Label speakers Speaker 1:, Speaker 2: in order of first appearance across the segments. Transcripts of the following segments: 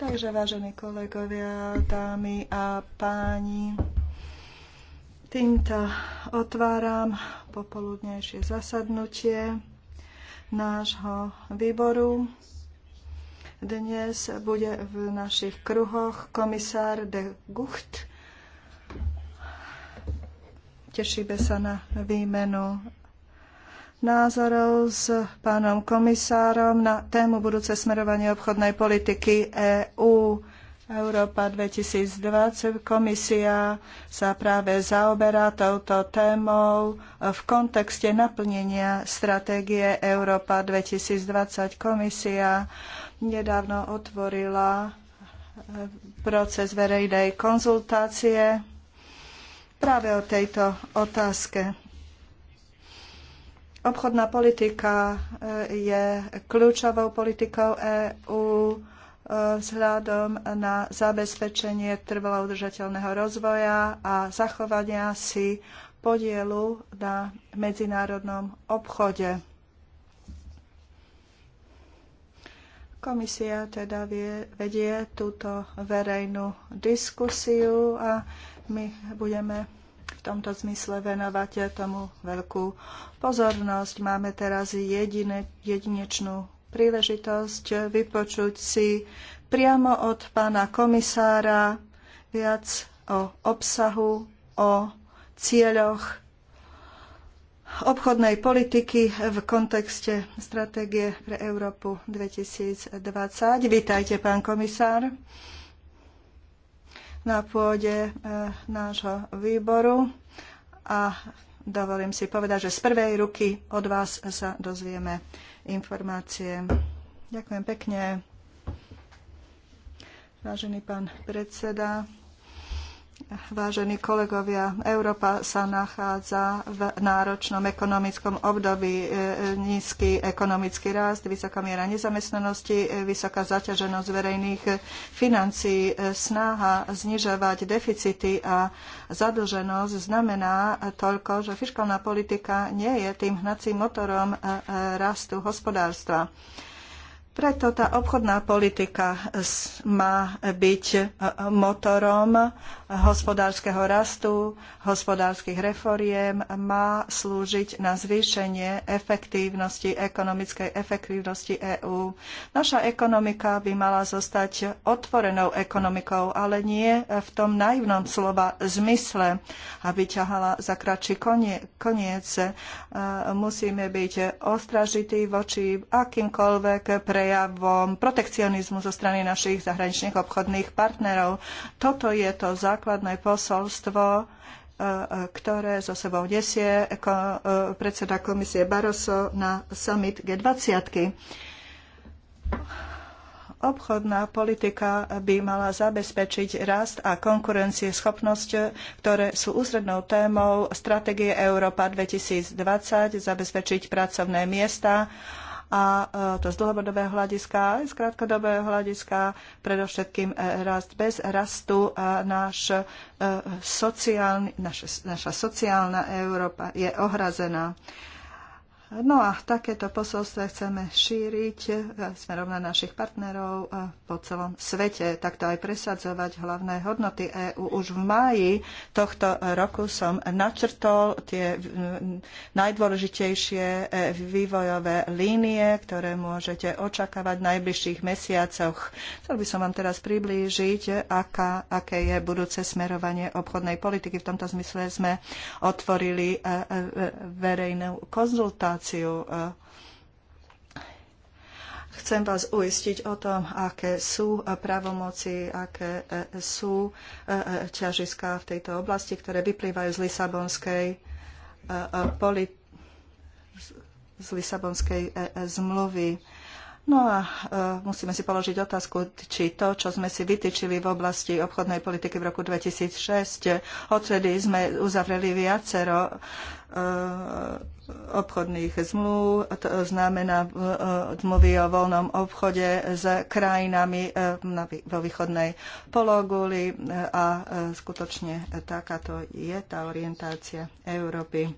Speaker 1: Takže vážení kolegovia, dámy a páni, týmto otváram popoludnejšie zasadnutie nášho výboru. Dnes bude v našich kruhoch komisár de Gucht. Tešíme sa na výmenu názorov s pánom komisárom na tému budúce smerovanie obchodnej politiky EÚ. EU. Európa 2020. Komisia sa práve zaoberá touto témou v kontexte naplnenia stratégie Európa 2020. Komisia nedávno otvorila proces verejnej konzultácie práve o tejto otázke. Obchodná politika e, je kľúčovou politikou EÚ e, vzhľadom na zabezpečenie trvalo udržateľného rozvoja a zachovania si podielu na medzinárodnom obchode. Komisia teda vie, vedie túto verejnú diskusiu a my budeme v tomto zmysle venovať tomu veľkú pozornosť. Máme teraz jedine, jedinečnú príležitosť vypočuť si priamo od pána komisára viac o obsahu, o cieľoch obchodnej politiky v kontexte stratégie pre Európu 2020. Vítajte, pán komisár na pôde eh, nášho výboru a dovolím si povedať, že z prvej ruky od vás sa dozvieme informácie. Ďakujem pekne. Vážený pán predseda, vážení kolegovia, Európa sa nachádza v náročnom ekonomickom období. E, nízky ekonomický rast, vysoká miera nezamestnanosti, e, vysoká zaťaženosť verejných financií, e, snaha znižovať deficity a zadlženosť znamená toľko, že fiškálna politika nie je tým hnacím motorom rastu hospodárstva. Preto tá obchodná politika má byť e, motorom hospodárskeho rastu, hospodárskych reforiem, má slúžiť na zvýšenie efektívnosti, ekonomickej efektívnosti EÚ. Naša ekonomika by mala zostať otvorenou ekonomikou, ale nie v tom naivnom slova zmysle, aby ťahala za kratší koniec. E, musíme byť ostražití voči akýmkoľvek pre prejavom protekcionizmu zo strany našich zahraničných obchodných partnerov. Toto je to základné posolstvo, e, e, ktoré so sebou nesie e, predseda komisie Barroso na summit G20. Obchodná politika by mala zabezpečiť rast a konkurencieschopnosť, ktoré sú ústrednou témou stratégie Európa 2020, zabezpečiť pracovné miesta a e, to z dlhodobého hľadiska aj z krátkodobého hľadiska, predovšetkým e, rast. Bez rastu e, náš sociálny, naša, naša sociálna Európa je ohrazená. No a takéto posolstvo chceme šíriť e, smerom na našich partnerov e, po celom svete, takto aj presadzovať hlavné hodnoty EÚ. Už v máji tohto roku som načrtol tie najdôležitejšie e, vývojové línie, ktoré môžete očakávať v najbližších mesiacoch. Chcel by som vám teraz priblížiť, aká, aké je budúce smerovanie obchodnej politiky. V tomto zmysle sme otvorili verejnú konzultáciu informáciu. E, chcem vás uistiť o tom, aké sú e, pravomoci, aké e, sú ťažiská v tejto oblasti, ktoré vyplývajú z Lisabonskej z Lisabonskej zmluvy. No a musíme si položiť otázku, či to, čo sme si vytýčili v oblasti obchodnej politiky v roku 2006, odtedy sme uzavreli viacero obchodných zmluv, to znamená e, zmluvy o voľnom obchode s krajinami e, vo východnej pologuli e, a skutočne takáto je tá orientácia Európy.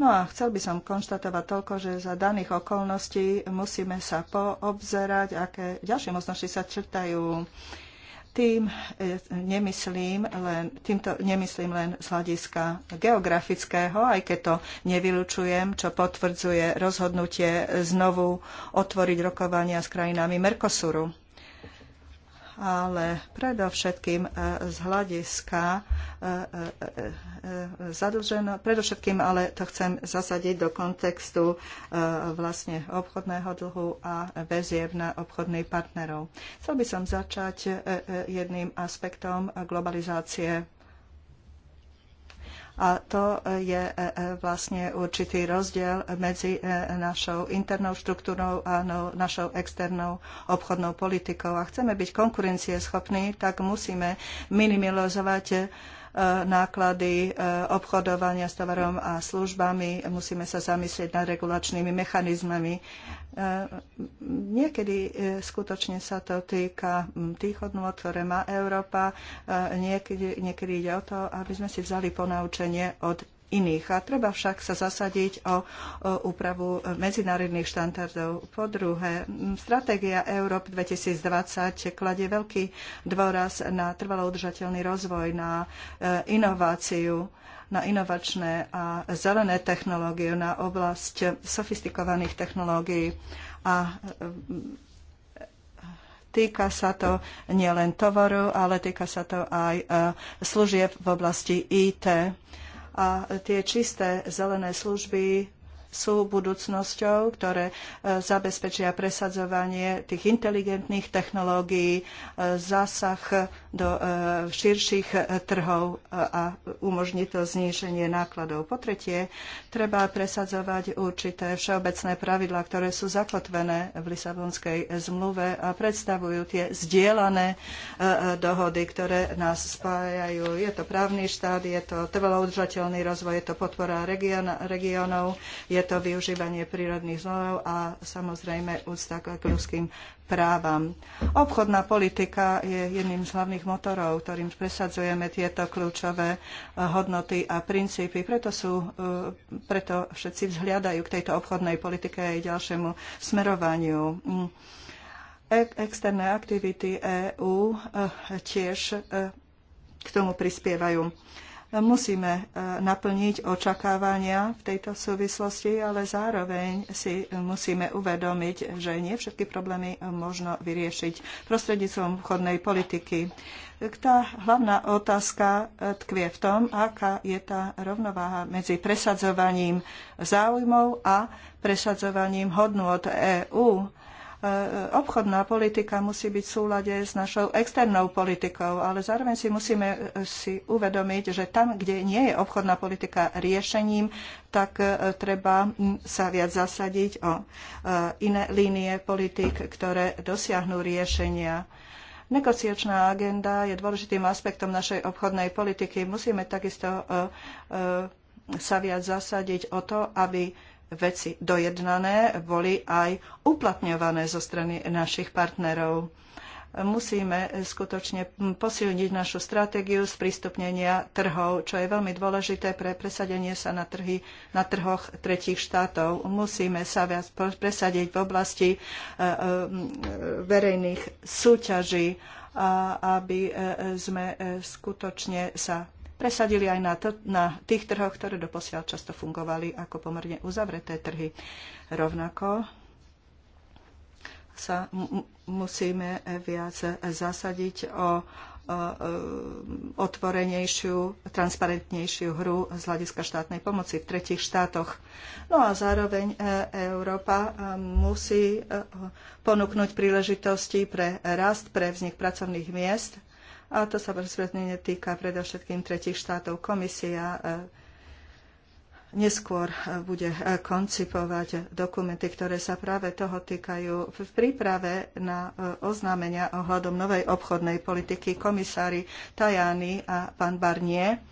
Speaker 1: No a chcel by som konštatovať toľko, že za daných okolností musíme sa poobzerať, aké ďalšie možnosti sa črtajú tým e, nemyslím len, týmto nemyslím len z hľadiska geografického, aj keď to nevylučujem, čo potvrdzuje rozhodnutie znovu otvoriť rokovania s krajinami Mercosuru ale predovšetkým e, z hľadiska e, e, zadlženo, predovšetkým ale to chcem zasadiť do kontextu vlastne obchodného dlhu a väzieb na obchodných partnerov. Chcel by som začať jedným aspektom globalizácie a to je e, e, vlastne určitý rozdiel medzi e, našou internou štruktúrou a no, našou externou obchodnou politikou. A chceme byť konkurencieschopní, tak musíme minimalizovať E, náklady e, obchodovania s tovarom a službami. Musíme sa zamyslieť nad regulačnými mechanizmami. E, niekedy skutočne sa to týka tých hodnôt, ktoré má Európa. Niekedy, niekedy ide o to, aby sme si vzali ponaučenie od iných. A treba však sa zasadiť o, úpravu medzinárodných štandardov. Po druhé, stratégia Európ 2020 kladie veľký dôraz na trvalo udržateľný rozvoj, na e, inováciu na inovačné a zelené technológie, na oblasť sofistikovaných technológií a e, týka sa to nielen tovoru, ale týka sa to aj e, služieb v oblasti IT a tie čisté zelené služby sú budúcnosťou, ktoré e, zabezpečia presadzovanie tých inteligentných technológií, e, zásah do e, širších trhov a umožní to zníženie nákladov. Po tretie, treba presadzovať určité všeobecné pravidlá, ktoré sú zakotvené v Lisabonskej zmluve a predstavujú tie zdieľané dohody, ktoré nás spájajú. Je to právny štát, je to trvalo udržateľný rozvoj, je to podpora regionov, je je to využívanie prírodných zdrojov a samozrejme úcta k ľudským právam. Obchodná politika je jedným z hlavných motorov, ktorým presadzujeme tieto kľúčové eh, hodnoty a princípy. Preto, sú, eh, preto všetci vzhľadajú k tejto obchodnej politike a jej ďalšiemu smerovaniu mm. externé aktivity EÚ eh, tiež k tomu prispievajú. Musíme e, naplniť očakávania v tejto súvislosti, ale zároveň si musíme uvedomiť, že nie všetky problémy možno vyriešiť prostredníctvom vchodnej politiky. Tá hlavná otázka e, tkvie v tom, aká je tá rovnováha medzi presadzovaním záujmov a presadzovaním hodnú od EÚ E, e, obchodná politika musí byť v súlade s našou externou politikou, ale zároveň si musíme e, si uvedomiť, že tam, kde nie je obchodná politika riešením, tak treba sa viac zasadiť o iné línie politik, ktoré dosiahnu riešenia. Negociačná agenda je dôležitým aspektom našej obchodnej politiky. Musíme takisto sa viac zasadiť o to, aby veci dojednané boli aj uplatňované zo strany našich partnerov. Musíme skutočne posilniť našu stratégiu sprístupnenia trhov, čo je veľmi dôležité pre presadenie sa na, trhy, na trhoch tretích štátov. Musíme sa viac presadiť v oblasti e, e, verejných súťaží, aby e, sme skutočne sa presadili aj na, to, na tých trhoch, ktoré doposiaľ často fungovali ako pomerne uzavreté trhy. Rovnako sa musíme viac zasadiť o e, otvorenejšiu, transparentnejšiu hru z hľadiska štátnej pomoci v tretich štátoch. No a zároveň e, Európa e, musí ponúknuť príležitosti pre rast, pre vznik pracovných miest a to sa bezprostredne netýka predovšetkým tretich štátov. Komisia eh, neskôr eh, bude eh, koncipovať dokumenty, ktoré sa práve toho týkajú. V príprave na oznámenia ohľadom novej obchodnej politiky komisári Tajani a pán Barnier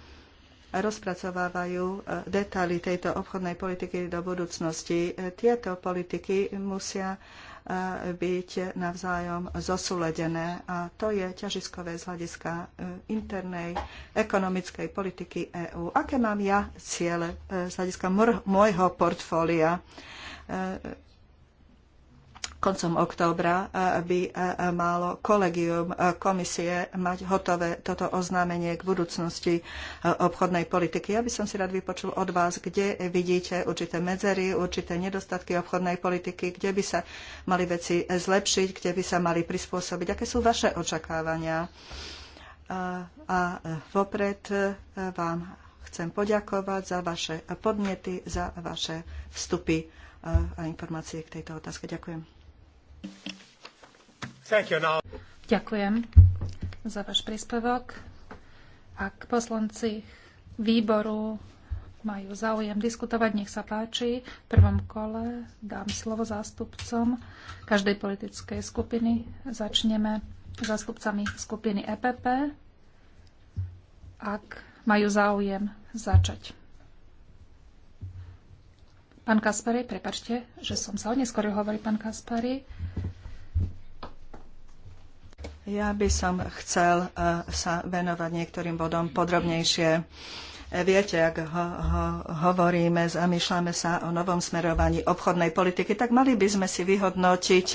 Speaker 1: rozpracovávajú detaily tejto obchodnej politiky do budúcnosti. Tieto politiky musia byť navzájom zosúledené a to je ťažiskové z hľadiska e, internej ekonomickej politiky EÚ. Aké mám ja ciele e, z hľadiska môjho portfólia? E, Koncom októbra e, by e, malo kolegium e, komisie mať hotové toto oznámenie k budúcnosti obchodnej politiky. Ja by som si rád vypočul od vás, kde vidíte určité medzery, určité nedostatky obchodnej politiky, kde by sa mali veci zlepšiť, kde by sa mali prispôsobiť. Aké sú vaše očakávania? A vopred vám chcem poďakovať za vaše podnety, za vaše vstupy a informácie k tejto otázke. Ďakujem. Ďakujem
Speaker 2: za váš príspevok. Ak poslanci výboru majú záujem diskutovať, nech sa páči. V prvom kole dám slovo zástupcom každej politickej skupiny. Začneme zástupcami skupiny EPP, ak majú záujem začať. Pán Kaspari, prepačte, že som sa odneskoril,
Speaker 1: hovorí pán Kaspari. Ja by som chcel eh, sa venovať niektorým bodom podrobnejšie. Viete, ak ho, ho, hovoríme, zamýšľame sa o novom smerovaní obchodnej politiky, tak mali by sme si vyhodnotiť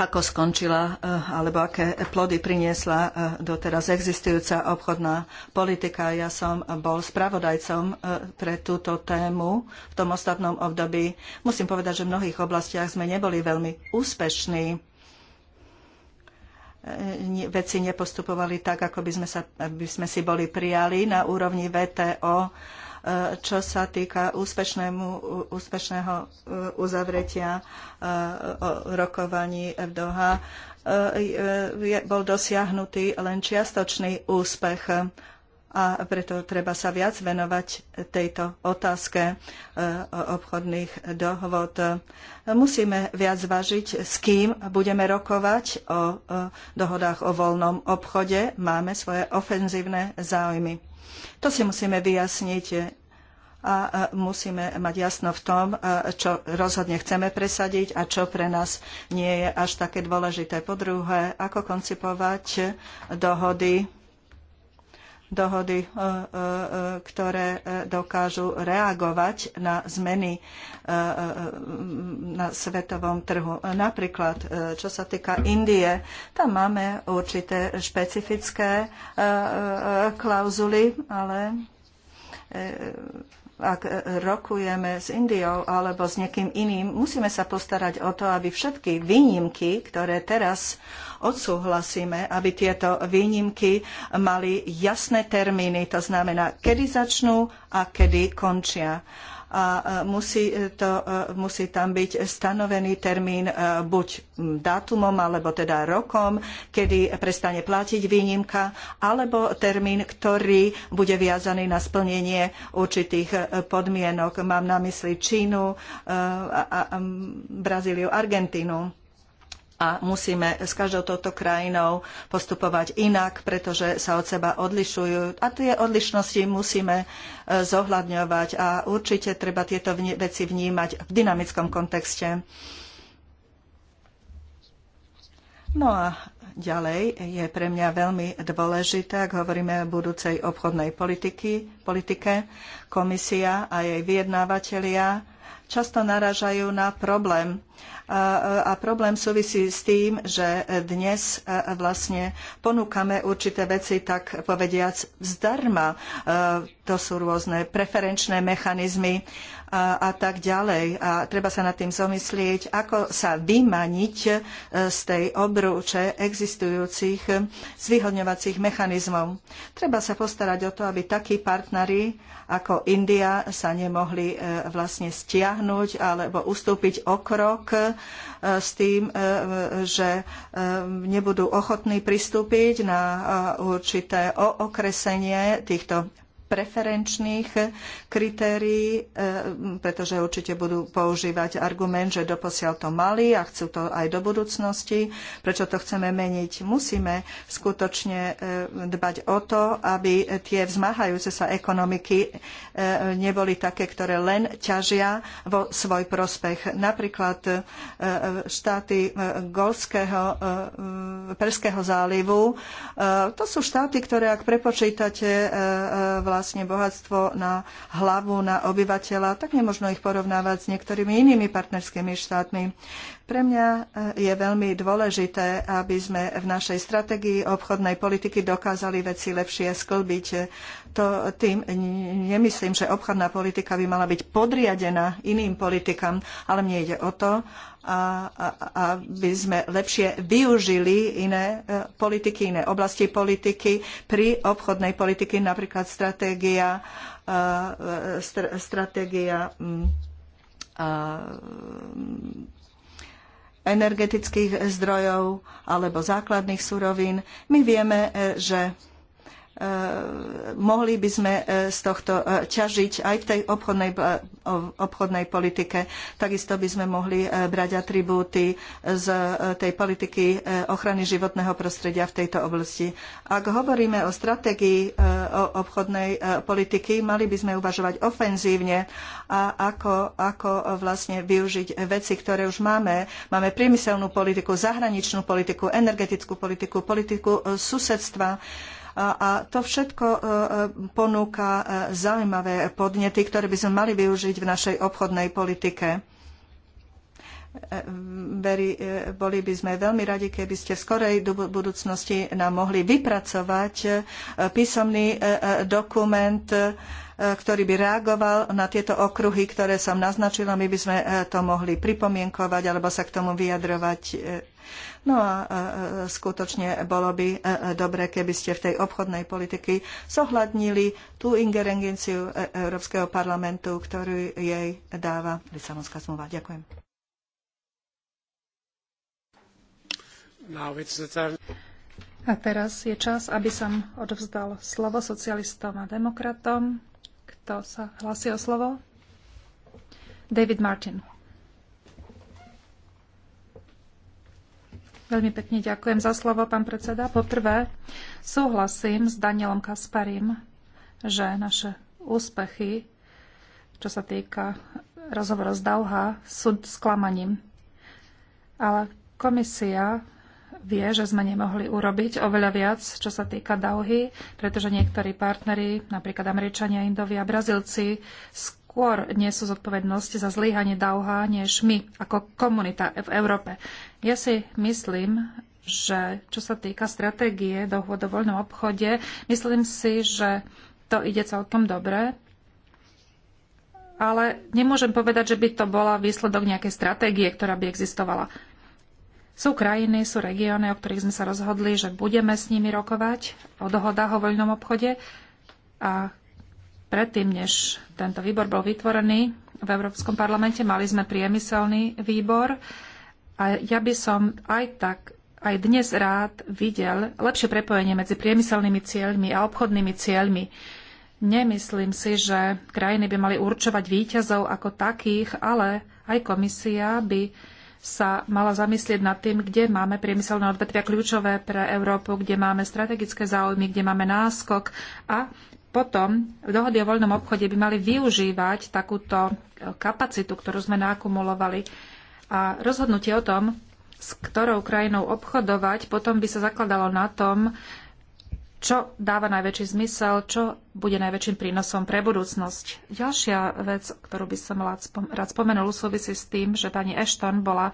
Speaker 1: ako skončila eh, alebo aké plody priniesla eh, doteraz existujúca obchodná politika. Ja som bol spravodajcom eh, pre túto tému v tom ostatnom období. Musím povedať, že v mnohých oblastiach sme neboli veľmi úspešní. Veci nepostupovali tak, ako by sme, sa, by sme si boli prijali na úrovni VTO čo sa týka úspešného e, uzavretia e, rokovaní v Doha, e, bol dosiahnutý len čiastočný úspech a preto treba sa viac venovať tejto otázke obchodných dohod. Musíme viac zvažiť, s kým budeme rokovať o dohodách o voľnom obchode. Máme svoje ofenzívne záujmy. To si musíme vyjasniť a musíme mať jasno v tom, čo rozhodne chceme presadiť a čo pre nás nie je až také dôležité. Po druhé, ako koncipovať dohody dohody, e, e, e, ktoré dokážu reagovať na zmeny na svetovom trhu. Napríklad, čo sa týka Indie, tam máme určité špecifické klauzuly, ale ak rokujeme s Indiou alebo s niekým iným, musíme sa postarať o to, aby všetky výnimky, ktoré teraz odsúhlasíme, aby tieto výnimky mali jasné termíny, to znamená, kedy začnú a kedy končia a musí, e, to, e, musí tam byť stanovený termín e, buď dátumom alebo teda rokom, kedy prestane platiť výnimka, alebo termín, ktorý bude viazaný na splnenie určitých podmienok. Mám na mysli Čínu, Brazíliu, Argentínu a musíme s každou touto krajinou postupovať inak, pretože sa od seba odlišujú a tie odlišnosti musíme e, zohľadňovať a určite treba tieto veci vnímať v dynamickom kontexte. No a ďalej je pre mňa veľmi dôležité, ak hovoríme o budúcej obchodnej politiky, politike, komisia a jej vyjednávateľia často naražajú na problém a, problém súvisí s tým, že dnes vlastne ponúkame určité veci, tak povediac, zdarma. To sú rôzne preferenčné mechanizmy, a, a tak ďalej. A treba sa nad tým zomyslieť, ako sa vymaniť e, z tej obrúče existujúcich e, zvyhodňovacích mechanizmov. Treba sa postarať o to, aby takí partneri ako India sa nemohli e, vlastne stiahnuť alebo ustúpiť o krok s tým, že nebudú ochotní pristúpiť na určité okresenie týchto preferenčných kritérií, e, pretože určite budú používať argument, že doposiaľ to mali a chcú to aj do budúcnosti. Prečo to chceme meniť? Musíme skutočne e, dbať o to, aby tie vzmáhajúce sa ekonomiky e, neboli také, ktoré len ťažia vo svoj prospech. Napríklad štáty Golského, Perského zálivu, to sú štáty, ktoré ak prepočítate vlastne vlastne bohatstvo na hlavu, na obyvateľa, tak nemožno ich porovnávať s niektorými inými partnerskými štátmi. Pre mňa eh, je veľmi dôležité, aby sme v našej strategii obchodnej politiky dokázali veci lepšie sklbiť. To tým nemyslím, že obchodná politika by mala byť podriadená iným politikám, ale mne ide o to, a, a, aby sme lepšie využili iné e, politiky, iné oblasti politiky pri obchodnej politiky, napríklad stratégia, e, e, stratégia mm, mm, energetických zdrojov alebo základných surovín. My vieme, že Eh, mohli by sme eh, z tohto eh, ťažiť aj v tej obchodnej, obchodnej politike. Takisto by sme mohli brať atribúty z tej politiky ochrany životného prostredia v tejto oblasti. Ak hovoríme o stratégii obchodnej politiky, mali by sme uvažovať ofenzívne a ako, ako vlastne využiť veci, ktoré už máme. Máme priemyselnú politiku, zahraničnú politiku, energetickú politiku, politiku susedstva a, to všetko e, e, ponúka e, zaujímavé podnety, ktoré by sme mali využiť v našej obchodnej politike. boli by sme veľmi radi, keby ste v skorej budúcnosti nám mohli vypracovať písomný dokument, ktorý by reagoval na tieto okruhy, ktoré som naznačila. My by sme to mohli pripomienkovať alebo sa k tomu vyjadrovať No a skutočne bolo by e, e, dobre, keby ste v tej obchodnej politiky zohľadnili tú ingerenciu e, Európskeho parlamentu, ktorú jej dáva Lisabonská zmluva. Ďakujem.
Speaker 2: A teraz je čas, aby som odovzdal slovo socialistom a demokratom. Kto sa hlasí o slovo? David Martin. Veľmi pekne ďakujem za slovo, pán predseda. Poprvé, súhlasím s Danielom Kasparim, že naše úspechy, čo sa týka rozhovoru z Dauha, sú sklamaním. Ale komisia vie, že sme nemohli urobiť oveľa viac, čo sa týka Dauhy, pretože niektorí partneri, napríklad Američania, Indovia, Brazílci, skôr nesú zodpovednosť za zlyhanie Dauha než my ako komunita v Európe. Ja si myslím, že čo sa týka stratégie dohôd o voľnom obchode, myslím si, že to ide celkom dobre. Ale nemôžem povedať, že by to bola výsledok nejakej stratégie, ktorá by existovala. Sú krajiny, sú regióny, o ktorých sme sa rozhodli, že budeme s nimi rokovať o dohodách o voľnom obchode. A predtým, než tento výbor bol vytvorený v Európskom parlamente, mali sme priemyselný výbor, a ja by som aj tak, aj dnes rád videl lepšie prepojenie medzi priemyselnými cieľmi a obchodnými cieľmi. Nemyslím si, že krajiny by mali určovať výťazov ako takých, ale aj komisia by sa mala zamyslieť nad tým, kde máme priemyselné odvetvia kľúčové pre Európu, kde máme strategické záujmy, kde máme náskok a potom dohody o voľnom obchode by mali využívať takúto kapacitu, ktorú sme naakumulovali a rozhodnutie o tom, s ktorou krajinou obchodovať, potom by sa zakladalo na tom, čo dáva najväčší zmysel, čo bude najväčším prínosom pre budúcnosť. Ďalšia vec, ktorú by som rád spomenul, súvisí s tým, že pani Ashton bola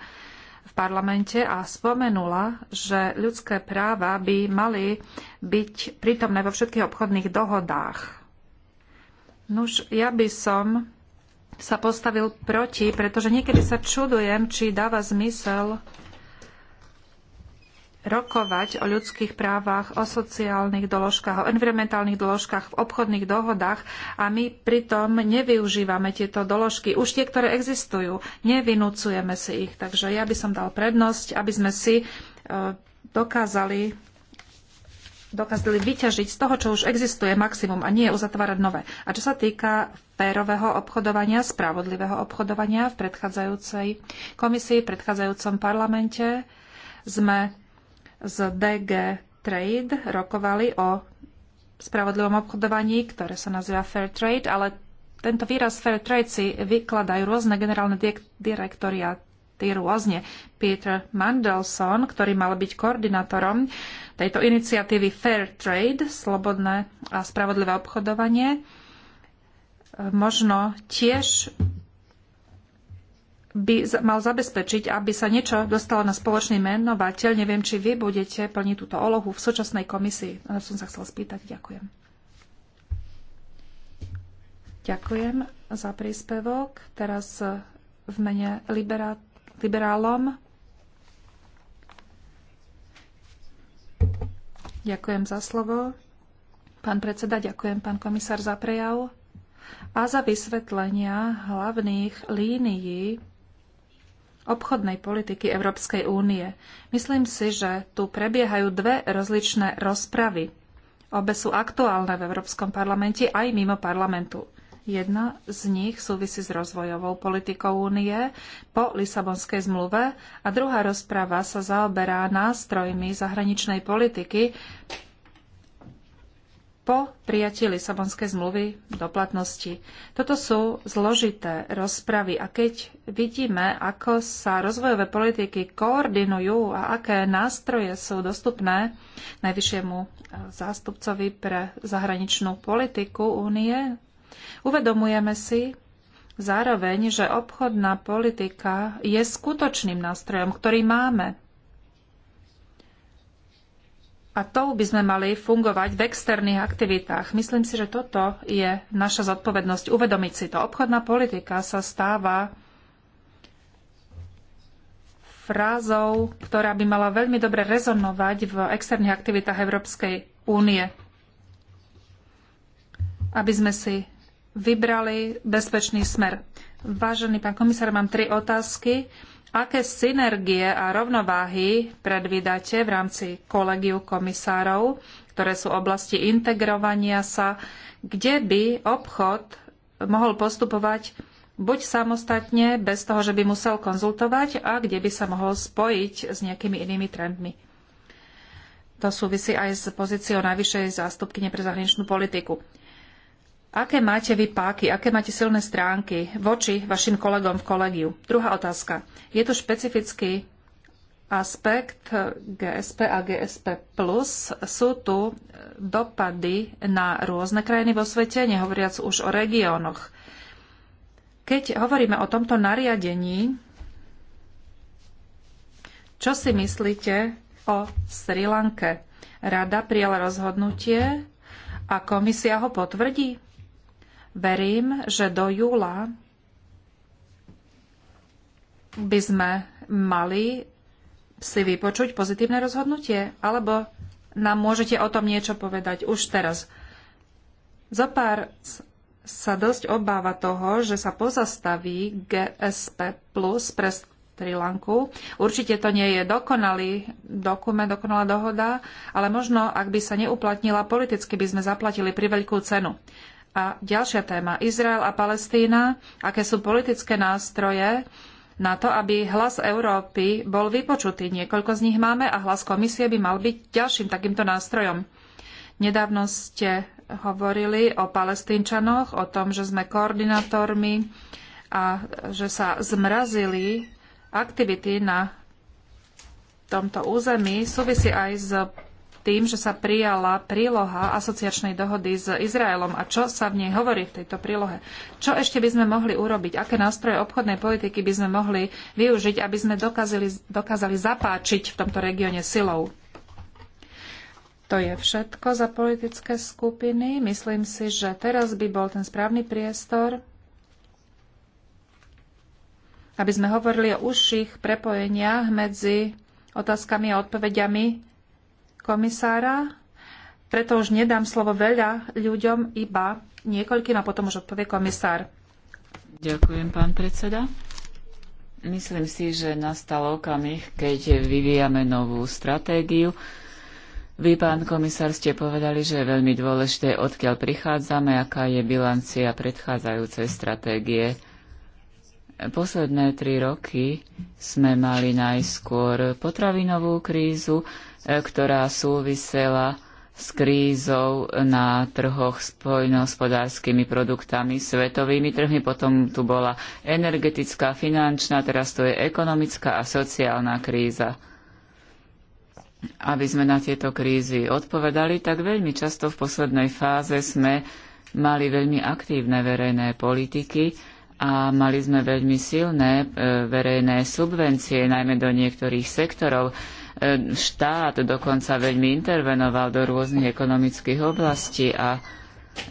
Speaker 2: v parlamente a spomenula, že ľudské práva by mali byť prítomné vo všetkých obchodných dohodách. Nuž, ja by som sa postavil proti, pretože niekedy sa čudujem, či dáva zmysel rokovať o ľudských právach, o sociálnych doložkách, o environmentálnych doložkách, v obchodných dohodách a my pritom nevyužívame tieto doložky. Už tie, ktoré existujú, nevinúcujeme si ich. Takže ja by som dal prednosť, aby sme si e, dokázali dokázali vyťažiť z toho, čo už existuje maximum a nie uzatvárať nové. A čo sa týka férového obchodovania, spravodlivého obchodovania v predchádzajúcej komisii, v predchádzajúcom parlamente, sme z DG Trade rokovali o spravodlivom obchodovaní, ktoré sa nazýva Fair Trade, ale tento výraz fair trade si vykladajú rôzne generálne direktoriáty rôzne. Peter Mandelson, ktorý mal byť koordinátorom tejto iniciatívy Fair Trade, slobodné a spravodlivé obchodovanie, e, možno tiež by mal zabezpečiť, aby sa niečo dostalo na spoločný menovateľ. Neviem, či vy budete plniť túto olohu v súčasnej komisii. Na e, som sa chcel spýtať. Ďakujem. Ďakujem za príspevok. Teraz v mene liberát, liberálom. Ďakujem za slovo. Pán predseda, ďakujem pán komisár za prejav a za vysvetlenia hlavných línií obchodnej politiky Európskej únie. Myslím si, že tu prebiehajú dve rozličné rozpravy. Obe sú aktuálne v Európskom parlamente aj mimo parlamentu. Jedna z nich súvisí s rozvojovou politikou únie po Lisabonskej zmluve a druhá rozprava sa zaoberá nástrojmi zahraničnej politiky po prijatí Lisabonskej zmluvy do platnosti. Toto sú zložité rozpravy a keď vidíme, ako sa rozvojové politiky koordinujú a aké nástroje sú dostupné najvyššiemu e, zástupcovi pre zahraničnú politiku únie, Uvedomujeme si zároveň, že obchodná politika je skutočným nástrojom, ktorý máme. A tou by sme mali fungovať v externých aktivitách. Myslím si, že toto je naša zodpovednosť uvedomiť si to. Obchodná politika sa stáva frázou, ktorá by mala veľmi dobre rezonovať v externých aktivitách Európskej únie. Aby sme si vybrali bezpečný smer. Vážený pán komisár, mám tri otázky. Aké synergie a rovnováhy predvídate v rámci kolegiu komisárov, ktoré sú oblasti integrovania sa, kde by obchod mohol postupovať buď samostatne, bez toho, že by musel konzultovať, a kde by sa mohol spojiť s nejakými inými trendmi? To súvisí aj s pozíciou najvyššej zástupkyne pre zahraničnú politiku. Aké máte vy páky, aké máte silné stránky voči vašim kolegom v kolegiu? Druhá otázka. Je tu špecifický aspekt GSP a GSP+. Sú tu e, dopady na rôzne krajiny vo svete, nehovoriac už o regiónoch. Keď hovoríme o tomto nariadení, čo si myslíte o Sri Lanke? Rada prijala rozhodnutie a komisia ho potvrdí? Verím, že do júla by sme mali si vypočuť pozitívne rozhodnutie, alebo nám môžete o tom niečo povedať už teraz. Zopár sa dosť obáva toho, že sa pozastaví GSP Plus pre Sri Lanku. Určite to nie je dokonalý dokument, dokonalá dohoda, ale možno, ak by sa neuplatnila politicky, by sme zaplatili priveľkú cenu. A ďalšia téma. Izrael a Palestína. Aké sú politické nástroje na to, aby hlas Európy bol vypočutý? Niekoľko z nich máme a hlas komisie by mal byť ďalším takýmto nástrojom. Nedávno ste hovorili o palestínčanoch, o tom, že sme koordinátormi a že sa zmrazili aktivity na tomto území. Súvisí aj s tým, že sa prijala príloha asociačnej dohody s Izraelom a čo sa v nej hovorí v tejto prílohe. Čo ešte by sme mohli urobiť? Aké nástroje obchodnej politiky by sme mohli využiť, aby sme dokázali, dokázali zapáčiť v tomto regióne silou? To je všetko za politické skupiny. Myslím si, že teraz by bol ten správny priestor aby sme hovorili o užších prepojeniach medzi otázkami a odpovediami komisára. Preto už nedám slovo veľa ľuďom, iba niekoľkým a potom
Speaker 3: už odpovie komisár. Ďakujem, pán predseda. Myslím si, že nastal okamih, keď vyvíjame novú stratégiu. Vy, pán komisár, ste povedali, že je veľmi dôležité, odkiaľ prichádzame, aká je bilancia predchádzajúcej stratégie. Posledné tri roky sme mali najskôr potravinovú krízu ktorá súvisela s krízou na trhoch s poľnohospodárskymi produktami, svetovými trhmi, potom tu bola energetická, finančná, teraz tu je ekonomická a sociálna kríza. Aby sme na tieto krízy odpovedali, tak veľmi často v poslednej fáze sme mali veľmi aktívne verejné politiky a mali sme veľmi silné e, verejné subvencie, najmä do niektorých sektorov štát dokonca veľmi intervenoval do rôznych ekonomických oblastí a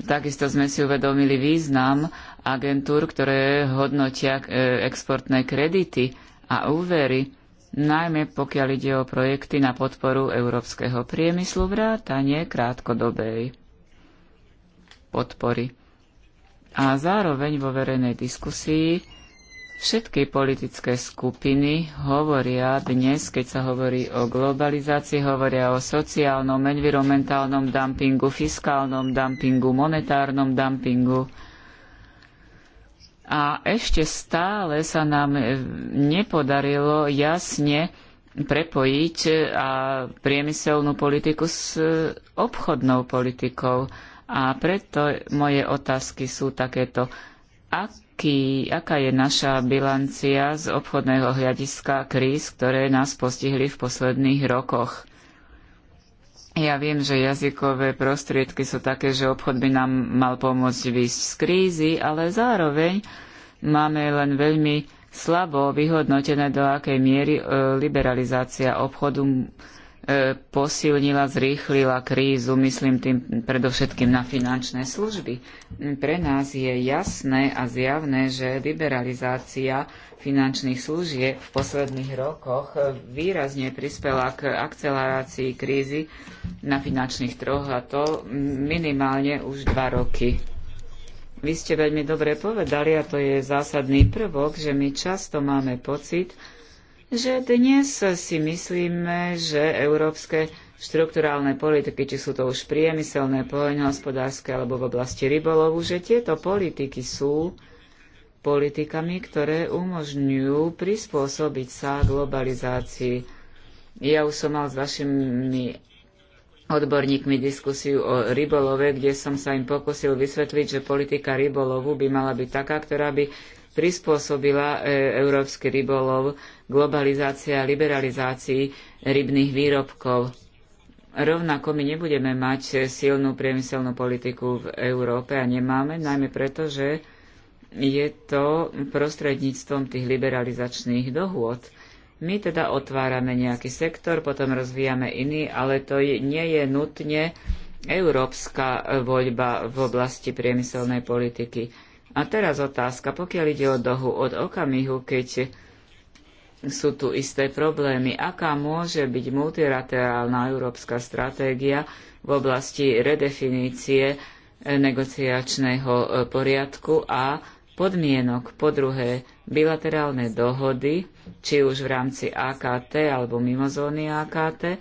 Speaker 3: takisto sme si uvedomili význam agentúr, ktoré hodnotia e, exportné kredity a úvery, najmä pokiaľ ide o projekty na podporu európskeho priemyslu vrátanie krátkodobej podpory. A zároveň vo verejnej diskusii Všetky politické skupiny hovoria dnes, keď sa hovorí o globalizácii, hovoria o sociálnom, environmentálnom dumpingu, fiskálnom dumpingu, monetárnom dumpingu. A ešte stále sa nám nepodarilo jasne prepojiť e, a priemyselnú politiku s e, obchodnou politikou. A preto moje otázky sú takéto aký, aká je naša bilancia z obchodného hľadiska kríz, ktoré nás postihli v posledných rokoch. Ja viem, že jazykové prostriedky sú také, že obchod by nám mal pomôcť výjsť z krízy, ale zároveň máme len veľmi slabo vyhodnotené, do akej miery e, liberalizácia obchodu E, posilnila, zrýchlila krízu, myslím tým predovšetkým na finančné služby. Pre nás je jasné a zjavné, že liberalizácia finančných služieb v posledných rokoch výrazne prispela k akcelerácii krízy na finančných trhoch a to minimálne už dva roky. Vy ste veľmi dobre povedali a to je zásadný prvok, že my často máme pocit, že dnes si myslíme, že európske štrukturálne politiky, či sú to už priemyselné, poľnohospodárske alebo v oblasti rybolovu, že tieto politiky sú politikami, ktoré umožňujú prispôsobiť sa globalizácii. Ja už som mal s vašimi odborníkmi diskusiu o rybolove, kde som sa im pokusil vysvetliť, že politika rybolovu by mala byť taká, ktorá by prispôsobila e, európsky rybolov globalizácii a liberalizácii rybných výrobkov. Rovnako my nebudeme mať silnú priemyselnú politiku v Európe a nemáme, najmä preto, že je to prostredníctvom tých liberalizačných dohôd. My teda otvárame nejaký sektor, potom rozvíjame iný, ale to nie je nutne európska voľba v oblasti priemyselnej politiky. A teraz otázka, pokiaľ ide o dohu od okamihu, keď sú tu isté problémy, aká môže byť multilaterálna európska stratégia v oblasti redefinície eh, negociačného eh, poriadku a podmienok, po druhé bilaterálne dohody, či už v rámci AKT alebo mimo zóny AKT,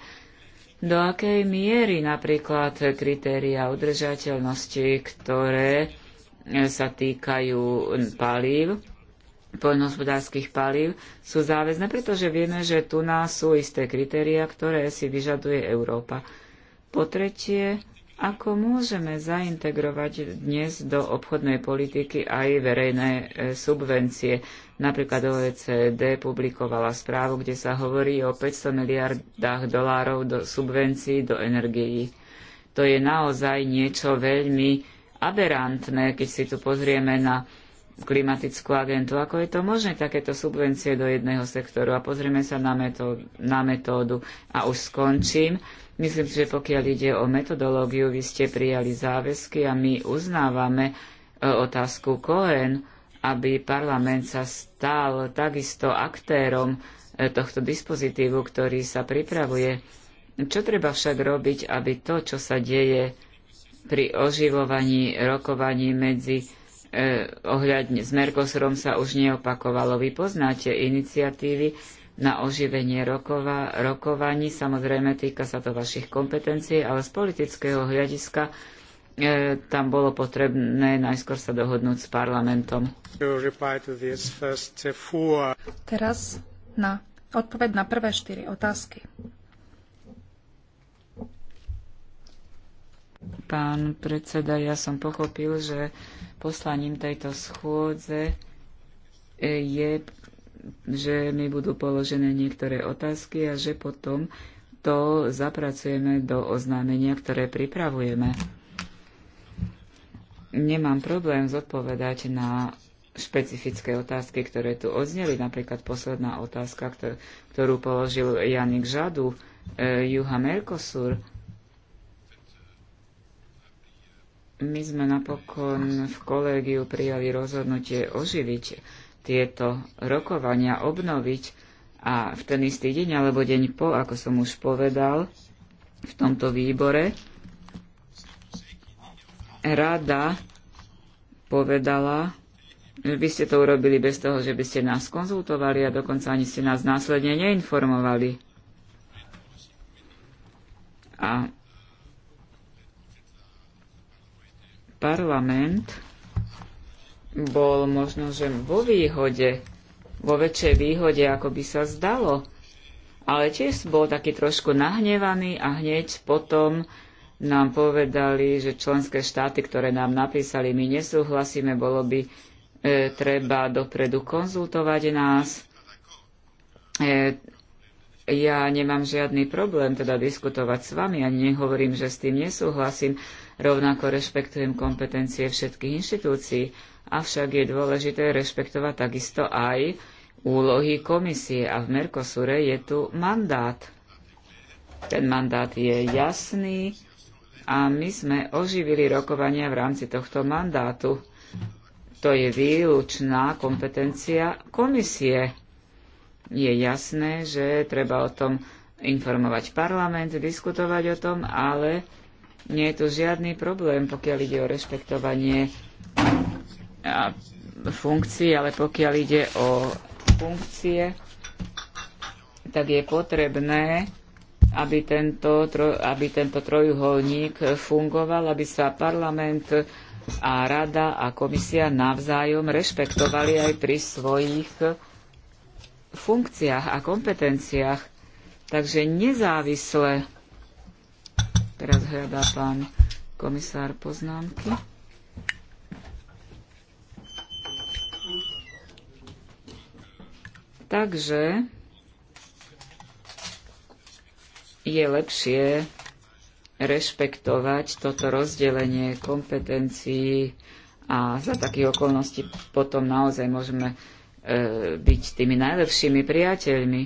Speaker 3: do akej miery napríklad kritéria udržateľnosti, ktoré sa týkajú palív, poľnohospodárskych palív, sú záväzné, pretože vieme, že tu nás sú isté kritéria, ktoré si vyžaduje Európa. Po tretie, ako môžeme zaintegrovať dnes do obchodnej politiky aj verejné e, subvencie? Napríklad OECD publikovala správu, kde sa hovorí o 500 miliardách dolárov do subvencií do energií. To je naozaj niečo veľmi aberantné, keď si tu pozrieme na klimatickú agentu. Ako je to možné takéto subvencie do jedného sektoru? A pozrieme sa na, metó- na metódu. A už skončím. Myslím si, že pokiaľ ide o metodológiu, vy ste prijali záväzky a my uznávame e, otázku Cohen, aby parlament sa stal takisto aktérom e, tohto dispozitívu, ktorý sa pripravuje. Čo treba však robiť, aby to, čo sa deje pri oživovaní rokovaní medzi eh, ohľadne s Mercosurom sa už neopakovalo. Vy poznáte iniciatívy na oživenie rokova, rokovaní. Samozrejme, týka sa to vašich kompetencií, ale z politického hľadiska eh, tam bolo potrebné najskôr sa dohodnúť s parlamentom.
Speaker 2: Teraz na odpoveď na prvé štyri otázky.
Speaker 3: Pán predseda, ja som pochopil, že poslaním tejto schôdze e, je, že mi budú položené niektoré otázky a že potom to zapracujeme do oznámenia, ktoré pripravujeme. Nemám problém zodpovedať na špecifické otázky, ktoré tu odzneli. Napríklad posledná otázka, ktorú položil Janik Žadu, e, Juha Merkosur – my sme napokon v kolégiu prijali rozhodnutie oživiť tieto rokovania, obnoviť a v ten istý deň alebo deň po, ako som už povedal, v tomto výbore rada povedala, že by ste to urobili bez toho, že by ste nás konzultovali a dokonca ani ste nás následne neinformovali. A parlament bol možno, že vo výhode, vo väčšej výhode, ako by sa zdalo. Ale tiež bol taký trošku nahnevaný a hneď potom nám povedali, že členské štáty, ktoré nám napísali, my nesúhlasíme, bolo by e, treba dopredu konzultovať nás. E, ja nemám žiadny problém teda diskutovať s vami a nehovorím, že s tým nesúhlasím, Rovnako rešpektujem kompetencie všetkých inštitúcií, avšak je dôležité rešpektovať takisto aj úlohy komisie a v Mercosure je tu mandát. Ten mandát je jasný a my sme oživili rokovania v rámci tohto mandátu. To je výlučná kompetencia komisie. Je jasné, že treba o tom informovať parlament, diskutovať o tom, ale nie je tu žiadny problém, pokiaľ ide o rešpektovanie funkcií, ale pokiaľ ide o funkcie, tak je potrebné, aby tento, aby tento trojuholník fungoval, aby sa parlament a rada a komisia navzájom rešpektovali aj pri svojich funkciách a kompetenciách. Takže nezávisle Teraz hľadá pán komisár poznámky. Takže je lepšie rešpektovať toto rozdelenie kompetencií a za takých okolností potom naozaj môžeme e, byť tými najlepšími priateľmi.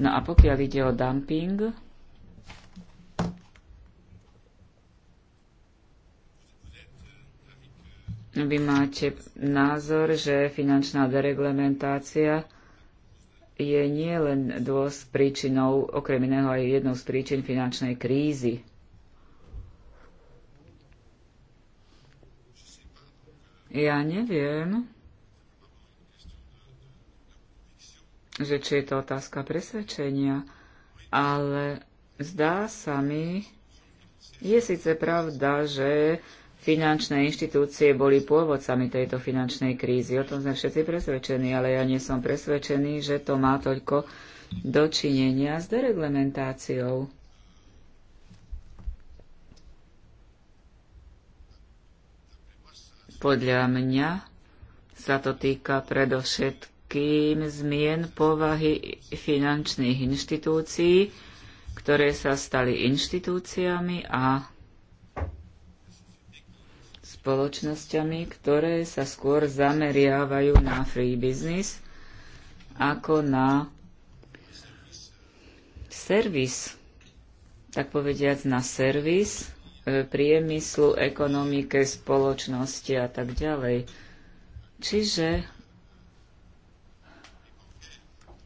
Speaker 3: No a pokiaľ ide o dumping, Vy máte názor, že finančná dereglementácia je nielen dôs príčinou, okrem iného aj jednou z príčin finančnej krízy. Ja neviem, že či je to otázka presvedčenia, ale zdá sa mi, je síce pravda, že finančné inštitúcie boli pôvodcami tejto finančnej krízy. O tom sme všetci presvedčení, ale ja nie som presvedčený, že to má toľko dočinenia s dereglementáciou. Podľa mňa sa to týka predovšetkým zmien povahy finančných inštitúcií, ktoré sa stali inštitúciami a spoločnosťami, ktoré sa skôr zameriavajú na free business ako na servis, tak povediac na servis e, priemyslu, ekonomike, spoločnosti a tak ďalej. Čiže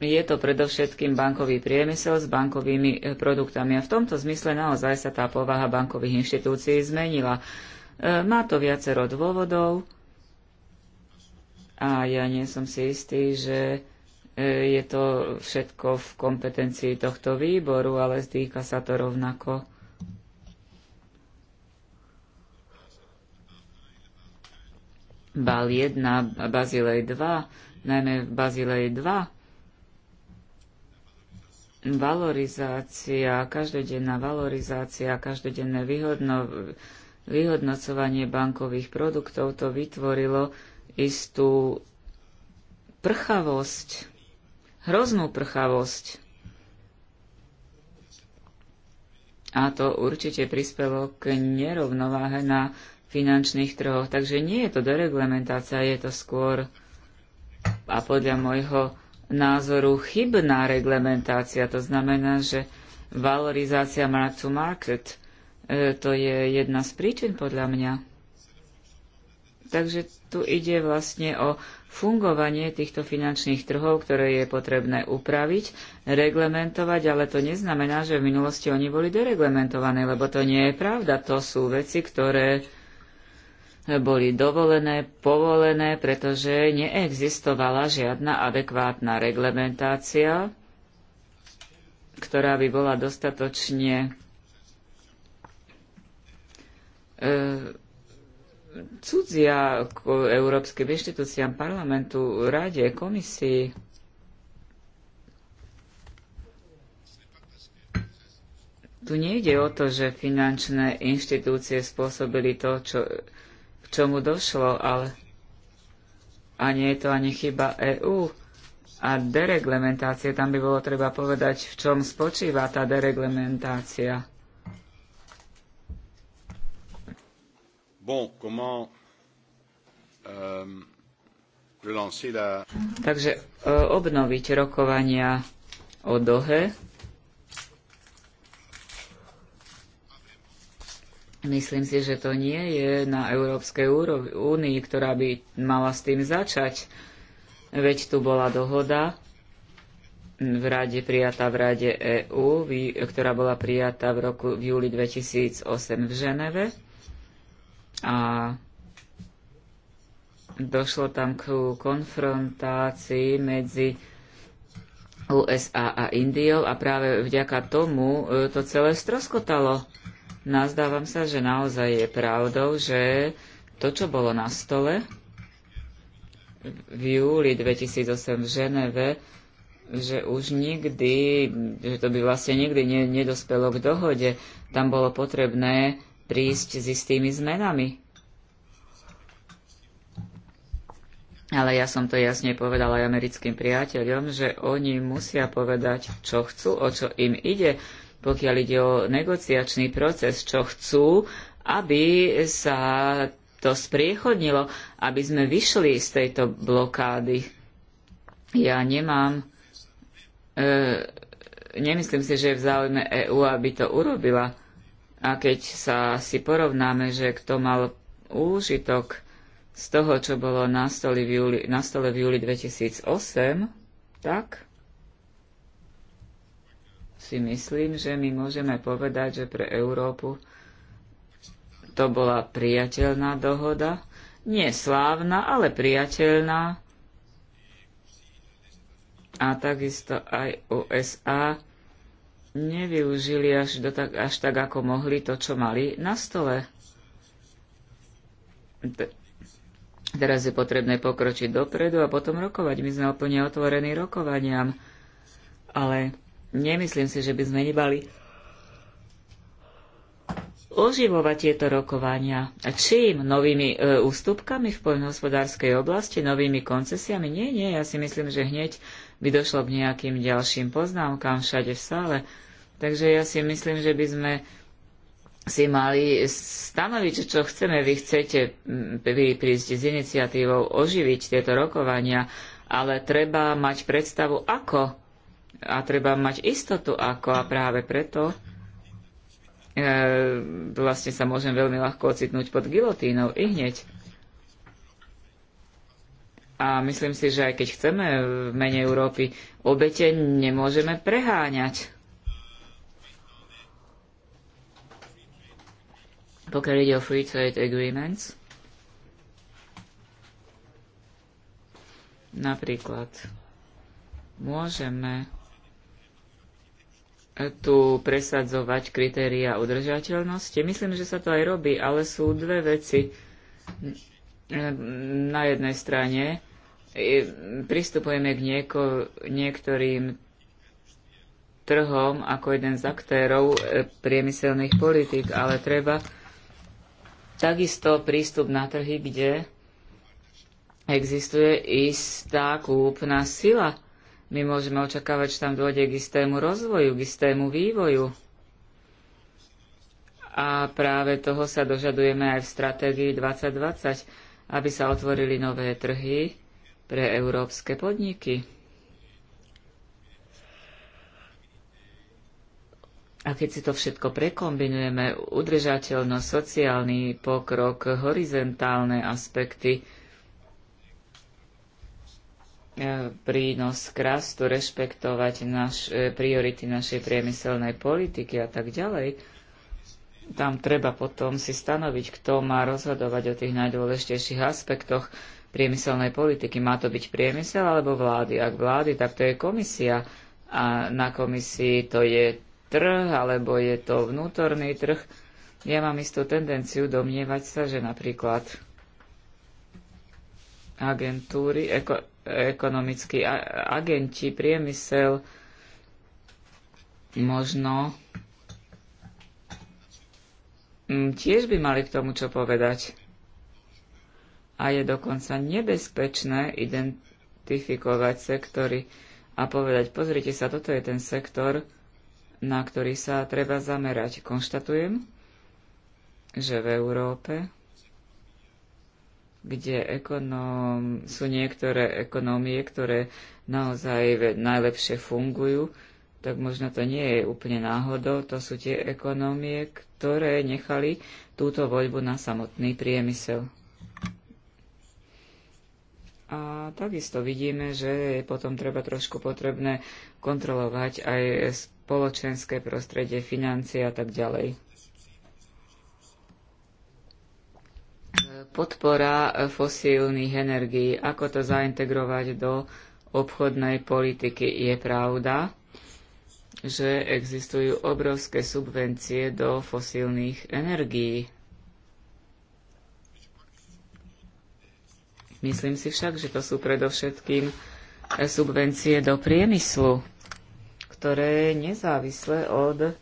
Speaker 3: je to predovšetkým bankový priemysel s bankovými e, produktami. A v tomto zmysle naozaj sa tá povaha bankových inštitúcií zmenila. Eh, má to viacero dôvodov a ja nie som si istý, že eh, je to všetko v kompetencii tohto výboru, ale zdýka sa to rovnako. Bal 1, Bazilej 2, najmä v Bazilej 2. Valorizácia, každodenná valorizácia, každodenné vyhodno, vyhodnocovanie bankových produktov, to vytvorilo istú prchavosť, hroznú prchavosť. A to určite prispelo k nerovnováhe na finančných trhoch. Takže nie je to dereglementácia, je to skôr a podľa môjho názoru chybná reglementácia. To znamená, že valorizácia mark to market E, to je jedna z príčin podľa mňa. Takže tu ide vlastne o fungovanie týchto finančných trhov, ktoré je potrebné upraviť, reglementovať, ale to neznamená, že v minulosti oni boli dereglementované, lebo to nie je pravda. To sú veci, ktoré boli dovolené, povolené, pretože neexistovala žiadna adekvátna reglementácia, ktorá by bola dostatočne E, cudzia k európskym inštitúciám, parlamentu, rade, komisii. Tu nejde o to, že finančné inštitúcie spôsobili to, čo, k čomu došlo, ale a nie je to ani chyba EÚ. A dereglementácie, tam by bolo treba povedať, v čom spočíva tá dereglementácia. Euh, Takže e, obnoviť rokovania o Dohe. Myslím si, že to nie je na Európskej únii, ktorá by mala s tým začať. Veď tu bola dohoda v rade prijatá v Rade EÚ, ktorá bola prijatá v, roku, v júli 2008 v Ženeve a došlo tam k konfrontácii medzi USA a Indiou a práve vďaka tomu e, to celé stroskotalo. Nazdávam sa, že naozaj je pravdou, že to, čo bolo na stole v júli 2008 v Ženeve, že už nikdy, že to by vlastne nikdy nedospelo k dohode, tam bolo potrebné prísť s istými zmenami. Ale ja som to jasne povedala aj americkým priateľom, že oni musia povedať, čo chcú, o čo im ide, pokiaľ ide o negociačný proces, čo chcú, aby sa to spriechodnilo, aby sme vyšli z tejto blokády. Ja nemám. E, nemyslím si, že je v záujme EÚ, aby to urobila. A keď sa si porovnáme, že kto mal úžitok z toho, čo bolo na, stole v júli, na stole v júli 2008, tak si myslím, že my môžeme povedať, že pre Európu to bola priateľná dohoda. Nie slávna, ale priateľná. A takisto aj USA nevyužili až, do tak, až tak, ako mohli to, čo mali na stole. T- teraz je potrebné pokročiť dopredu a potom rokovať. My sme úplne otvorení rokovaniam, ale nemyslím si, že by sme nebali oživovať tieto rokovania. Čím? Novými e, ústupkami v poľnohospodárskej oblasti, novými koncesiami? Nie, nie, ja si myslím, že hneď by došlo k nejakým ďalším poznámkam všade v sále. Takže ja si myslím, že by sme si mali stanoviť, čo chceme. Vy chcete mm, vy prísť s iniciatívou oživiť tieto rokovania, ale treba mať predstavu ako a treba mať istotu ako a práve preto e, vlastne sa môžem veľmi ľahko ocitnúť pod gilotínou i hneď. A myslím si, že aj keď chceme v mene Európy obete, nemôžeme preháňať. Pokiaľ ide o free trade agreements, napríklad môžeme tu presadzovať kritéria udržateľnosti. Myslím, že sa to aj robí, ale sú dve veci. Na jednej strane pristupujeme k nieko, niektorým trhom ako jeden z aktérov e, priemyselných politik, ale treba takisto prístup na trhy, kde existuje istá kúpna sila. My môžeme očakávať, že tam dôjde k istému rozvoju, k istému vývoju. A práve toho sa dožadujeme aj v stratégii 2020, aby sa otvorili nové trhy, pre európske podniky. A keď si to všetko prekombinujeme, udržateľnosť, sociálny pokrok, horizontálne aspekty, e, prínos krastu, rešpektovať naš, e, priority našej priemyselnej politiky a tak ďalej, tam treba potom si stanoviť, kto má rozhodovať o tých najdôležitejších aspektoch priemyselnej politiky. Má to byť priemysel alebo vlády? Ak vlády, tak to je komisia. A na komisii to je trh, alebo je to vnútorný trh. Ja mám istú tendenciu domnievať sa, že napríklad agentúry, eko, ekonomickí agenti, priemysel, možno mm, tiež by mali k tomu čo povedať a je dokonca nebezpečné identifikovať sektory a povedať, pozrite sa, toto je ten sektor, na ktorý sa treba zamerať. Konštatujem, že v Európe, kde ekonóm, sú niektoré ekonómie, ktoré naozaj najlepšie fungujú, tak možno to nie je úplne náhodou, to sú tie ekonómie, ktoré nechali túto voľbu na samotný priemysel. A takisto vidíme, že je potom treba trošku potrebné kontrolovať aj spoločenské prostredie, financie a tak ďalej. Podpora fosílnych energií, ako to zaintegrovať do obchodnej politiky, je pravda, že existujú obrovské subvencie do fosílnych energií. Myslím si však, že to sú predovšetkým subvencie do priemyslu, ktoré nezávisle od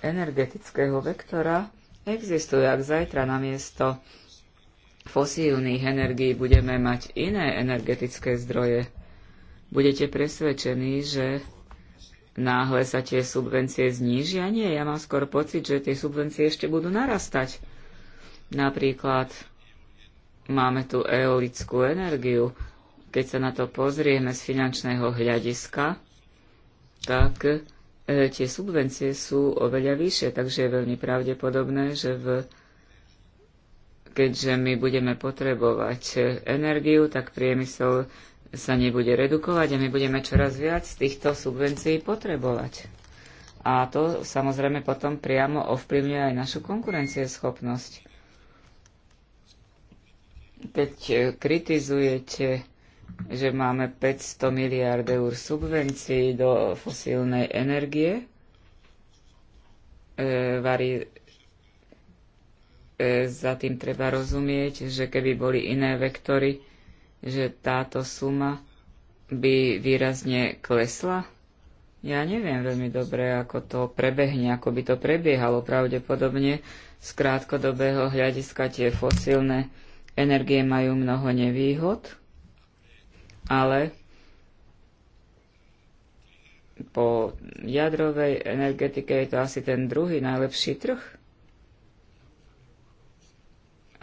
Speaker 3: energetického vektora existujú. Ak zajtra namiesto fosílnych energií budeme mať iné energetické zdroje, budete presvedčení, že náhle sa tie subvencie znížia? Nie, ja mám skôr pocit, že tie subvencie ešte budú narastať. Napríklad Máme tu eolickú energiu. Keď sa na to pozrieme z finančného hľadiska, tak e, tie subvencie sú oveľa vyššie, takže je veľmi pravdepodobné, že v, keďže my budeme potrebovať energiu, tak priemysel sa nebude redukovať a my budeme čoraz viac týchto subvencií potrebovať. A to samozrejme potom priamo ovplyvňuje aj našu konkurencieschopnosť. Keď e, kritizujete, že máme 500 miliard eur subvencií do fosílnej energie, e, varí, e, za tým treba rozumieť, že keby boli iné vektory, že táto suma by výrazne klesla? Ja neviem veľmi dobre, ako to prebehne, ako by to prebiehalo. Pravdepodobne z krátkodobého hľadiska tie fosílne Energie majú mnoho nevýhod, ale po jadrovej energetike je to asi ten druhý najlepší trh.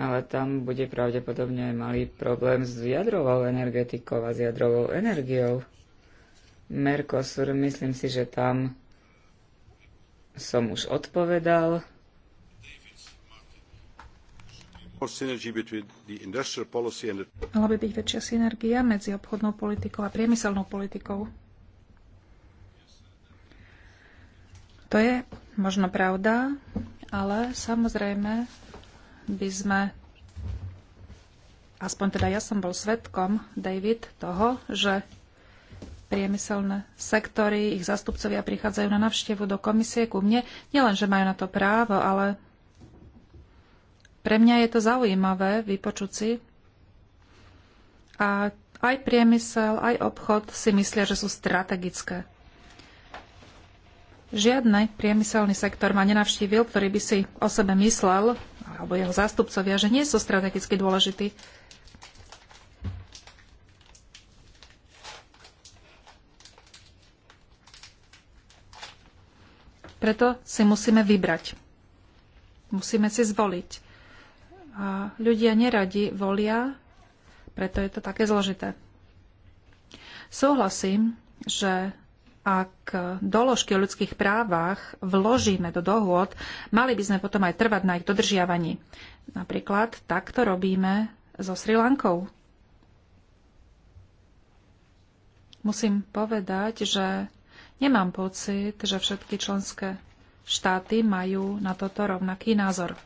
Speaker 3: Ale tam bude pravdepodobne aj malý problém s jadrovou energetikou a s jadrovou energiou. Mercosur, myslím si, že tam som už odpovedal.
Speaker 1: Mala
Speaker 2: by byť väčšia synergia medzi obchodnou politikou a priemyselnou politikou. To je možno pravda, ale samozrejme by sme, aspoň teda ja som bol svetkom, David, toho, že priemyselné sektory, ich zastupcovia prichádzajú na navštevu do komisie ku mne. Nielen, že majú na to právo, ale pre mňa je to zaujímavé vypočuť si. A aj priemysel, aj obchod si myslia, že sú strategické. Žiadny priemyselný sektor ma nenavštívil, ktorý by si o sebe myslel, alebo jeho zástupcovia, že nie sú strategicky dôležití. Preto si musíme vybrať. Musíme si zvoliť a ľudia neradi volia, preto je to také zložité. Súhlasím, že ak doložky o ľudských právach vložíme do dohôd, mali by sme potom aj trvať na ich dodržiavaní. Napríklad takto robíme so Sri Lankou. Musím povedať, že nemám pocit, že všetky členské štáty majú na toto rovnaký názor.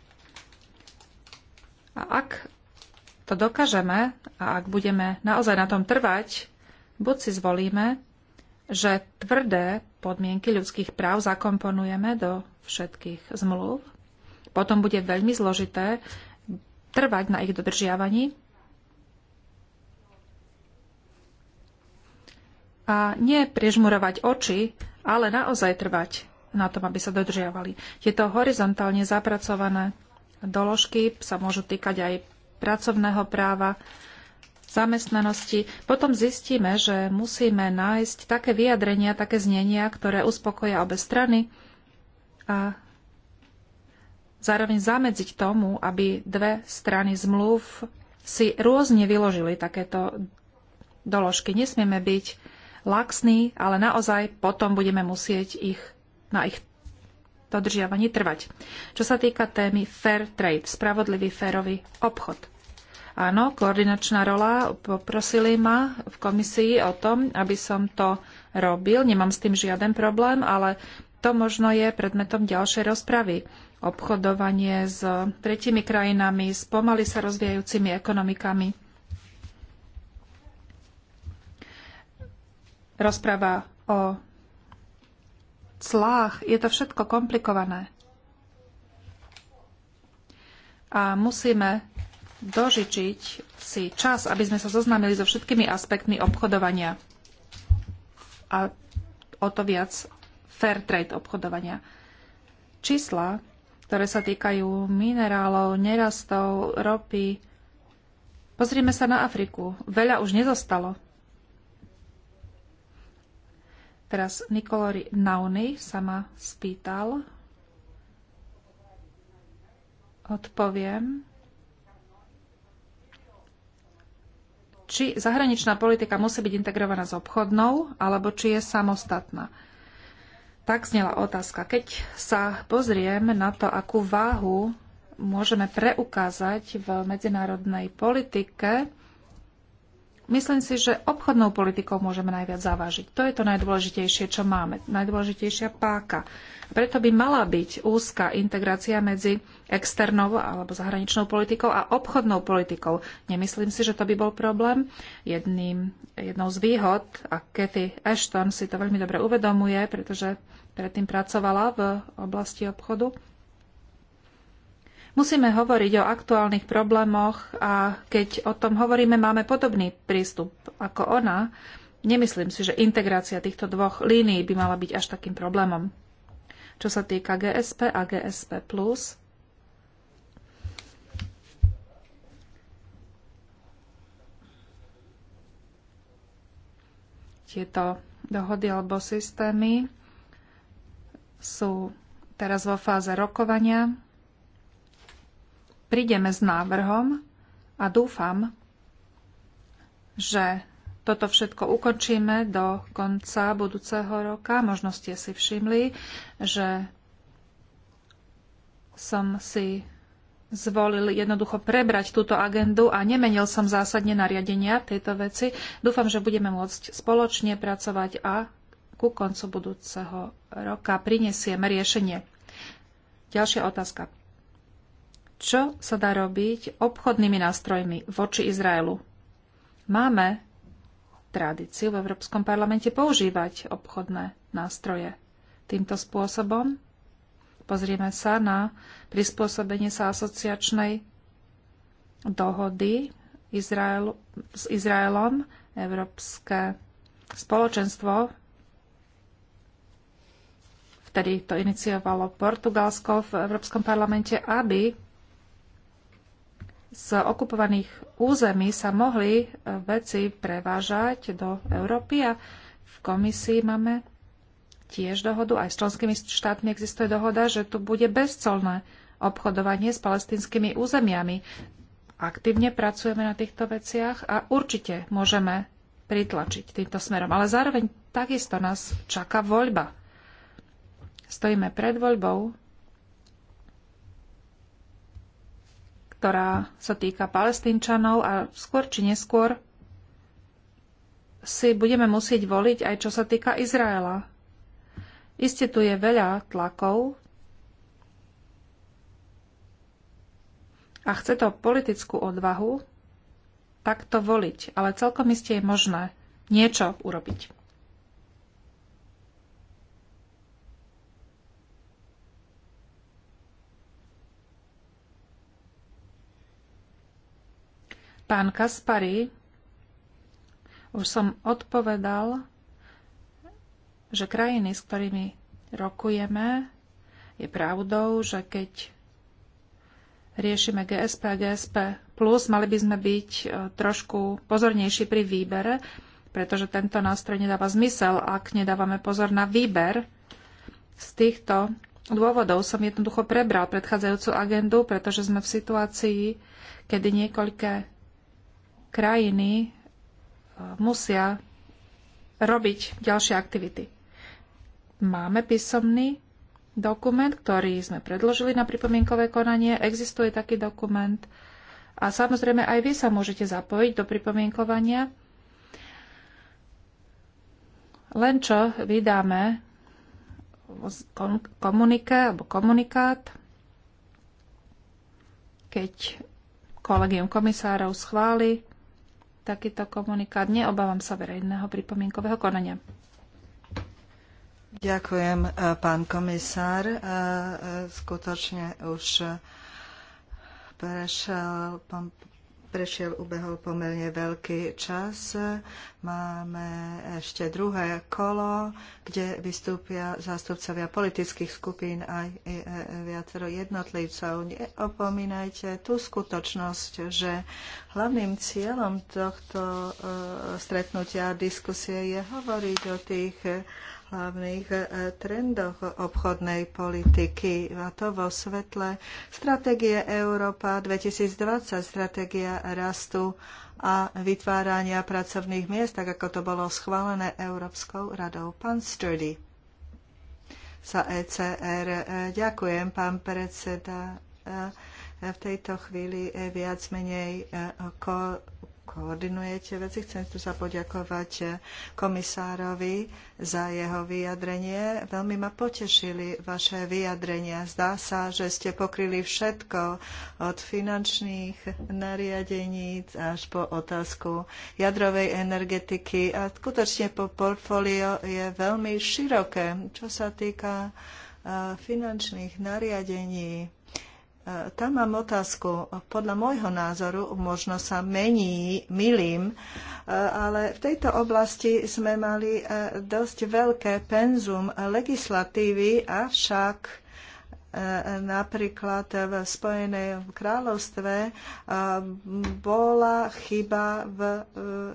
Speaker 2: A ak to dokážeme a ak budeme naozaj na tom trvať, buď si zvolíme, že tvrdé podmienky ľudských práv zakomponujeme do všetkých zmluv, potom bude veľmi zložité trvať na ich dodržiavaní. A nie priežmurovať oči, ale naozaj trvať na tom, aby sa dodržiavali. Je to horizontálne zapracované doložky sa môžu týkať aj pracovného práva, zamestnanosti. Potom zistíme, že musíme nájsť také vyjadrenia, také znenia, ktoré uspokoja obe strany a zároveň zamedziť tomu, aby dve strany zmluv si rôzne vyložili takéto doložky. Nesmieme byť laxní, ale naozaj potom budeme musieť ich na ich dodržiavaní trvať. Čo sa týka témy fair trade, spravodlivý férový obchod. Áno, koordinačná rola, poprosili ma v komisii o tom, aby som to robil. Nemám s tým žiaden problém, ale to možno je predmetom ďalšej rozpravy. Obchodovanie s tretimi krajinami, s pomaly sa rozvíjajúcimi ekonomikami. Rozprava o clách. Je to všetko komplikované. A musíme dožičiť si čas, aby sme sa zoznámili so všetkými aspektmi obchodovania. A o to viac fair trade obchodovania. Čísla, ktoré sa týkajú minerálov, nerastov, ropy. Pozrieme sa na Afriku. Veľa už nezostalo. Teraz Nikolori Nauni sa ma spýtal. Odpoviem. Či zahraničná politika musí byť integrovaná s obchodnou, alebo či je samostatná. Tak znela otázka. Keď sa pozriem na to, akú váhu môžeme preukázať v medzinárodnej politike, Myslím si, že obchodnou politikou môžeme najviac zavážiť. To je to najdôležitejšie, čo máme. Najdôležitejšia páka. Preto by mala byť úzka integrácia medzi externou alebo zahraničnou politikou a obchodnou politikou. Nemyslím si, že to by bol problém. Jedným, jednou z výhod, a Kathy Ashton si to veľmi dobre uvedomuje, pretože predtým pracovala v oblasti obchodu, Musíme hovoriť o aktuálnych problémoch a keď o tom hovoríme, máme podobný prístup ako ona. Nemyslím si, že integrácia týchto dvoch línií by mala byť až takým problémom. Čo sa týka GSP a GSP+, tieto dohody alebo systémy sú teraz vo fáze rokovania prídeme s návrhom a dúfam, že toto všetko ukončíme do konca budúceho roka. Možno ste si všimli, že som si zvolil jednoducho prebrať túto agendu a nemenil som zásadne nariadenia tejto veci. Dúfam, že budeme môcť spoločne pracovať a ku koncu budúceho roka prinesieme riešenie. Ďalšia otázka čo sa dá robiť obchodnými nástrojmi voči Izraelu. Máme tradíciu v Európskom parlamente používať obchodné nástroje týmto spôsobom. Pozrieme sa na prispôsobenie sa asociačnej dohody Izraelu, s Izraelom. Európske spoločenstvo vtedy to iniciovalo Portugalsko v Európskom parlamente, aby z okupovaných území sa mohli e, veci prevážať do Európy a v komisii máme tiež dohodu, aj s členskými štátmi existuje dohoda, že tu bude bezcolné obchodovanie s palestinskými územiami. Aktívne pracujeme na týchto veciach a určite môžeme pritlačiť týmto smerom. Ale zároveň takisto nás čaká voľba. Stojíme pred voľbou, ktorá sa týka palestínčanov a skôr či neskôr si budeme musieť voliť aj čo sa týka Izraela. Isté tu je veľa tlakov a chce to politickú odvahu takto voliť, ale celkom isté je možné niečo urobiť. Pán Kaspari, už som odpovedal, že krajiny, s ktorými rokujeme, je pravdou, že keď riešime GSP a GSP+, plus, mali by sme byť e, trošku pozornejší pri výbere, pretože tento nástroj nedáva zmysel, ak nedávame pozor na výber. Z týchto dôvodov som jednoducho prebral predchádzajúcu agendu, pretože sme v situácii, kedy niekoľké krajiny e, musia robiť ďalšie aktivity. Máme písomný dokument, ktorý sme predložili na pripomienkové konanie. Existuje taký dokument a samozrejme aj vy sa môžete zapojiť do pripomienkovania. Len čo vydáme komunike alebo komunikát, keď kolegium komisárov schváli takýto komunikát. Neobávam sa verejného pripomienkového konania.
Speaker 1: Ďakujem, eh, pán komisár. Eh, eh, skutočne už prešiel pán prešiel, ubehol pomerne veľký čas. Máme ešte druhé kolo, kde vystúpia zástupcovia politických skupín aj e, e, viacero jednotlivcov. Neopomínajte tú skutočnosť, že hlavným cieľom tohto e, stretnutia a diskusie je hovoriť o tých hlavných e, trendoch obchodnej politiky, a to vo svetle stratégie Európa 2020, stratégia rastu a vytvárania pracovných miest, tak ako to bolo schválené Európskou radou. Pán Sturdy sa ECR. E, ďakujem, pán predseda. E, v tejto chvíli viac menej ko koordinujete veci. Chcem tu sa poďakovať komisárovi za jeho vyjadrenie. Veľmi ma potešili vaše vyjadrenia. Zdá sa, že ste pokryli všetko od finančných nariadení až po otázku jadrovej energetiky a skutočne po portfólio je veľmi široké, čo sa týka eh, finančných nariadení tam mám otázku. Podľa môjho názoru, možno sa mení, milím, e, ale v tejto oblasti sme mali e, dosť veľké penzum legislatívy, avšak e, napríklad v Spojenom kráľovstve bola chyba v,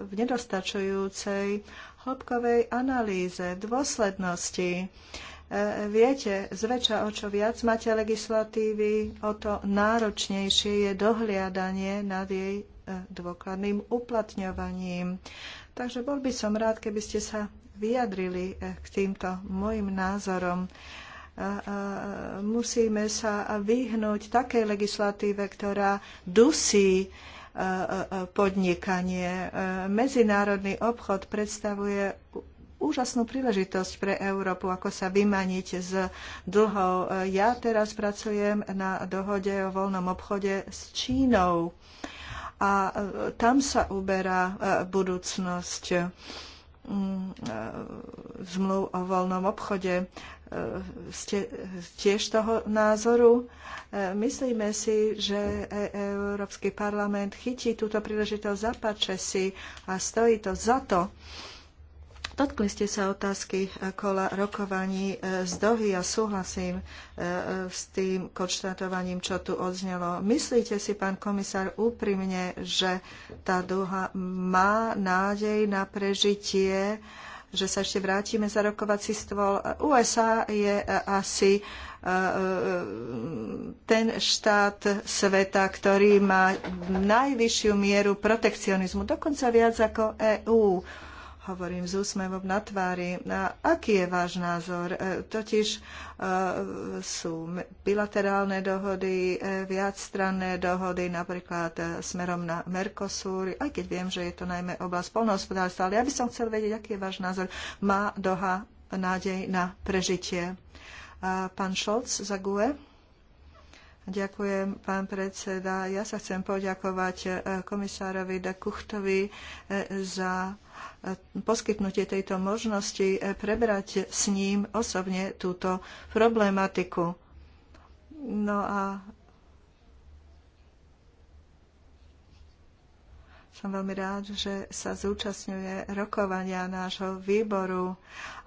Speaker 1: v nedostačujúcej hĺbkovej analýze dôslednosti. Uh, viete zväčša o čo viac máte legislatívy, o to náročnejšie je dohliadanie nad jej e, dôkladným uplatňovaním. Takže bol by som rád, keby ste sa vyjadrili e, k týmto mojim názorom e, musíme sa vyhnúť takej legislatíve, ktorá dusí podnikanie. Medzinárodný obchod predstavuje úžasnú príležitosť pre Európu, ako sa vymaniť z dlhov. Ja teraz pracujem na dohode o voľnom obchode s Čínou a e, tam sa uberá e, budúcnosť e, zmluv o voľnom obchode. Ste tiež toho názoru? Myslíme si, že Európsky parlament chytí túto príležitosť, zapáče si a stojí to za to Dotkli ste sa otázky e, kola rokovaní e, z Dohy. Ja súhlasím e, s tým konštatovaním, čo tu odznelo. Myslíte si, pán komisár, úprimne, že tá Doha má nádej na prežitie, že sa ešte vrátime za rokovací stôl? USA je asi ten štát sveta, ktorý má najvyššiu mieru protekcionizmu, dokonca viac ako EÚ hovorím s úsmevom na tvári. A aký je váš názor? E, totiž e, sú bilaterálne dohody, e, viacstranné dohody, napríklad smerom na Mercosur, aj keď viem, že je to najmä oblasť polnohospodárstva, ale ja by som chcel vedieť, aký je váš názor. Má Doha nádej na prežitie? Pán Šolc za GUE. Ďakujem, pán predseda. Ja sa chcem poďakovať komisárovi Dakuchtovi za poskytnutie tejto možnosti e, prebrať s ním osobne túto problematiku. No a Som veľmi rád, že sa zúčastňuje rokovania nášho výboru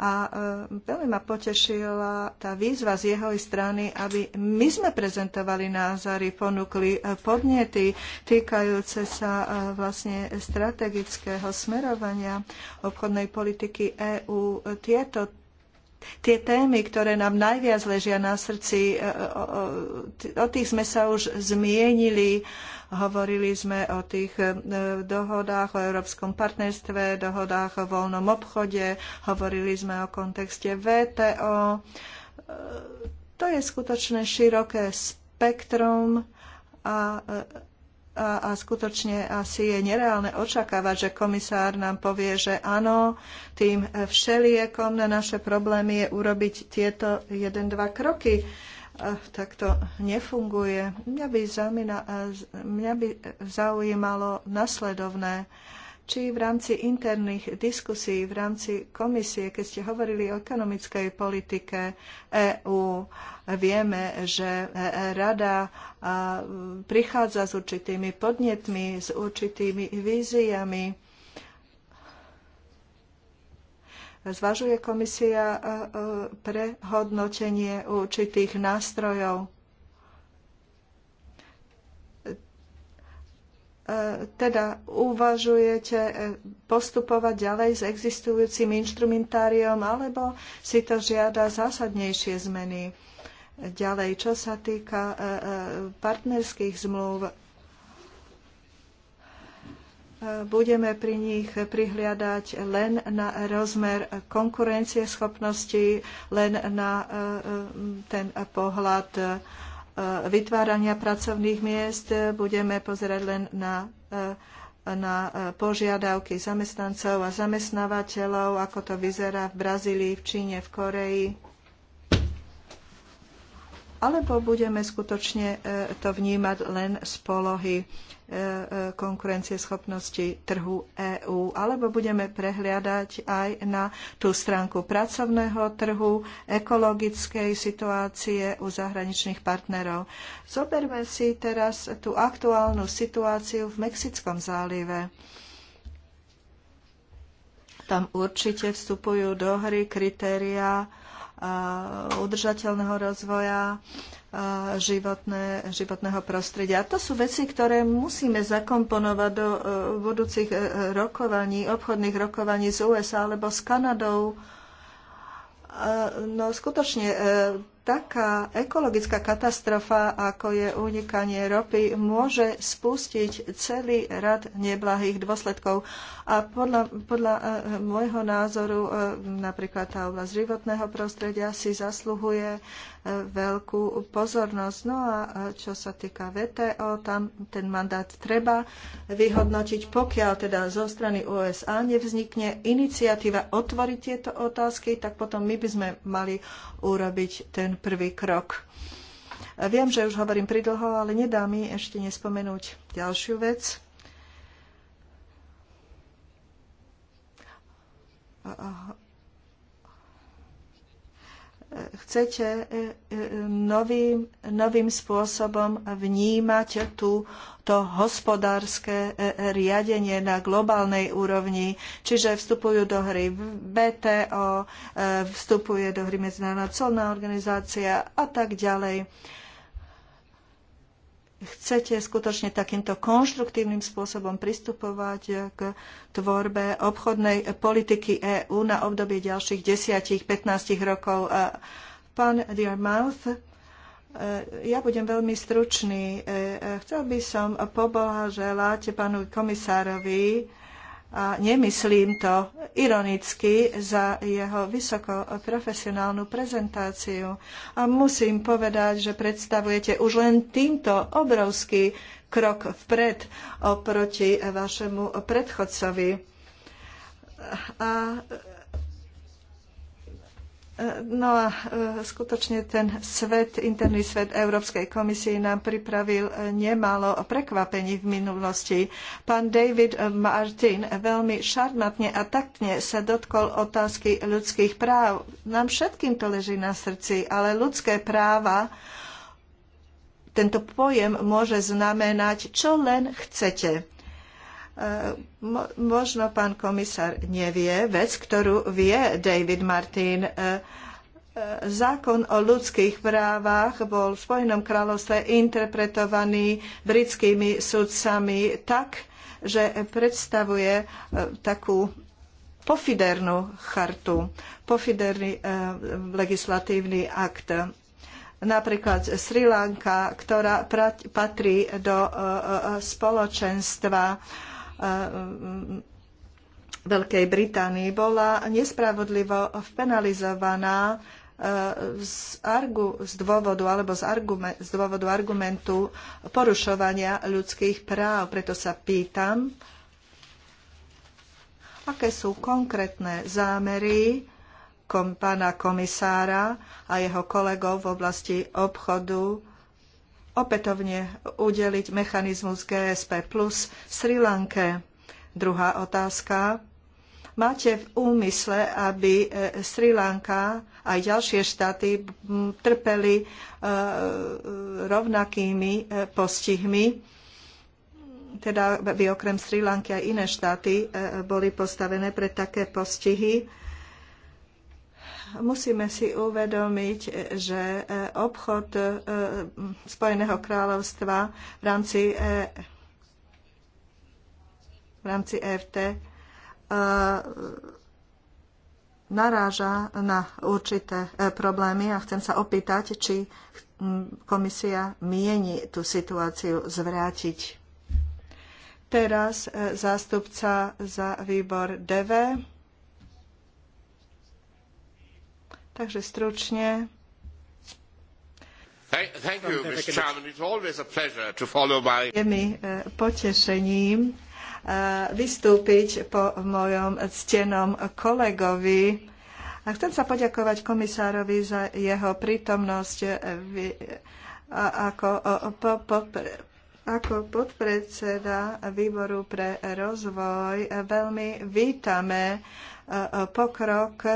Speaker 1: a e, veľmi ma potešila tá výzva z jeho strany, aby my sme prezentovali názory, ponúkli e, podnety týkajúce sa e, vlastne strategického smerovania obchodnej politiky EÚ. Tieto tie témy, ktoré nám najviac ležia na srdci, e, e, o tých sme sa už zmienili. Hovorili sme o tých e, dohodách o európskom partnerstve, dohodách o voľnom obchode, hovorili sme o kontexte VTO. To je skutočne široké spektrum a a, a skutočne asi je nereálne očakávať, že komisár nám povie, že áno, tým všeliekom na naše problémy je urobiť tieto jeden, dva kroky. Tak to nefunguje. Mňa by, mňa by zaujímalo nasledovné či v rámci interných diskusí, v rámci komisie, keď ste hovorili o ekonomickej politike EÚ, vieme, že rada prichádza s určitými podnetmi, s určitými víziami. Zvažuje komisia prehodnotenie určitých nástrojov E, teda uvažujete e, postupovať ďalej s existujúcim inštrumentáriom, alebo si to žiada zásadnejšie zmeny? Ďalej, čo sa týka e, partnerských zmluv, budeme pri nich prihliadať len na rozmer konkurencieschopnosti, len na ten pohľad E, vytvárania pracovných miest. Budeme pozerať len na, e, na e, požiadavky zamestnancov a zamestnávateľov, ako to vyzerá v Brazílii, v Číne, v Koreji. Alebo budeme skutočne to vnímať len z polohy E, e, konkurencieschopnosti trhu EÚ, alebo budeme prehliadať aj na tú stránku pracovného trhu, ekologickej situácie u zahraničných partnerov. Zoberme si teraz tú aktuálnu situáciu v Mexickom zálive. Tam určite vstupujú do hry kritériá e, udržateľného rozvoja životné, životného prostredia. A to sú veci, ktoré musíme zakomponovať do e, budúcich e, rokovaní, obchodných rokovaní z USA alebo s Kanadou. E, no skutočne taká ekologická katastrofa, ako je unikanie ropy, môže spustiť celý rad neblahých dôsledkov. A podľa, podľa môjho názoru napríklad tá oblasť životného prostredia si zasluhuje veľkú pozornosť. No a čo sa týka VTO, tam ten mandát treba vyhodnotiť, pokiaľ teda zo strany USA nevznikne iniciatíva otvoriť tieto otázky, tak potom my by sme mali urobiť ten prvý krok. Viem, že už hovorím pridlho, ale nedá mi ešte nespomenúť ďalšiu vec chcete e, e, novým, novým spôsobom vnímať tú, to hospodárske e, riadenie na globálnej úrovni, čiže vstupujú do hry BTO, vstupuje do hry Medzinárodná colná organizácia a tak ďalej chcete skutočne takýmto konštruktívnym spôsobom pristupovať k tvorbe obchodnej politiky EÚ na obdobie ďalších 10-15 rokov. Pán Dearmouth, e, ja budem veľmi stručný. E, e, chcel by som poblaželať pánu komisárovi a nemyslím to ironicky za jeho vysoko profesionálnu prezentáciu. A musím povedať, že predstavujete už len týmto obrovský krok vpred oproti vašemu predchodcovi. A E, no a e, skutočne ten svet, interný svet Európskej komisie nám pripravil e, nemalo prekvapení v minulosti. Pán David Martin veľmi šarmatne a taktne sa dotkol otázky ľudských práv. Nám všetkým to leží na srdci, ale ľudské práva, tento pojem môže znamenať, čo len chcete. Eh, možno pán komisár nevie vec, ktorú vie David Martin. Eh, eh, zákon o ľudských právach bol v Spojenom kráľovstve interpretovaný britskými sudcami tak, že predstavuje takú pofidernú chartu, pofiderný legislatívny akt napríklad Sri Lanka, ktorá patrí do spoločenstva E, e, Veľkej Británii bola nespravodlivo penalizovaná e, z, argu, z dôvodu alebo z, argume, z dôvodu argumentu porušovania ľudských práv. Preto sa pýtam, aké sú konkrétne zámery kom, pána komisára a jeho kolegov v oblasti obchodu opätovne udeliť mechanizmus GSP plus Sri Lanke. Druhá otázka. Máte v úmysle, aby e, Sri Lanka aj ďalšie štáty trpeli e, rovnakými e, postihmi, teda by okrem Sri Lanky aj iné štáty boli postavené pre také postihy musíme si uvedomiť, že e, obchod e, Spojeného kráľovstva v rámci, e, v rámci EFT naráža na určité problémy a chcem sa opýtať, či komisia mieni tú situáciu zvrátiť. Teraz zástupca za výbor DV Takže stručne. Je mi e, potešením e, vystúpiť po mojom ctenom kolegovi. A chcem sa poďakovať komisárovi za jeho prítomnosť e, ako, ako podpredseda výboru pre rozvoj. Veľmi vítame pokrok e,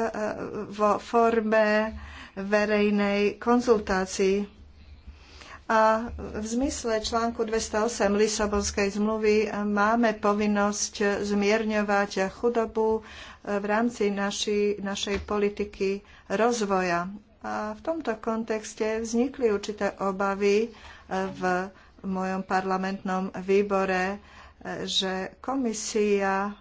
Speaker 1: vo forme verejnej konzultácii. A v zmysle článku 208 Lisabonskej zmluvy máme povinnosť zmierňovať chudobu e, v rámci naši, našej politiky rozvoja. A v tomto kontexte vznikli určité obavy e, v mojom parlamentnom výbore, že komisia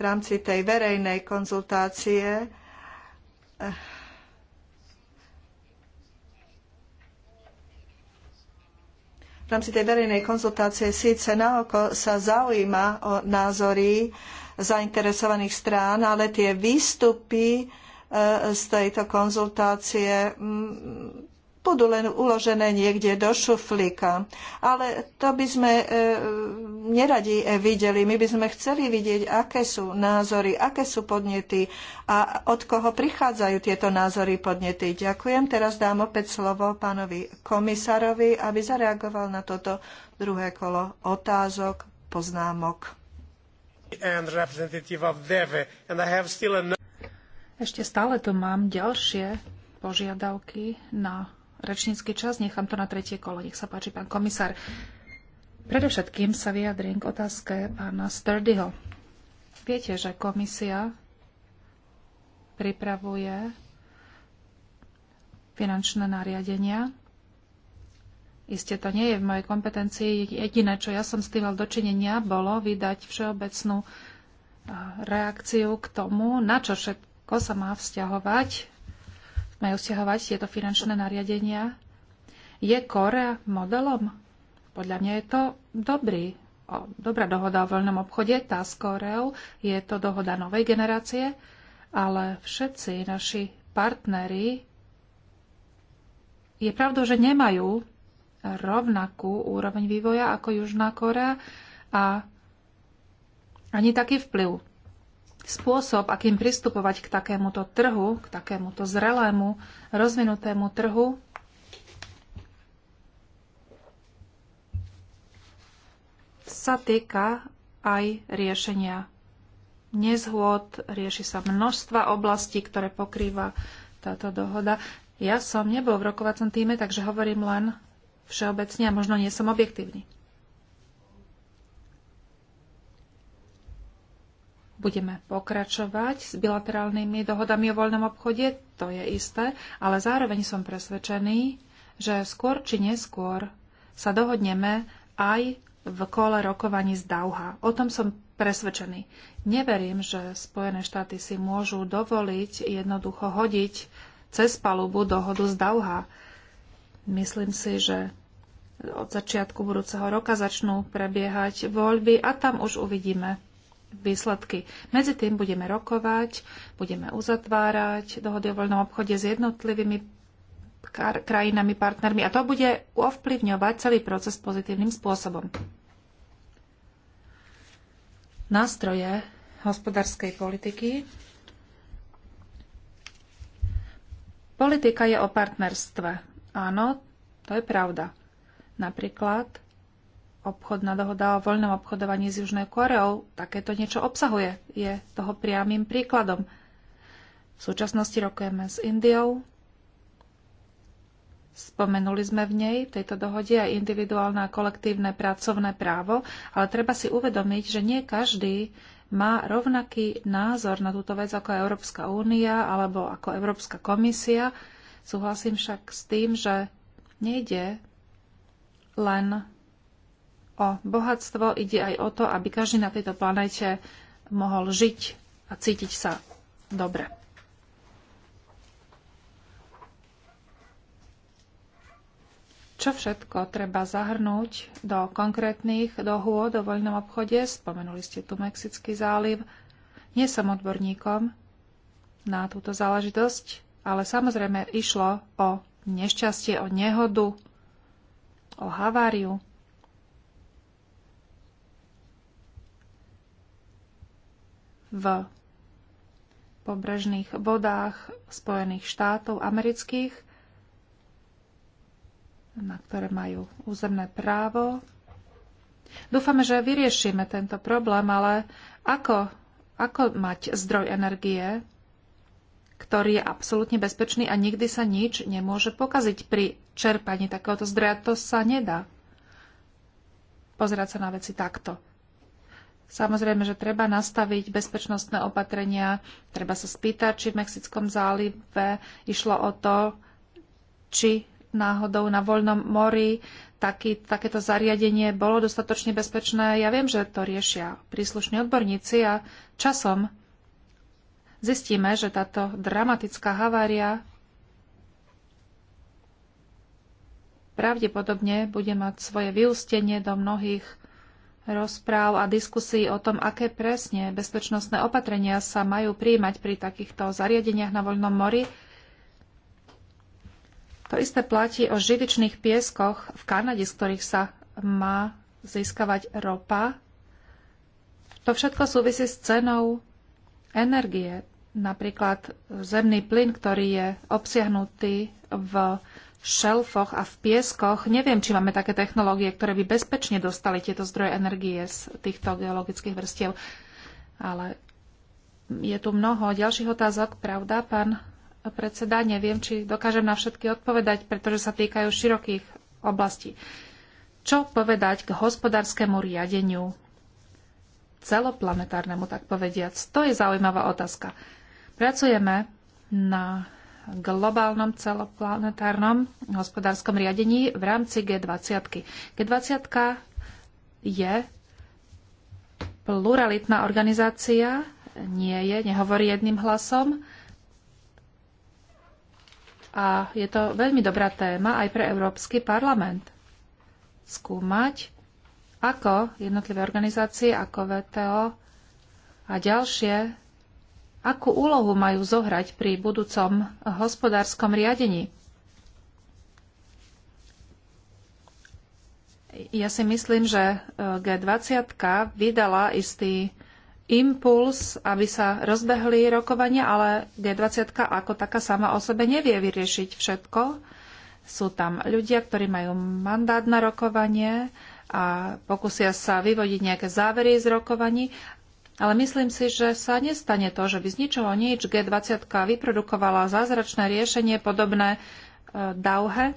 Speaker 1: v rámci tej verejnej konzultácie eh, v rámci tej verejnej konzultácie síce naoko sa zaujíma o názory zainteresovaných strán, ale tie výstupy eh, z tejto konzultácie mm, budú len uložené niekde do šuflíka. Ale to by sme eh, neradi eh, videli. My by sme chceli vidieť, aké sú názory, aké sú podnety a od koho prichádzajú tieto názory podnety. Ďakujem. Teraz dám opäť slovo pánovi komisárovi, aby zareagoval na toto druhé kolo otázok, poznámok.
Speaker 2: No-
Speaker 1: Ešte stále tu mám ďalšie
Speaker 2: požiadavky na rečnícky čas. Nechám to na tretie kolo. Nech sa páči, pán komisár. Predovšetkým sa vyjadrím k otázke pána Sturdyho. Viete, že komisia pripravuje finančné nariadenia. Isté to nie je v mojej kompetencii. Jediné, čo ja som s tým mal dočinenia, bolo vydať všeobecnú reakciu k tomu, na čo všetko sa má vzťahovať, majú vzťahovať tieto finančné nariadenia. Je Korea modelom? Podľa mňa je to dobrý, o, dobrá dohoda o voľnom obchode, tá s Koreou, je to dohoda novej generácie, ale všetci naši partneri je pravdou, že nemajú rovnakú úroveň vývoja ako Južná Korea a ani taký vplyv. Spôsob, akým pristupovať k takémuto trhu, k takémuto zrelému, rozvinutému trhu, sa týka aj riešenia nezhôd, rieši sa množstva oblastí, ktoré pokrýva táto dohoda. Ja som nebol v rokovacom týme, takže hovorím len všeobecne a možno nie som objektívny. Budeme pokračovať s bilaterálnymi dohodami o voľnom obchode, to je isté, ale zároveň som presvedčený, že skôr či neskôr sa dohodneme aj v kole rokovaní z Dauha. O tom som presvedčený. Neverím, že Spojené štáty si môžu dovoliť jednoducho hodiť cez palubu dohodu z Dauha. Myslím si, že od začiatku budúceho roka začnú prebiehať voľby a tam už uvidíme výsledky. Medzi tým budeme rokovať, budeme uzatvárať dohody o voľnom obchode s jednotlivými krajinami, partnermi a to bude ovplyvňovať celý proces pozitívnym spôsobom. Nástroje hospodárskej politiky. Politika je o partnerstve. Áno, to je pravda. Napríklad obchodná dohoda o voľnom obchodovaní s Južnou Koreou takéto niečo obsahuje. Je toho priamým príkladom. V súčasnosti rokujeme s Indiou, Spomenuli sme v nej, v tejto dohode, aj individuálne a kolektívne pracovné právo, ale treba si uvedomiť, že nie každý má rovnaký názor na túto vec ako Európska únia alebo ako Európska komisia. Súhlasím však s tým, že nejde len o bohatstvo, ide aj o to, aby každý na tejto planete mohol žiť a cítiť sa dobre. Čo všetko treba zahrnúť do konkrétnych dohôd o voľnom obchode? Spomenuli ste tu Mexický záliv. Nie som odborníkom na túto záležitosť, ale samozrejme išlo o nešťastie, o nehodu, o haváriu. v pobrežných vodách Spojených štátov amerických na ktoré majú územné právo. Dúfame, že vyriešime tento problém, ale ako, ako mať zdroj energie, ktorý je absolútne bezpečný a nikdy sa nič nemôže pokaziť pri čerpaní takéhoto zdroja. To sa nedá pozerať sa na veci takto. Samozrejme, že treba nastaviť bezpečnostné opatrenia, treba sa spýtať, či v Mexickom zálive išlo o to, či náhodou na voľnom mori taký, takéto zariadenie bolo dostatočne bezpečné. Ja viem, že to riešia príslušní odborníci a časom zistíme, že táto dramatická havária pravdepodobne bude mať svoje vyústenie do mnohých rozpráv a diskusí o tom, aké presne bezpečnostné opatrenia sa majú príjmať pri takýchto zariadeniach na voľnom mori to isté platí o živičných pieskoch v Kanade, z ktorých sa má získavať ropa. To všetko súvisí s cenou energie. Napríklad zemný plyn, ktorý je obsiahnutý v šelfoch a v pieskoch. Neviem, či máme také technológie, ktoré by bezpečne dostali tieto zdroje energie z týchto geologických vrstiev. Ale je tu mnoho ďalších otázok, pravda, pán predseda. Neviem, či dokážem na všetky odpovedať, pretože sa týkajú širokých oblastí. Čo povedať k hospodárskému riadeniu celoplanetárnemu, tak povediac? To je zaujímavá otázka. Pracujeme na globálnom celoplanetárnom hospodárskom riadení v rámci G20. G20 je pluralitná organizácia, nie je, nehovorí jedným hlasom a je to veľmi dobrá téma aj pre Európsky parlament. Skúmať, ako jednotlivé organizácie, ako VTO a ďalšie, akú úlohu majú zohrať pri budúcom hospodárskom riadení. Ja si myslím, že eh, G20 vydala istý impuls, aby sa rozbehli rokovania, ale G20 ako taká sama o sebe nevie vyriešiť všetko. Sú tam ľudia, ktorí majú mandát na rokovanie a pokusia sa vyvodiť nejaké závery z rokovaní, ale myslím si, že sa nestane to, že by z ničoho nič G20 vyprodukovala zázračné riešenie podobné e, Dauhe.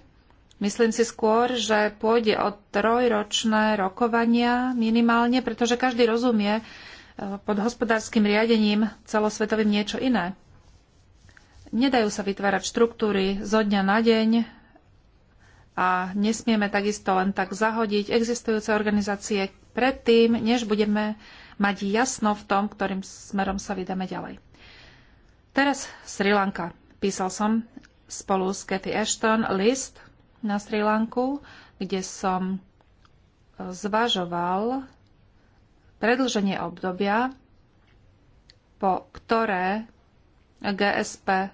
Speaker 2: Myslím si skôr, že pôjde o trojročné rokovania minimálne, pretože každý rozumie, pod hospodárskym riadením celosvetovým niečo iné. Nedajú sa vytvárať štruktúry zo dňa na deň a nesmieme takisto len tak zahodiť existujúce organizácie predtým, než budeme mať jasno v tom, ktorým smerom sa vydáme ďalej. Teraz Sri Lanka. Písal som spolu s Cathy Ashton list na Sri Lanku, kde som zvažoval predlženie obdobia, po ktoré GSP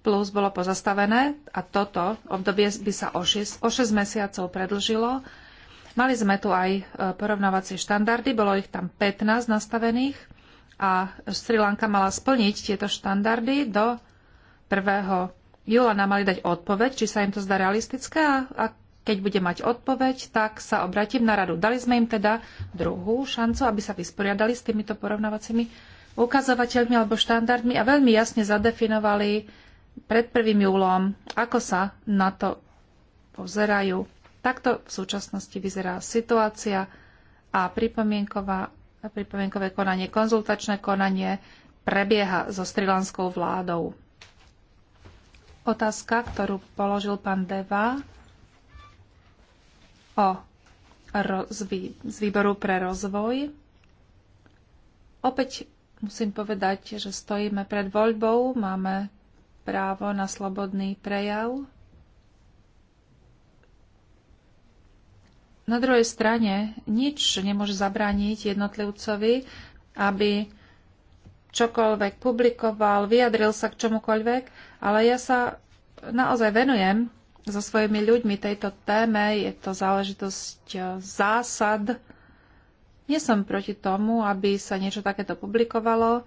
Speaker 2: plus bolo pozastavené a toto obdobie by sa o 6, o 6 mesiacov predlžilo. Mali sme tu aj e, porovnávacie štandardy, bolo ich tam 15 nastavených a Sri Lanka mala splniť tieto štandardy do 1. júla. Nám mali dať odpoveď, či sa im to zdá realistické a ak keď bude mať odpoveď, tak sa obratím na radu. Dali sme im teda druhú šancu, aby sa vysporiadali s týmito porovnávacími ukazovateľmi alebo štandardmi a veľmi jasne zadefinovali pred prvým júlom, ako sa na to pozerajú. Takto v súčasnosti vyzerá situácia a pripomienkové konanie, konzultačné konanie prebieha so strilanskou vládou. Otázka, ktorú položil pán Deva, o z výboru pre rozvoj. Opäť musím povedať, že stojíme pred voľbou, máme právo na slobodný prejav. Na druhej strane nič nemôže zabrániť jednotlivcovi, aby čokoľvek publikoval, vyjadril sa k čomukoľvek, ale ja sa naozaj venujem so svojimi ľuďmi tejto téme. Je to záležitosť e, zásad. Nie som proti tomu, aby sa niečo takéto publikovalo.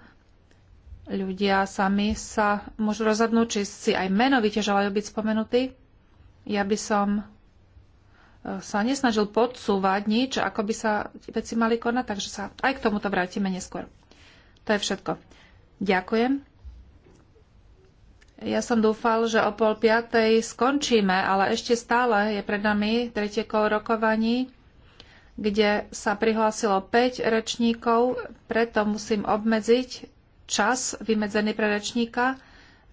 Speaker 2: Ľudia sami sa môžu rozhodnúť, či si aj menovite želajú byť spomenutí. Ja by som e, sa nesnažil podsúvať nič, ako by sa veci mali konať, takže sa aj k tomuto vrátime neskôr. To je všetko. Ďakujem. Ja som dúfal, že o pol piatej skončíme, ale ešte stále je pred nami tretie kolo rokovaní, kde sa prihlásilo 5 rečníkov, preto musím obmedziť čas vymedzený pre rečníka.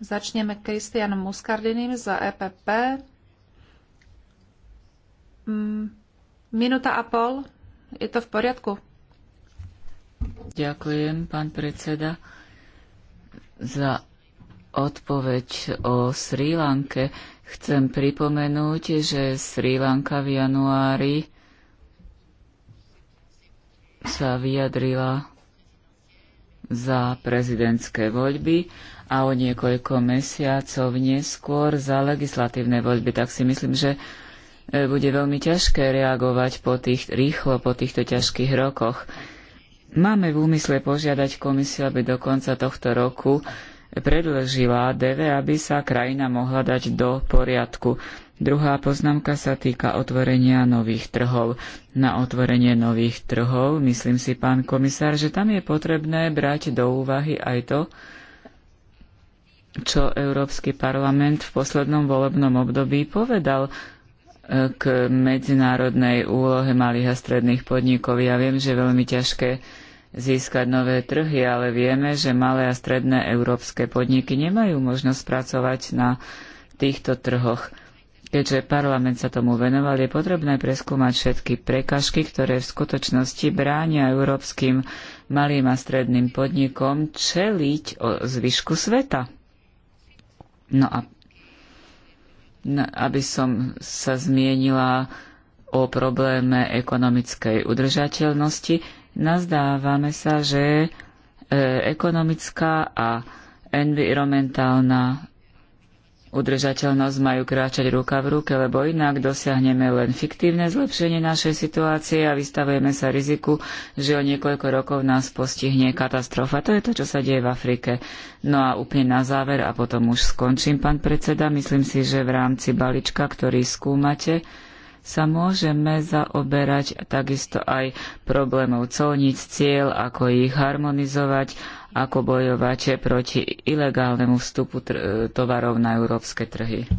Speaker 2: Začneme Kristianom Muscardinim za EPP. Mm, minúta a pol. Je to v poriadku?
Speaker 3: Ďakujem, pán predseda, za odpoveď o Sri Lanke. Chcem pripomenúť, že Sri Lanka v januári sa vyjadrila za prezidentské voľby a o niekoľko mesiacov neskôr za legislatívne voľby. Tak si myslím, že e, bude veľmi ťažké reagovať po tých, rýchlo po týchto ťažkých rokoch. Máme v úmysle požiadať komisiu, aby do konca tohto roku predlžila DV, aby sa krajina mohla dať do poriadku. Druhá poznámka sa týka otvorenia nových trhov. Na otvorenie nových trhov, myslím si, pán komisár, že tam je potrebné brať do úvahy aj to, čo Európsky parlament v poslednom volebnom období povedal e, k medzinárodnej úlohe malých a stredných podnikov. Ja viem, že veľmi ťažké získať nové trhy, ale vieme, že malé a stredné európske podniky nemajú možnosť pracovať na týchto trhoch. Keďže parlament sa tomu venoval, je potrebné preskúmať všetky prekažky, ktoré v skutočnosti bránia európskym malým a stredným podnikom čeliť o zvyšku sveta. No a no, aby som sa zmienila o probléme ekonomickej udržateľnosti, Nazdávame sa, že e, ekonomická a environmentálna udržateľnosť majú kráčať ruka v ruke, lebo inak dosiahneme len fiktívne zlepšenie našej situácie a vystavujeme sa riziku, že o niekoľko rokov nás postihne katastrofa. To je to, čo sa deje v Afrike. No a úplne na záver, a potom už skončím, pán predseda, myslím si, že v rámci balíčka, ktorý skúmate, sa môžeme zaoberať takisto aj problémov colníc cieľ, ako ich harmonizovať, ako bojovať proti ilegálnemu vstupu tovarov na európske trhy.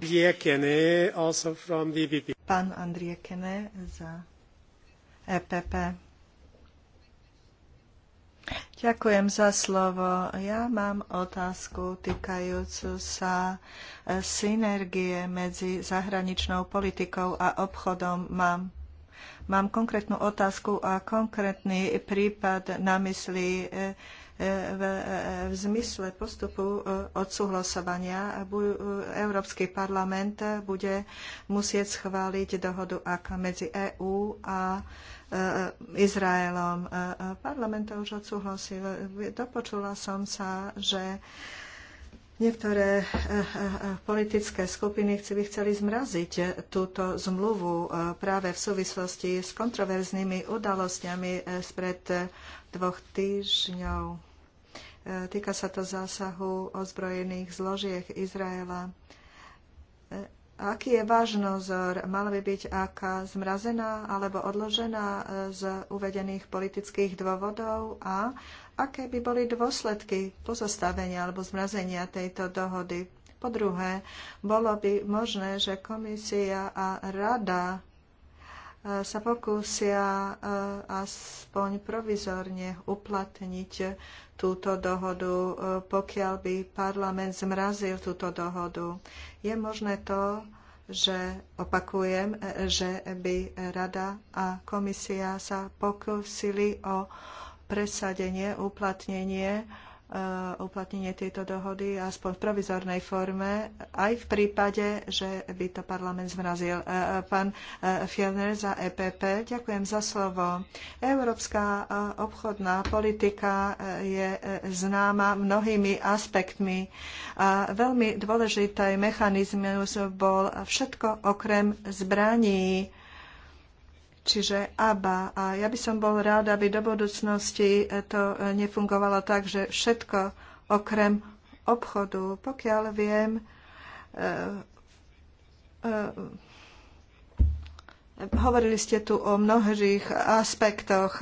Speaker 1: E Pán Andrie Kene za EPP. Ďakujem za slovo. Ja mám otázku týkajúcu sa e, synergie medzi zahraničnou politikou a obchodom. Mám, mám konkrétnu otázku a konkrétny prípad na mysli. E, v, v zmysle postupu eh, odsúhlasovania eh, Európsky parlament bude musieť schváliť dohodu AK medzi EÚ a eh, Izraelom. Parlament to už odsúhlasil. Dopočula som sa, že Niektoré politické skupiny by chceli zmraziť túto zmluvu práve v súvislosti s kontroverznými udalosťami spred dvoch týždňov. Týka sa to zásahu ozbrojených zložiek Izraela. E, aký je váš názor? Mala by byť aká zmrazená alebo odložená e, z uvedených politických dôvodov a aké by boli dôsledky pozostavenia alebo zmrazenia tejto dohody? Po druhé, bolo by možné, že komisia a rada sa pokúsia e, aspoň provizorne uplatniť túto dohodu, e, pokiaľ by parlament zmrazil túto dohodu. Je možné to, že opakujem, e, že by rada a komisia sa pokúsili o presadenie, uplatnenie Eh, uplatnenie tejto dohody aspoň v provizornej forme, aj v prípade, že by to parlament zmrazil. Eh, eh, pán Fielner za EPP, ďakujem za slovo. Európska obchodná politika je známa mnohými aspektmi a veľmi dôležitý mechanizmus bol všetko okrem zbraní čiže ABA. A ja by som bol rád, aby do budúcnosti to e, nefungovalo tak, že všetko okrem obchodu, pokiaľ viem, e, e, hovorili ste tu o mnohých aspektoch,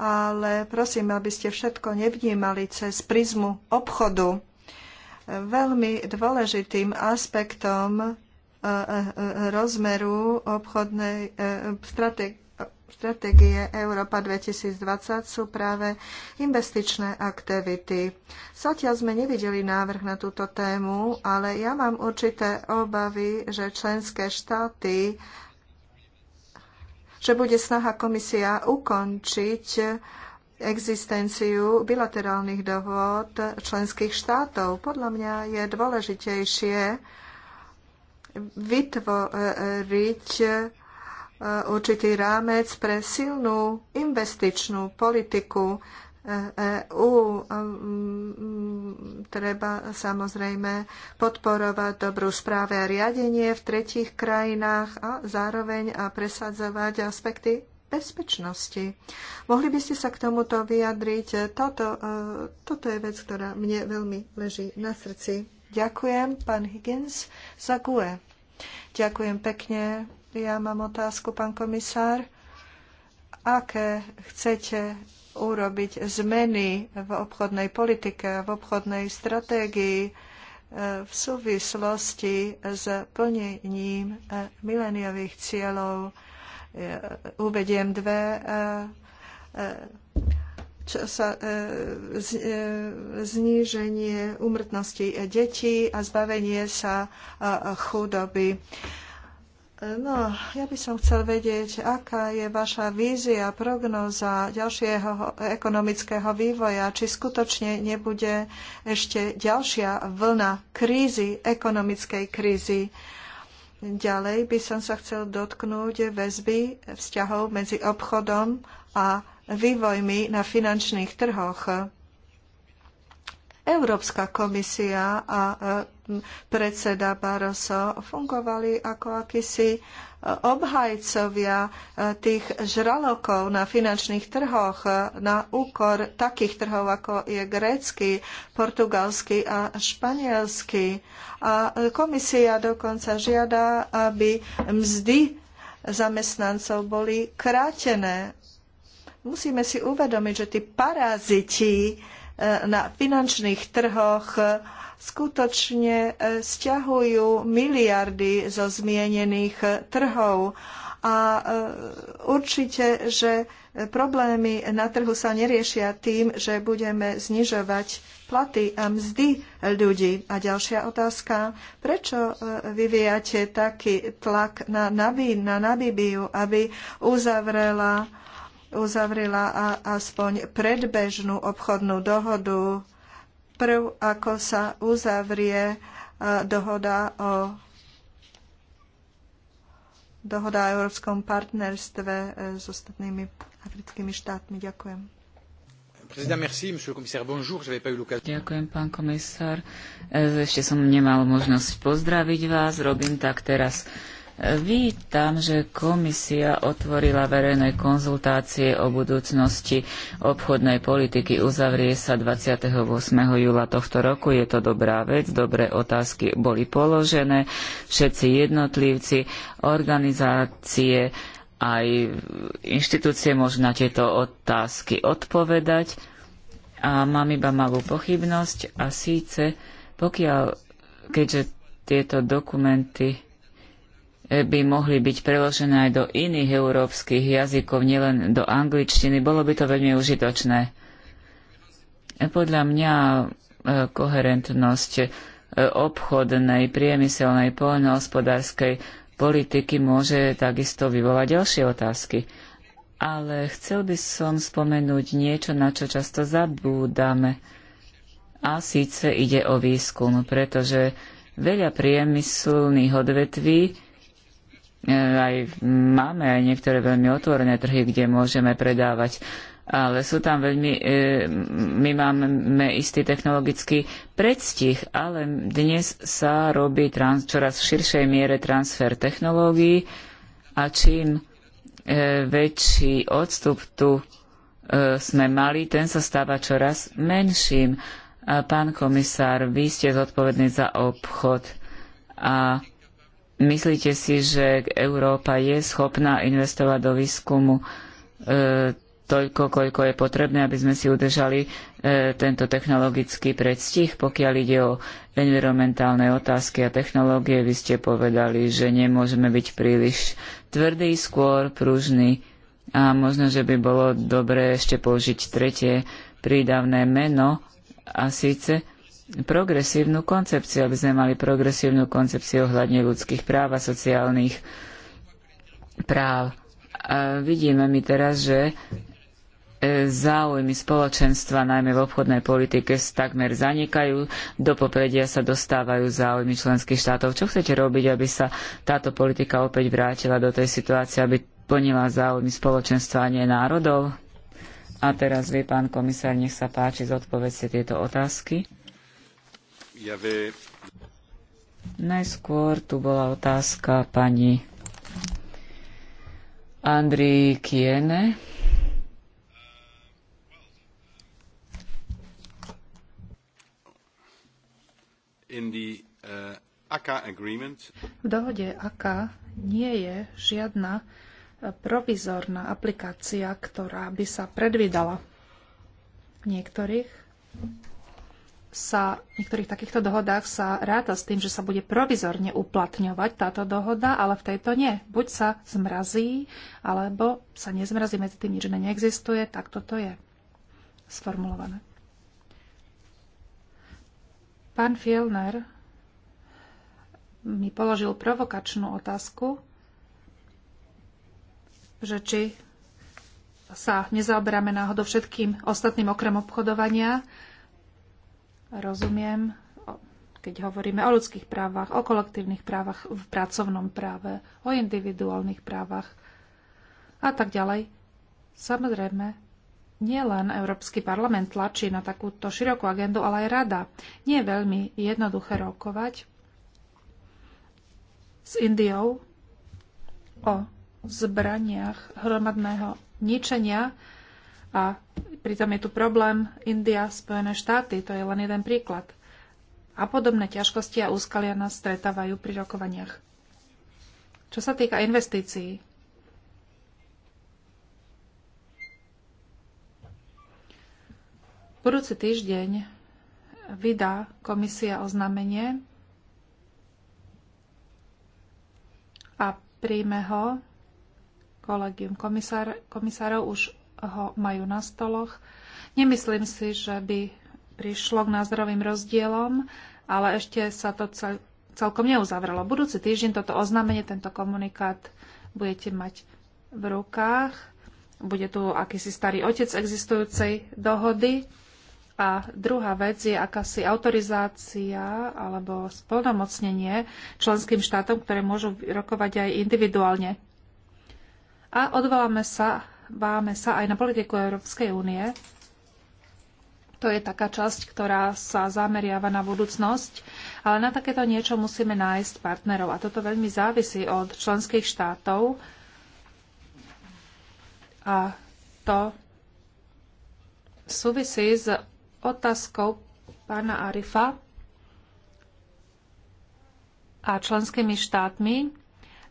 Speaker 1: ale prosím, aby ste všetko nevnímali cez prizmu obchodu. Veľmi dôležitým aspektom rozmeru obchodnej e, stratégie Európa 2020 sú práve investičné aktivity. Zatiaľ sme nevideli návrh na túto tému, ale ja mám určité obavy, že členské štáty že bude snaha komisia ukončiť existenciu bilaterálnych dohôd členských štátov. Podľa mňa je dôležitejšie vytvoriť e, určitý rámec pre silnú investičnú politiku EÚ e e, treba samozrejme podporovať dobrú správe a riadenie v tretích krajinách a zároveň a presadzovať aspekty bezpečnosti. Mohli by ste sa k tomuto vyjadriť? Toto, toto je vec, ktorá mne veľmi leží na srdci. Ďakujem, pán Higgins, za GUE. Ďakujem pekne. Ja mám otázku, pán komisár. Aké chcete urobiť zmeny v obchodnej politike, v obchodnej stratégii eh, v súvislosti s plnením eh, mileniových cieľov? Eh, uvediem dve čo sa, e, e, zníženie umrtnosti detí a zbavenie sa e, chudoby. No, ja by som chcel vedieť, aká je vaša vízia, prognoza ďalšieho ekonomického vývoja, či skutočne nebude ešte ďalšia vlna krízy, ekonomickej krízy. Ďalej by som sa chcel dotknúť väzby vzťahov medzi obchodom a vývojmi na finančných trhoch. Európska komisia a e, predseda Barroso fungovali ako akýsi e, obhajcovia e, tých žralokov na finančných trhoch na úkor takých trhov, ako je grécky, portugalský a španielský. A komisia dokonca žiada, aby mzdy zamestnancov boli krátené Musíme si uvedomiť, že tí paraziti e, na finančných trhoch e, skutočne e, stiahujú miliardy zo zmienených trhov a určite, že problémy na trhu sa neriešia tým, že budeme znižovať platy a mzdy ľudí. A ďalšia otázka, prečo vyvíjate taký tlak na, Nabi, na aby uzavrela uzavrela aspoň predbežnú obchodnú dohodu, prv ako sa uzavrie e, dohoda o dohoda o európskom partnerstve e, s ostatnými africkými štátmi. Ďakujem.
Speaker 3: Ďakujem, pán komisár. E, ešte som nemal možnosť pozdraviť vás. Robím tak teraz Vítam, že komisia otvorila verejné konzultácie o budúcnosti obchodnej politiky. Uzavrie sa 28. júla tohto roku. Je to dobrá vec, dobré otázky boli položené. Všetci jednotlivci, organizácie aj inštitúcie môžu na tieto otázky odpovedať. A mám iba malú pochybnosť a síce, pokiaľ, keďže tieto dokumenty by mohli byť preložené aj do iných európskych jazykov, nielen do angličtiny, bolo by to veľmi užitočné. Podľa mňa e, koherentnosť e, obchodnej, priemyselnej, poľnohospodárskej politiky môže takisto vyvolať ďalšie otázky. Ale chcel by som spomenúť niečo, na čo často zabúdame. A síce ide o výskum, pretože veľa priemyselných odvetví E, aj máme aj niektoré veľmi otvorené trhy, kde môžeme predávať ale sú tam veľmi, e, my máme istý technologický predstih, ale dnes sa robí trans, čoraz v širšej miere transfer technológií a čím e, väčší odstup tu sme mali, ten sa stáva čoraz menším. pán komisár, vy ste zodpovedný za obchod a Myslíte si, že Európa je schopná investovať do výskumu e, toľko, koľko je potrebné, aby sme si udržali e, tento technologický predstih? Pokiaľ ide o environmentálne otázky a technológie, vy ste povedali, že nemôžeme byť príliš tvrdý, skôr pružný. A možno, že by bolo dobré ešte použiť tretie prídavné meno a síce progresívnu koncepciu, aby sme mali progresívnu koncepciu ohľadne ľudských práv a sociálnych práv. A vidíme my teraz, že e, záujmy spoločenstva, najmä v obchodnej politike, takmer zanikajú, do popredia sa dostávajú záujmy členských štátov. Čo chcete robiť, aby sa táto politika opäť vrátila do tej situácie, aby plnila záujmy spoločenstva a nie národov? A teraz vy, pán komisár, nech sa páči, zodpovedzte tieto otázky. Najskôr tu bola otázka pani Andri Kiene.
Speaker 1: In the, uh, ACA agreement.
Speaker 2: V dohode ACA nie je žiadna provizorná aplikácia, ktorá by sa predvídala. V niektorých sa, v niektorých takýchto dohodách sa ráta s tým, že sa bude provizorne uplatňovať táto dohoda, ale v tejto nie. Buď sa zmrazí, alebo sa nezmrazí, medzi tým že neexistuje, tak toto je sformulované. Pán Fielner mi položil provokačnú otázku, že či sa nezaoberáme náhodou všetkým ostatným okrem obchodovania, Rozumiem, keď hovoríme o ľudských právach, o kolektívnych právach v pracovnom práve, o individuálnych právach a tak ďalej. Samozrejme, Nielen Európsky parlament tlačí na takúto širokú agendu, ale aj rada. Nie je veľmi jednoduché rokovať s Indiou o zbraniach hromadného ničenia a Pritom je tu problém India, Spojené štáty, to je len jeden príklad. A podobné ťažkosti a úskalia nás stretávajú pri rokovaniach. Čo sa týka investícií, budúci týždeň vydá komisia oznámenie a príjme ho kolegium komisár, komisárov už ho majú na stoloch. Nemyslím si, že by prišlo k názorovým rozdielom, ale ešte sa to cel, celkom neuzavrelo. Budúci týždeň toto oznámenie, tento komunikát budete mať v rukách. Bude tu akýsi starý otec existujúcej dohody. A druhá vec je akási autorizácia alebo splnomocnenie členským štátom, ktoré môžu rokovať aj individuálne. A odvoláme sa dívame sa aj na politiku Európskej únie, to je taká časť, ktorá sa zameriava na budúcnosť, ale na takéto niečo musíme nájsť partnerov a toto veľmi závisí od členských štátov a to súvisí s otázkou pána Arifa a členskými štátmi,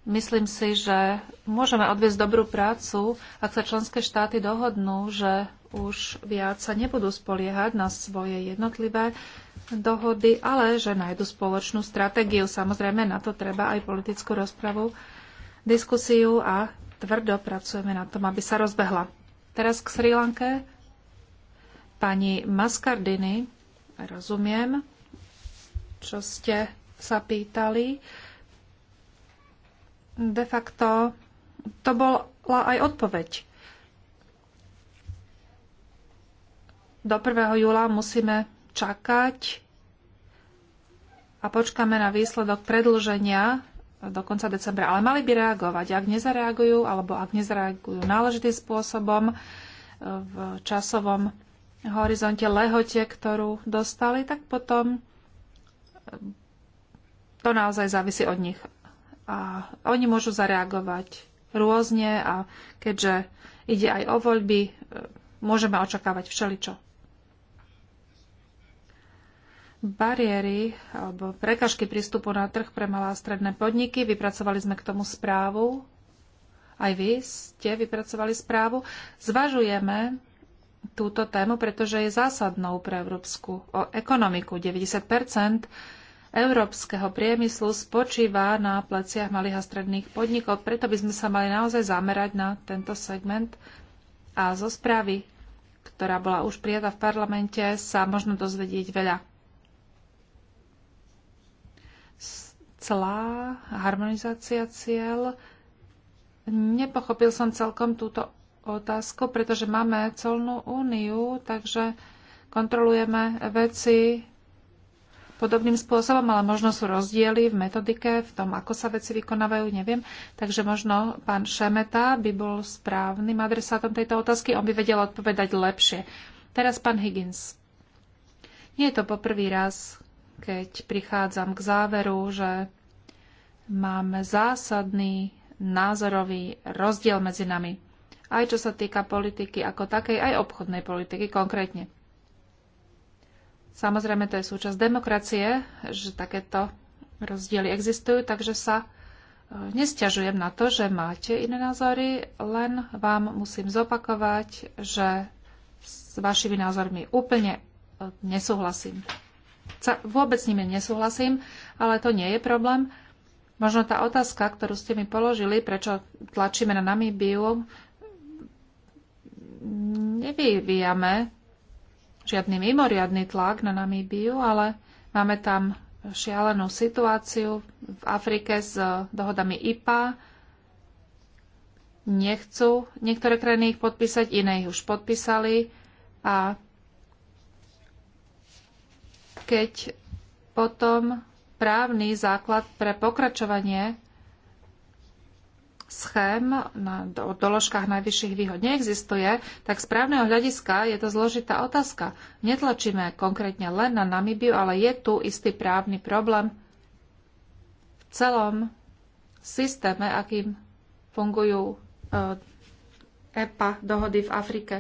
Speaker 2: Myslím si, že môžeme odviesť dobrú prácu, ak sa členské štáty dohodnú, že už viac sa nebudú spoliehať na svoje jednotlivé dohody, ale že nájdu spoločnú stratégiu. Samozrejme, na to treba aj politickú rozpravu, diskusiu a tvrdo pracujeme na tom, aby sa rozbehla. Teraz k Sri Lanke. Pani Mascardini, rozumiem, čo ste sa pýtali de facto to bola aj odpoveď. Do 1. júla musíme čakať a počkáme na výsledok predlženia do konca decembra. Ale mali by reagovať. Ak nezareagujú, alebo ak nezareagujú náležitým spôsobom eh, v časovom horizonte lehote, ktorú dostali, tak potom to naozaj závisí od nich a oni môžu zareagovať rôzne a keďže ide aj o voľby, e, môžeme očakávať všeličo. Bariéry alebo prekažky prístupu na trh pre malé a stredné podniky. Vypracovali sme k tomu správu. Aj vy ste vypracovali správu. Zvažujeme túto tému, pretože je zásadnou pre európsku ekonomiku. 90 európskeho priemyslu spočíva na pleciach malých a stredných podnikov, preto by sme sa mali naozaj zamerať na tento segment a zo správy, ktorá bola už prijatá v parlamente, sa možno dozvedieť veľa. Celá harmonizácia cieľ. Nepochopil som celkom túto otázku, pretože máme celnú úniu, takže kontrolujeme veci podobným spôsobom, ale možno sú rozdiely v metodike, v tom, ako sa veci vykonávajú, neviem. Takže možno pán Šemeta by bol správnym adresátom tejto otázky, on by vedel odpovedať lepšie. Teraz pán Higgins. Nie je to poprvý raz, keď prichádzam k záveru, že máme zásadný názorový rozdiel medzi nami. Aj čo sa týka politiky ako takej, aj obchodnej politiky konkrétne. Samozrejme, to je súčasť demokracie, že takéto rozdiely existujú, takže sa e, nestiažujem na to, že máte iné názory, len vám musím zopakovať, že s vašimi názormi úplne e, nesúhlasím. Vôbec s nimi nesúhlasím, ale to nie je problém. Možno tá otázka, ktorú ste mi položili, prečo tlačíme na Namibiu, nevyvíjame žiadny mimoriadný tlak na Namíbiu, ale máme tam šialenú situáciu v Afrike s dohodami IPA. Nechcú niektoré krajiny ich podpísať, iné ich už podpísali a keď potom právny základ pre pokračovanie schém na doložkách najvyšších výhod neexistuje, tak z právneho hľadiska je to zložitá otázka. Netlačíme konkrétne len na Namibiu, ale je tu istý právny problém v celom systéme, akým fungujú EPA e dohody v Afrike.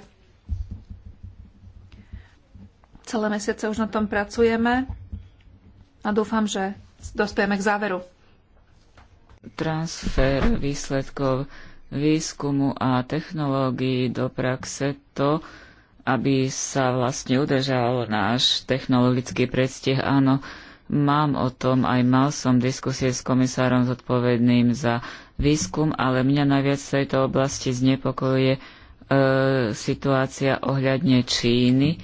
Speaker 2: Celé mesiace už na tom pracujeme a dúfam, že dospieme k záveru
Speaker 3: transfer výsledkov výskumu a technológií do praxe to, aby sa vlastne udržal náš technologický predstih. Áno, mám o tom, aj mal som diskusie s komisárom zodpovedným za výskum, ale mňa najviac v tejto oblasti znepokojuje e, situácia ohľadne Číny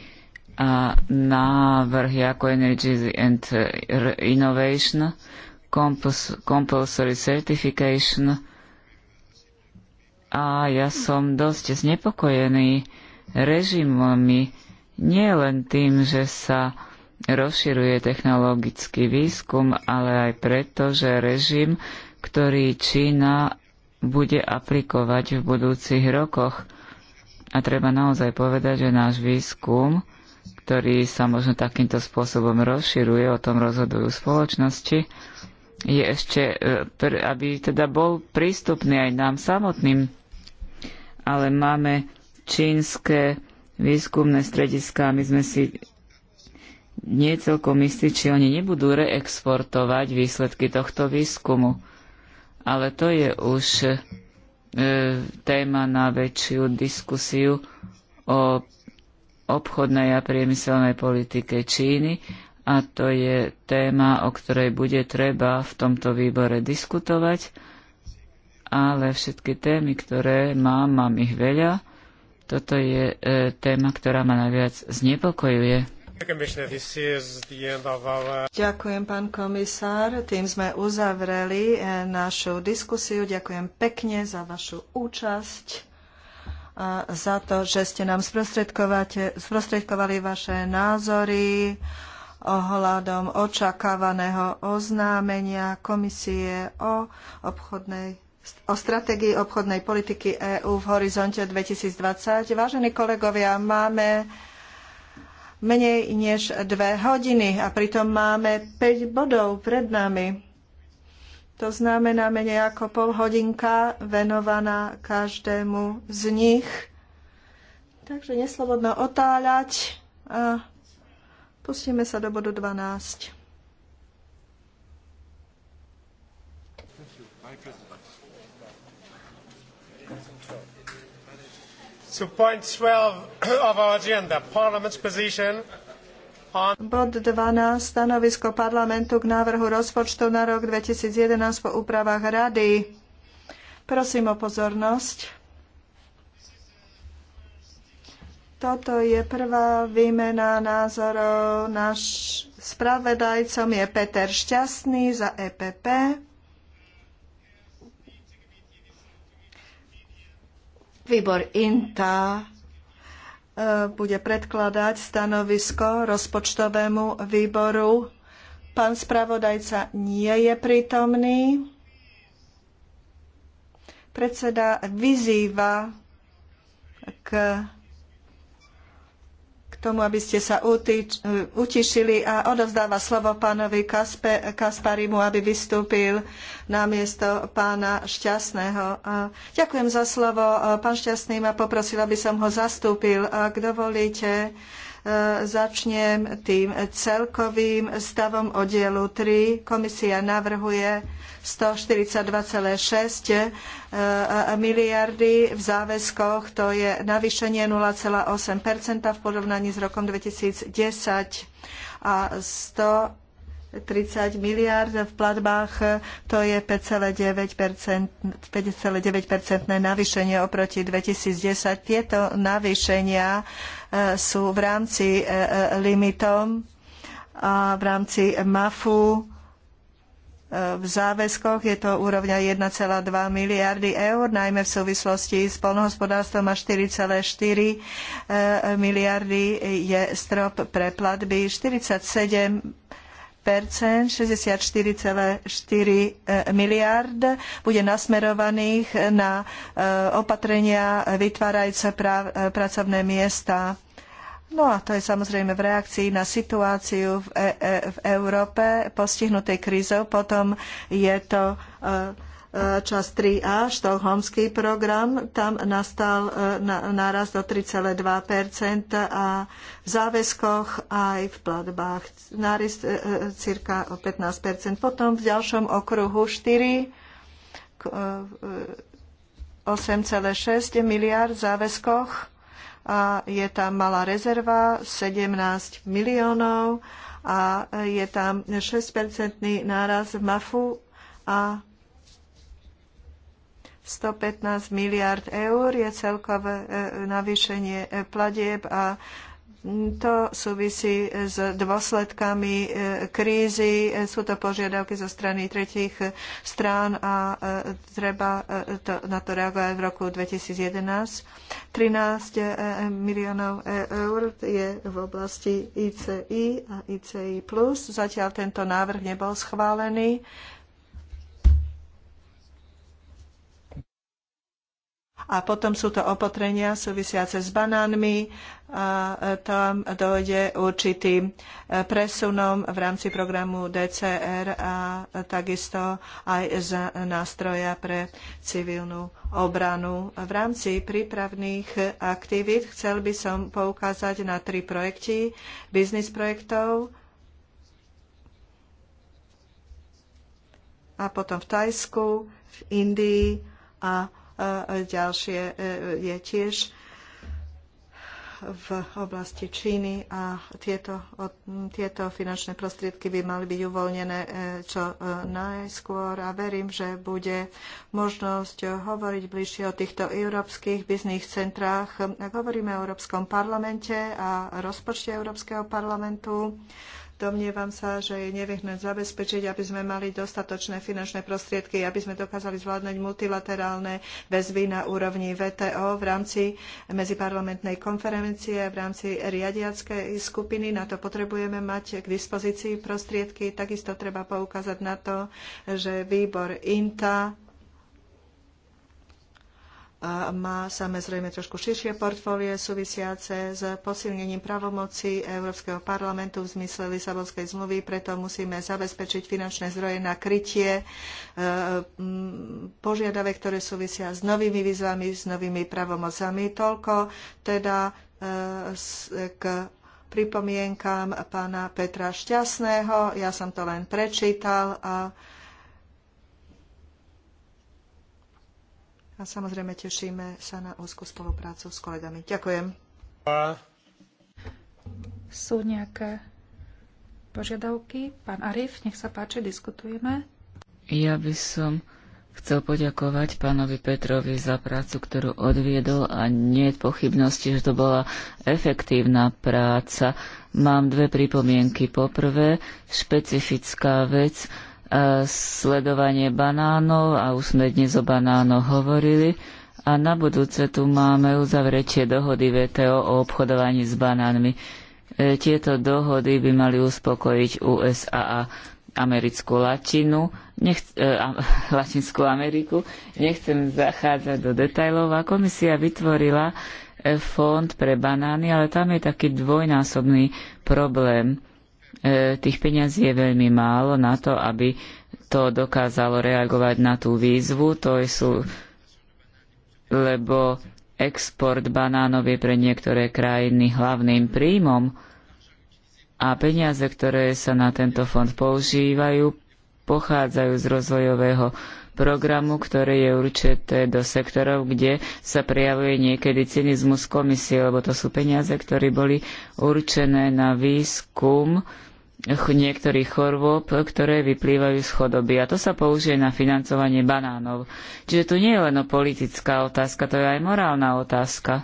Speaker 3: a návrhy ako Energy and Innovation, Compuls compulsory certification a ja som dosť znepokojený režimami, nie len tým, že sa rozširuje technologický výskum, ale aj preto, že režim, ktorý Čína bude aplikovať v budúcich rokoch. A treba naozaj povedať, že náš výskum, ktorý sa možno takýmto spôsobom rozširuje, o tom rozhodujú spoločnosti, je ešte, e, aby teda bol prístupný aj nám samotným. Ale máme čínske výskumné strediská, my sme si nie celkom istí, či oni nebudú reexportovať výsledky tohto výskumu. Ale to je už e, téma na väčšiu diskusiu o obchodnej a priemyselnej politike Číny a to je téma, o ktorej bude treba v tomto výbore diskutovať, ale všetky témy, ktoré mám, mám ich veľa. Toto je e, téma, ktorá ma najviac znepokojuje. Ďakujem,
Speaker 1: pán komisár. Tým sme uzavreli e, našu diskusiu. Ďakujem pekne za vašu účasť a za to, že ste nám sprostredkovali vaše názory ohľadom očakávaného oznámenia komisie o, obchodnej, o stratégii obchodnej politiky EÚ v horizonte 2020. Vážení kolegovia, máme menej než dve hodiny a pritom máme 5 bodov pred nami. To znamená menej ako pol hodinka venovaná každému z nich. Takže neslobodno otáľať a Pustíme sa do bodu 12.
Speaker 2: So point 12 of our agenda, Parliament's position
Speaker 1: on... Bod 12. Stanovisko parlamentu k návrhu rozpočtu na rok 2011 po úpravách Rady. Prosím o pozornosť. Toto je prvá výmena názorov. Náš spravedajcom je Peter Šťastný za EPP. Výbor INTA e, bude predkladať stanovisko rozpočtovému výboru. Pán spravodajca nie je prítomný. Predseda vyzýva k tomu, aby ste sa utič, eh, utišili a odovzdáva slovo pánovi Kaspe, Kasparimu, aby vystúpil na miesto pána Šťastného. A ďakujem za slovo. Eh, pán Šťastný ma poprosil, aby som ho zastúpil. Ak dovolíte, Začnem tým celkovým stavom oddielu 3. Komisia navrhuje 142,6 e, e, miliardy v záväzkoch. To je navýšenie 0,8 v porovnaní s rokom 2010 a 100 miliard v platbách, to je 5,9-percentné navýšenie oproti 2010. Tieto navýšenia sú v rámci e, e, limitom a v rámci MAFu e, v záväzkoch je to úrovňa 1,2 miliardy eur, najmä v súvislosti s polnohospodárstvom a 4,4 miliardy je strop pre platby. 47 64,4 e, miliard bude nasmerovaných na e, opatrenia vytvárajúce e, pracovné miesta. No a to je samozrejme v reakcii na situáciu v, Európe postihnutej krízou. Potom je to E, čas 3A, štokholmský program, tam nastal e, náraz o 3,2 a v záväzkoch aj v platbách nárast e, cirka o 15 Potom v ďalšom okruhu 4 8,6 miliard v záväzkoch a je tam malá rezerva 17 miliónov a je tam 6-percentný náraz v MAFu a 115 miliard eur je celkové e, navýšenie e, platieb a to súvisí s dôsledkami e, krízy. Sú to požiadavky zo strany tretích strán a treba to, na to reagovať v roku 2011. 13 miliónov eur je v oblasti ICI a ICI+. Zatiaľ tento návrh nebol schválený. A potom sú to opatrenia súvisiace s banánmi a tam dojde určitým e, presunom v rámci programu DCR a takisto aj z nástroja pre civilnú obranu. V rámci prípravných aktivít chcel by som poukázať na tri projekty, biznis projektov, a potom v Tajsku, v Indii a a ďalšie e, je tiež v oblasti Číny a tieto, tieto finančné prostriedky by mali byť uvoľnené e, čo e, najskôr a verím, že bude možnosť hovoriť bližšie o týchto európskych bizných centrách. Ak hovoríme o Európskom parlamente a rozpočte Európskeho parlamentu, Domnievam sa, že je nevyhnutné zabezpečiť, aby sme mali dostatočné finančné prostriedky, aby sme dokázali zvládnuť multilaterálne väzby na úrovni VTO v rámci medziparlamentnej konferencie, v rámci riadiackej skupiny. Na to potrebujeme mať k dispozícii prostriedky. Takisto treba poukázať na to, že výbor INTA má samozrejme trošku širšie portfólie súvisiace s posilnením právomoci Európskeho parlamentu v zmysle Lisabonskej zmluvy, preto musíme zabezpečiť finančné zdroje na krytie e, požiadavek, ktoré súvisia s novými výzvami, s novými právomocami. Toľko teda e, k pripomienkám pána Petra Šťastného. Ja som to len prečítal a a samozrejme tešíme sa na úzkú spoluprácu s kolegami. Ďakujem. Sú nejaké
Speaker 2: požiadavky? Pán Arif, nech sa páči, diskutujeme.
Speaker 3: Ja by som chcel poďakovať pánovi Petrovi za prácu, ktorú odviedol a nie je pochybnosti, že to bola efektívna práca. Mám dve pripomienky. Poprvé, špecifická vec, sledovanie banánov a už sme dnes o banánoch hovorili. A na budúce tu máme uzavretie dohody VTO o obchodovaní s banánmi. E, tieto dohody by mali uspokojiť USA a americkú latinu, nechc- e, latinskú Ameriku. Nechcem zachádzať do detajlov. A komisia vytvorila e, fond pre banány, ale tam je taký dvojnásobný problém E, tých peňazí je veľmi málo na to, aby to dokázalo reagovať na tú výzvu. To sú, lebo export banánov je pre niektoré krajiny hlavným príjmom a peniaze, ktoré sa na tento fond používajú, pochádzajú z rozvojového programu, ktoré je určité do sektorov, kde sa prejavuje niekedy cynizmus komisie, lebo to sú peniaze, ktoré boli určené na výskum, niektorých chorôb, ktoré vyplývajú z chodoby. A to sa použije na financovanie banánov. Čiže tu nie je len politická otázka, to je aj morálna otázka.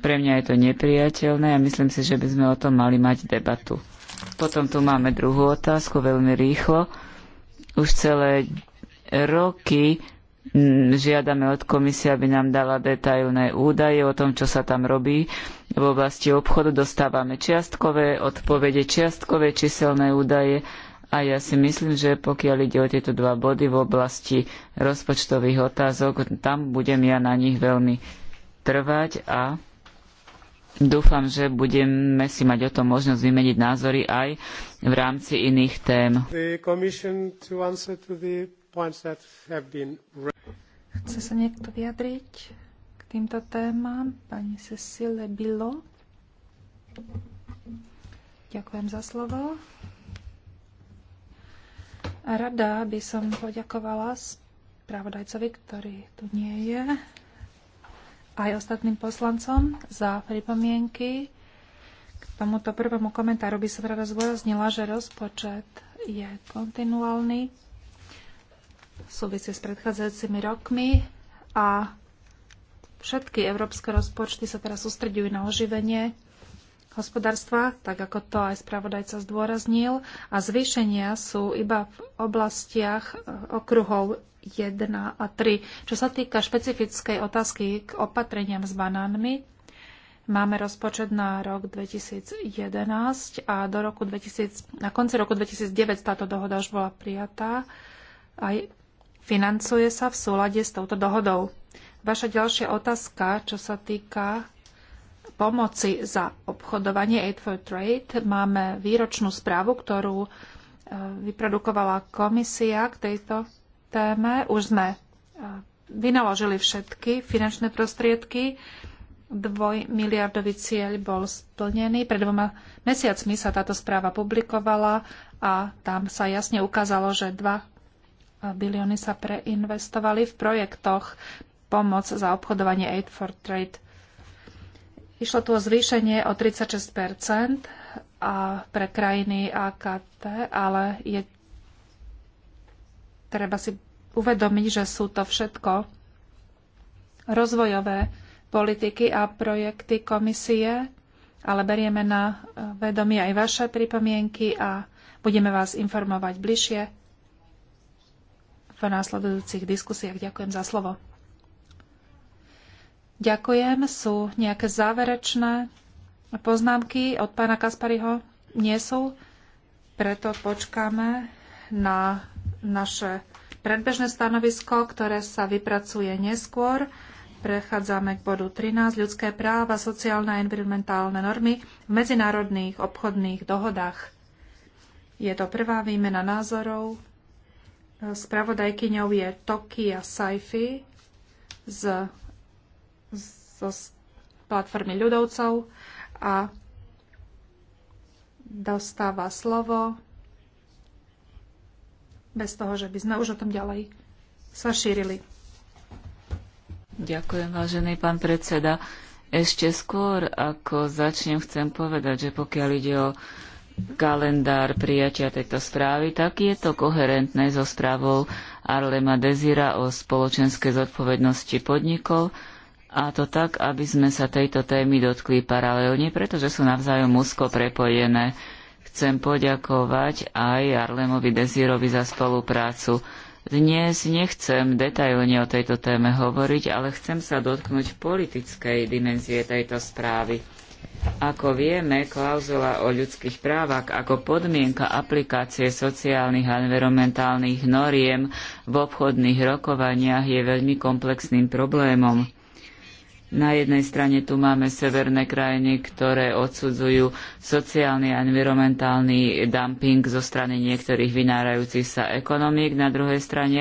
Speaker 3: Pre mňa je to nepriateľné a myslím si, že by sme o tom mali mať debatu. Potom tu máme druhú otázku, veľmi rýchlo. Už celé roky žiadame od komisie, aby nám dala detailné údaje o tom, čo sa tam robí. V oblasti obchodu dostávame čiastkové odpovede, čiastkové číselné údaje a ja si myslím, že pokiaľ ide o tieto dva body v oblasti rozpočtových otázok, tam budem ja na nich veľmi trvať a dúfam, že budeme si mať o tom možnosť vymeniť názory aj v rámci iných tém.
Speaker 2: Chce sa niekto vyjadriť k týmto témam? Pani Cecile Bilo. Ďakujem za slovo. A rada by som poďakovala spravodajcovi, ktorý tu nie je, aj ostatným poslancom za pripomienky. K tomuto prvému komentáru by som rada zdôraznila, že rozpočet je kontinuálny súvisí s predchádzajúcimi rokmi a všetky európske rozpočty sa teraz sústredujú na oživenie hospodárstva, tak ako to aj spravodajca zdôraznil, a zvýšenia sú iba v oblastiach e, okruhov 1 a 3. Čo sa týka špecifickej otázky k opatreniam s banánmi, Máme rozpočet na rok 2011 a do roku 2000, na konci roku 2009 táto dohoda už bola prijatá. Aj financuje sa v súlade s touto dohodou. Vaša ďalšia otázka, čo sa týka pomoci za obchodovanie Aid for Trade, máme výročnú správu, ktorú e, vyprodukovala komisia k tejto téme. Už sme e, vynaložili všetky finančné prostriedky. Dvojmiliardový cieľ bol splnený. Pred dvoma mesiacmi sa táto správa publikovala a tam sa jasne ukázalo, že 2 bilióny sa preinvestovali v projektoch pomoc za obchodovanie Aid for Trade. Išlo tu o zvýšenie o 36 a pre krajiny AKT, ale je treba si uvedomiť, že sú to všetko rozvojové politiky a projekty komisie, ale berieme na vedomie aj vaše pripomienky a budeme vás informovať bližšie v následujúcich diskusiách. Ďakujem za slovo. Ďakujem. Sú nejaké záverečné poznámky od pána Kaspariho? Nie sú. Preto počkáme na naše predbežné stanovisko, ktoré sa vypracuje neskôr. Prechádzame k bodu 13. Ľudské práva, sociálne a environmentálne normy v medzinárodných obchodných dohodách. Je to prvá výmena názorov Spravodajkyňou je Tokia Saifi z, zo platformy ľudovcov a dostáva slovo bez toho, že by sme už o tom ďalej sa šírili.
Speaker 3: Ďakujem, vážený pán predseda. Ešte skôr, ako začnem, chcem povedať, že pokiaľ ide o kalendár prijatia tejto správy, tak je to koherentné so správou Arlema Dezira o spoločenskej zodpovednosti podnikov, a to tak, aby sme sa tejto témy dotkli paralelne, pretože sú navzájom úzko prepojené. Chcem poďakovať aj Arlemovi Dezirovi za spoluprácu. Dnes nechcem detailne o tejto téme hovoriť, ale chcem sa dotknúť politickej dimenzie tejto správy. Ako vieme, klauzula o ľudských právach ako podmienka aplikácie sociálnych a environmentálnych noriem v obchodných rokovaniach je veľmi komplexným problémom. Na jednej strane tu máme severné krajiny, ktoré odsudzujú sociálny a environmentálny dumping zo strany niektorých vynárajúcich sa ekonomík. Na druhej strane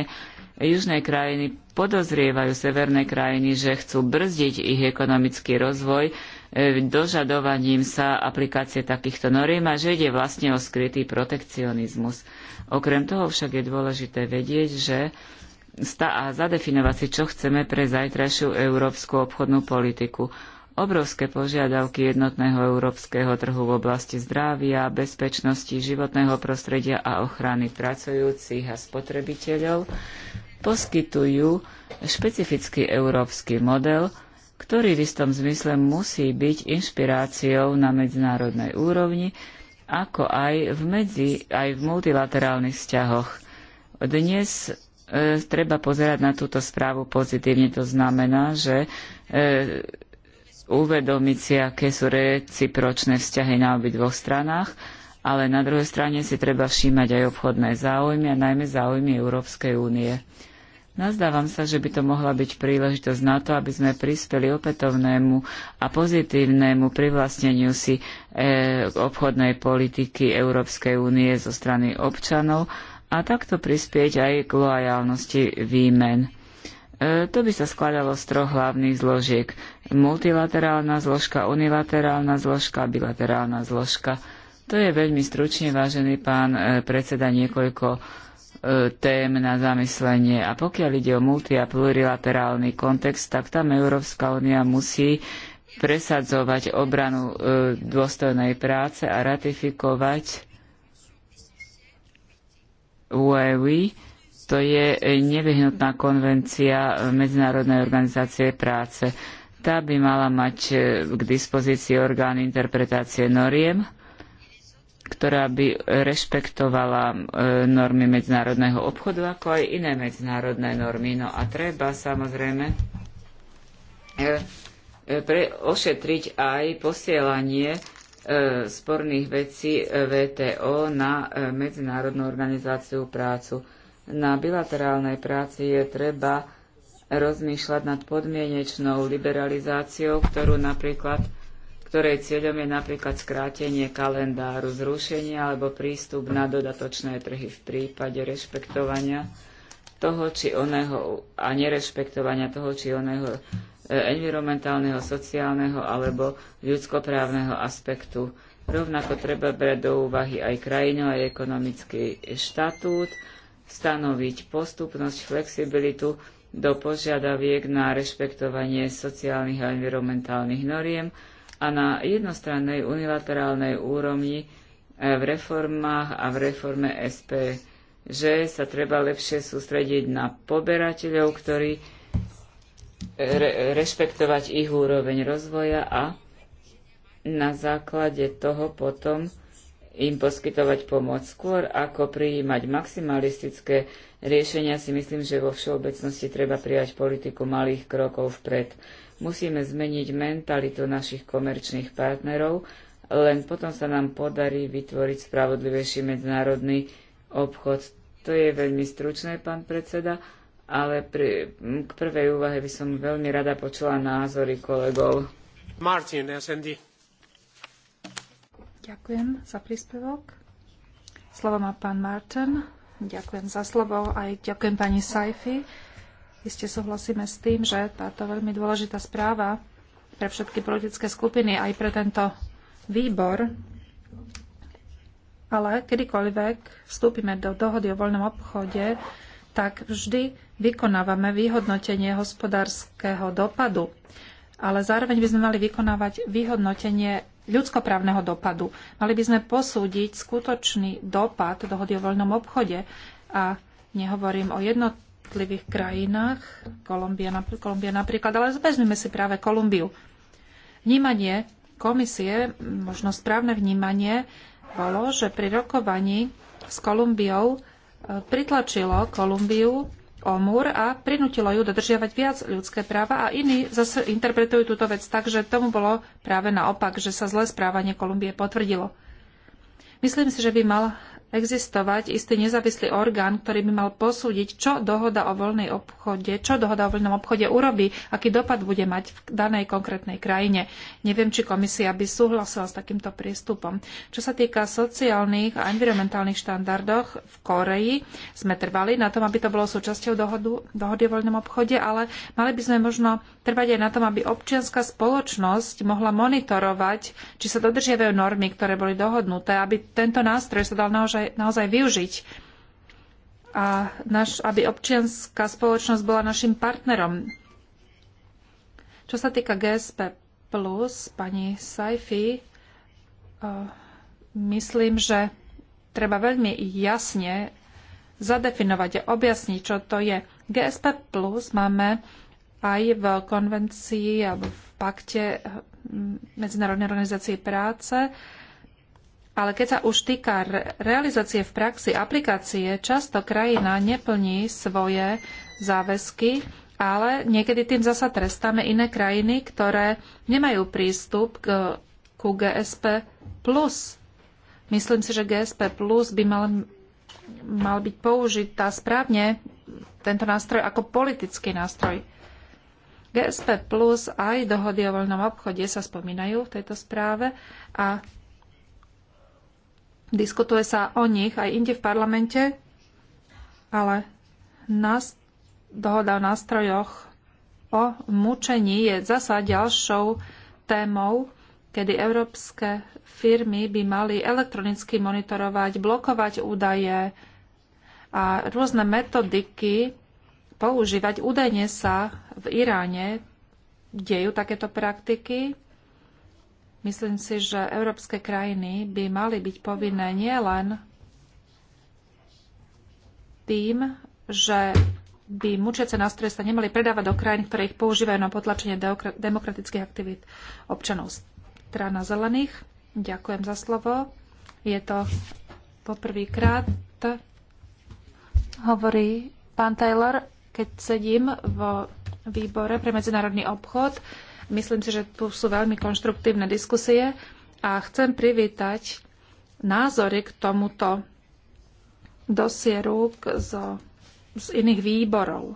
Speaker 3: južné krajiny podozrievajú severné krajiny, že chcú brzdiť ich ekonomický rozvoj E, dožadovaním sa aplikácie takýchto noriem a že ide vlastne o skrytý protekcionizmus. Okrem toho však je dôležité vedieť, že a zadefinovať si, čo chceme pre zajtrajšiu európsku obchodnú politiku. Obrovské požiadavky jednotného európskeho trhu v oblasti zdravia, bezpečnosti, životného prostredia a ochrany pracujúcich a spotrebiteľov poskytujú špecifický európsky model, ktorý v istom zmysle musí byť inšpiráciou na medzinárodnej úrovni, ako aj v, medzi, aj v multilaterálnych vzťahoch. Dnes e, treba pozerať na túto správu pozitívne. To znamená, že e, uvedomiť si, aké sú recipročné vzťahy na dvoch stranách, ale na druhej strane si treba všímať aj obchodné záujmy a najmä záujmy Európskej únie. Nazdávam sa, že by to mohla byť príležitosť na to, aby sme prispeli opätovnému a pozitívnemu privlastneniu si e, obchodnej politiky Európskej únie zo strany občanov a takto prispieť aj k loajálnosti výmen. E, to by sa skladalo z troch hlavných zložiek. Multilaterálna zložka, unilaterálna zložka, bilaterálna zložka. To je veľmi stručne, vážený pán e, predseda, niekoľko tém na zamyslenie. A pokiaľ ide o multi- a plurilaterálny kontext, tak tam Európska únia musí presadzovať obranu e, dôstojnej práce a ratifikovať UEWI, to je nevyhnutná konvencia Medzinárodnej organizácie práce. Tá by mala mať e, k dispozícii orgán interpretácie noriem ktorá by rešpektovala e, normy medzinárodného obchodu, ako aj iné medzinárodné normy. No a treba samozrejme e, e, pre, ošetriť aj posielanie sporných vecí VTO na Medzinárodnú organizáciu prácu. Na bilaterálnej práci je treba rozmýšľať nad podmienečnou liberalizáciou, ktorú napríklad ktorej cieľom je napríklad skrátenie kalendáru zrušenia alebo prístup na dodatočné trhy v prípade rešpektovania toho či oného a nerešpektovania toho či oného e, environmentálneho, sociálneho alebo ľudskoprávneho aspektu. Rovnako treba brať do úvahy aj krajinu a ekonomický štatút, stanoviť postupnosť, flexibilitu do požiadaviek na rešpektovanie sociálnych a environmentálnych noriem, a na jednostrannej unilaterálnej úrovni e, v reformách a v reforme SP, že sa treba lepšie sústrediť na poberateľov, ktorí e, re, rešpektovať ich úroveň rozvoja a na základe toho potom im poskytovať pomoc. Skôr ako prijímať maximalistické riešenia, si myslím, že vo všeobecnosti treba prijať politiku malých krokov vpred. Musíme zmeniť mentalitu našich komerčných partnerov, len potom sa nám podarí vytvoriť spravodlivejší medzinárodný obchod. To je veľmi stručné, pán predseda, ale pri, k prvej úvahe by som veľmi rada počula názory kolegov. Martin, SND.
Speaker 2: Ďakujem za príspevok. Slovo má pán Martin. Ďakujem za slovo aj ďakujem pani Saifi Iste súhlasíme s tým, že táto veľmi dôležitá správa pre všetky politické skupiny, aj pre tento výbor, ale kedykoľvek vstúpime do dohody o voľnom obchode, tak vždy vykonávame vyhodnotenie hospodárskeho dopadu. Ale zároveň by sme mali vykonávať vyhodnotenie ľudskoprávneho dopadu. Mali by sme posúdiť skutočný dopad dohody o voľnom obchode. A nehovorím o jednotnom jednotlivých krajinách, Kolumbia, Kolumbia napríklad, ale vezmeme si práve Kolumbiu. Vnímanie komisie, možno správne vnímanie, bolo, že pri rokovaní s Kolumbiou e, pritlačilo Kolumbiu o múr a prinútilo ju dodržiavať viac ľudské práva a iní zase interpretujú túto vec tak, že tomu bolo práve naopak, že sa zlé správanie Kolumbie potvrdilo. Myslím si, že by mal existovať istý nezávislý orgán, ktorý by mal posúdiť, čo dohoda o voľnej obchode, čo dohoda o voľnom obchode urobí, aký dopad bude mať v danej konkrétnej krajine. Neviem, či komisia by súhlasila s takýmto prístupom. Čo sa týka sociálnych a environmentálnych štandardoch v Koreji, sme trvali na tom, aby to bolo súčasťou dohodu, dohody o voľnom obchode, ale mali by sme možno trvať aj na tom, aby občianská spoločnosť mohla monitorovať, či sa dodržiavajú normy, ktoré boli dohodnuté, aby tento nástroj sa dal naozaj naozaj, naozaj využiť a naš, aby občianská spoločnosť bola našim partnerom. Čo sa týka GSP+, Plus, pani Saifi, eh, myslím, že treba veľmi jasne zadefinovať a objasniť, čo to je. GSP Plus máme aj v konvencii alebo v pakte eh, Medzinárodnej organizácie práce ale keď sa už týka realizácie v praxi aplikácie, často krajina neplní svoje záväzky, ale niekedy tým zasa trestáme iné krajiny, ktoré nemajú prístup k, ku GSP+. Myslím si, že GSP Plus by mal, mal byť použitá správne tento nástroj ako politický nástroj. GSP Plus aj dohody o voľnom obchode sa spomínajú v tejto správe a Diskutuje sa o nich aj inde v parlamente, ale nás, dohoda o nástrojoch o mučení je zasa ďalšou témou, kedy európske firmy by mali elektronicky monitorovať, blokovať údaje a rôzne metodiky používať. Údajne sa v Iráne dejú takéto praktiky. Myslím si, že európske krajiny by mali byť povinné nielen tým, že by mučiace nástroje sa nemali predávať do krajín, ktoré ich používajú na potlačenie demokratických aktivít občanov. Strana zelených. Ďakujem za slovo. Je to poprvýkrát. Hovorí pán Taylor, keď sedím vo výbore pre medzinárodný obchod, Myslím si, že tu sú veľmi konštruktívne diskusie a chcem privítať názory k tomuto dosieru z, z iných výborov.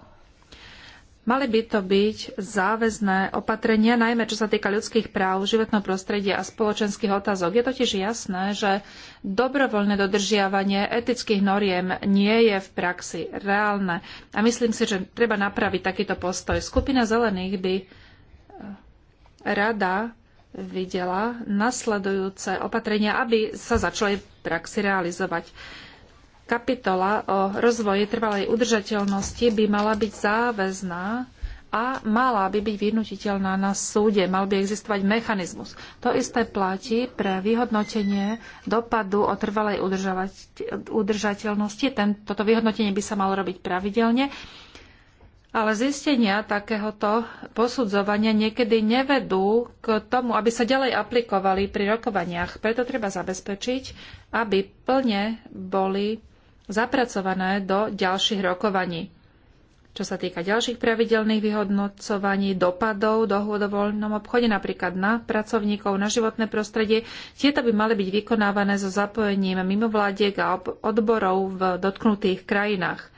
Speaker 2: Mali by to byť záväzné opatrenia, najmä čo sa týka ľudských práv, životného prostredia a spoločenských otázok. Je totiž jasné, že dobrovoľné dodržiavanie etických noriem nie je v praxi reálne. A myslím si, že treba napraviť takýto postoj. Skupina zelených by rada videla nasledujúce opatrenia, aby sa začali v praxi realizovať. Kapitola o rozvoji trvalej udržateľnosti by mala byť záväzná a mala by byť vynutiteľná na súde. Mal by existovať mechanizmus. To isté platí pre vyhodnotenie dopadu o trvalej udržateľnosti. Ten, toto vyhodnotenie by sa malo robiť pravidelne ale zistenia takéhoto posudzovania niekedy nevedú k tomu, aby sa ďalej aplikovali pri rokovaniach. Preto treba zabezpečiť, aby plne boli zapracované do ďalších rokovaní. Čo sa týka ďalších pravidelných vyhodnocovaní dopadov dohôd o voľnom obchode, napríklad na pracovníkov, na životné prostredie, tieto by mali byť vykonávané so zapojením mimovládiek a odborov v dotknutých krajinách.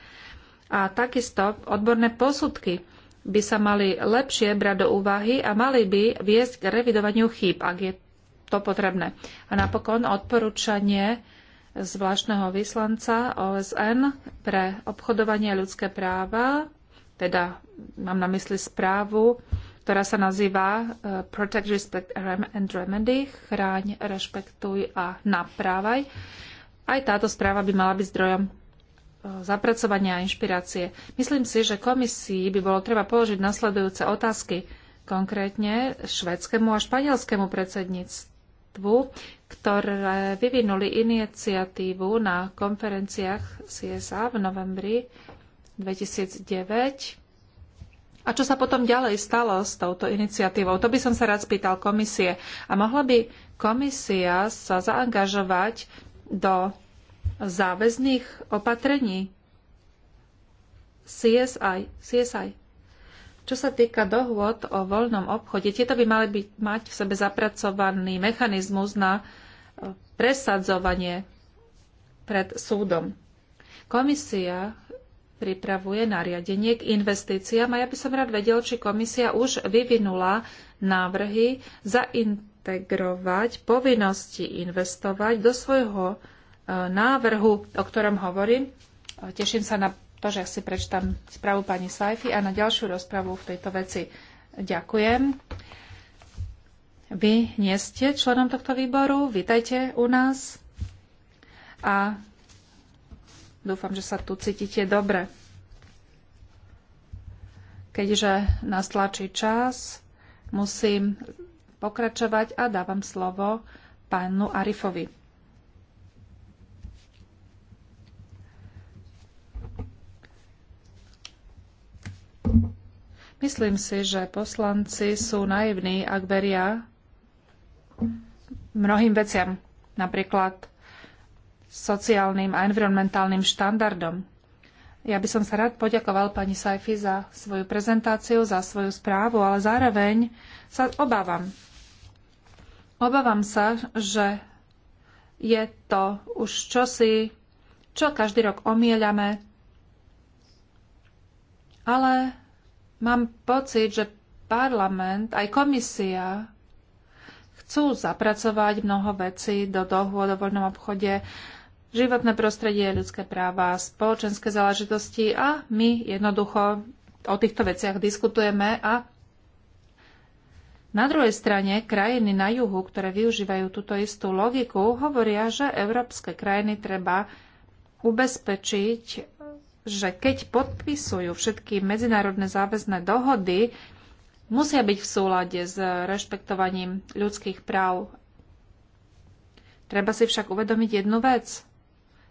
Speaker 2: A takisto odborné posudky by sa mali lepšie brať do úvahy a mali by viesť k revidovaniu chýb, ak je to potrebné. A napokon odporúčanie zvláštneho vyslanca OSN pre obchodovanie ľudské práva, teda mám na mysli správu, ktorá sa nazýva e, Protect, Respect and Remedy, chráň, rešpektuj a naprávaj. Aj táto správa by mala byť zdrojom E, zapracovania a inšpirácie. Myslím si, že komisii by bolo treba položiť nasledujúce otázky, konkrétne švedskému a španielskému predsedníctvu, ktoré vyvinuli iniciatívu na konferenciách CSA v novembri 2009. A čo sa potom ďalej stalo s touto iniciatívou? To by som sa rád spýtal komisie. A mohla by komisia sa zaangažovať do záväzných opatrení CSI, CSI. Čo sa týka dohôd o voľnom obchode, tieto by mali byť, mať v sebe zapracovaný mechanizmus na e, presadzovanie pred súdom. Komisia pripravuje nariadenie k investíciám a ja by som rád vedel, či komisia už vyvinula návrhy zaintegrovať povinnosti investovať do svojho návrhu, o ktorom hovorím. Teším sa na to, že si prečtam správu pani Sajfi a na ďalšiu rozpravu v tejto veci. Ďakujem. Vy nie ste členom tohto výboru, vítajte u nás a dúfam, že sa tu cítite dobre. Keďže nás tlačí čas, musím pokračovať a dávam slovo pánu Arifovi. Myslím si, že poslanci sú naivní, ak veria mnohým veciam, napríklad sociálnym a environmentálnym štandardom. Ja by som sa rád poďakoval pani Saifi za svoju prezentáciu, za svoju správu, ale zároveň sa obávam. Obávam sa, že je to už čosi, čo každý rok omieľame, ale Mám pocit, že parlament, aj komisia chcú zapracovať mnoho vecí do dohôd o voľnom obchode, životné prostredie, ľudské práva, spoločenské záležitosti a my jednoducho o týchto veciach diskutujeme a na druhej strane krajiny na juhu, ktoré využívajú túto istú logiku, hovoria, že európske krajiny treba ubezpečiť že keď podpisujú všetky medzinárodné záväzné dohody, musia byť v súlade s rešpektovaním ľudských práv. Treba si však uvedomiť jednu vec.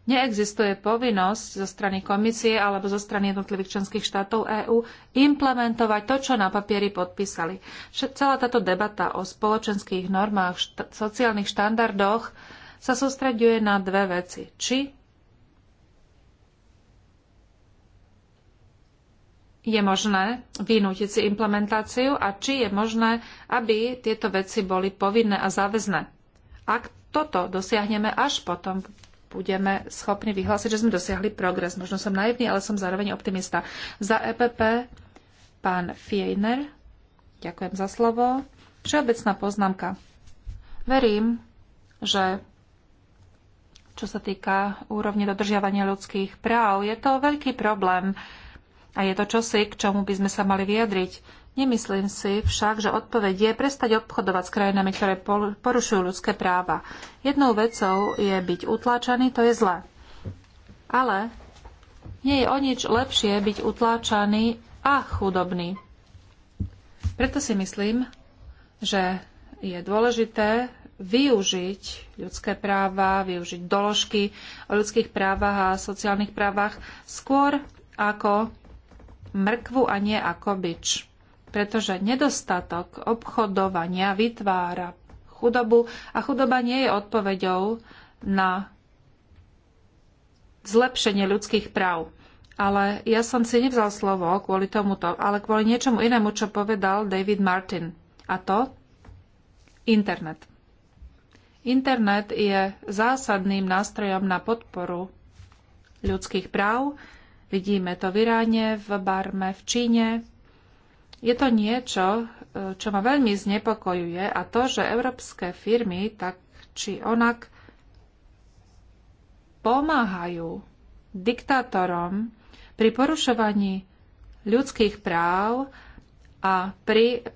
Speaker 2: Neexistuje povinnosť zo strany komisie alebo zo strany jednotlivých členských štátov EÚ implementovať to, čo na papieri podpísali. Celá táto debata o spoločenských normách, št- sociálnych štandardoch sa sústreďuje na dve veci. Či je možné vynútiť si implementáciu a či je možné, aby tieto veci boli povinné a záväzné. Ak toto dosiahneme, až potom budeme schopní vyhlásiť, že sme dosiahli progres. Možno som naivný, ale som zároveň optimista. Za EPP pán Fiejner. Ďakujem za slovo. Všeobecná poznámka. Verím, že čo sa týka úrovne dodržiavania ľudských práv, je to veľký problém a je to čosi, k čomu by sme sa mali vyjadriť. Nemyslím si však, že odpoveď je prestať obchodovať s krajinami, ktoré porušujú ľudské práva. Jednou vecou je byť utláčaný, to je zlé. Ale nie je o nič lepšie byť utláčaný a chudobný. Preto si myslím, že je dôležité využiť ľudské práva, využiť doložky o ľudských právach a sociálnych právach skôr ako mrkvu a nie ako bič. Pretože nedostatok obchodovania vytvára chudobu a chudoba nie je odpoveďou na zlepšenie ľudských práv. Ale ja som si nevzal slovo kvôli tomuto, ale kvôli niečomu inému, čo povedal David Martin. A to internet. Internet je zásadným nástrojom na podporu ľudských práv Vidíme to v Iráne, v Barme, v Číne. Je to niečo, e, čo ma veľmi znepokojuje a to, že európske firmy tak či onak pomáhajú diktátorom pri porušovaní ľudských práv a pri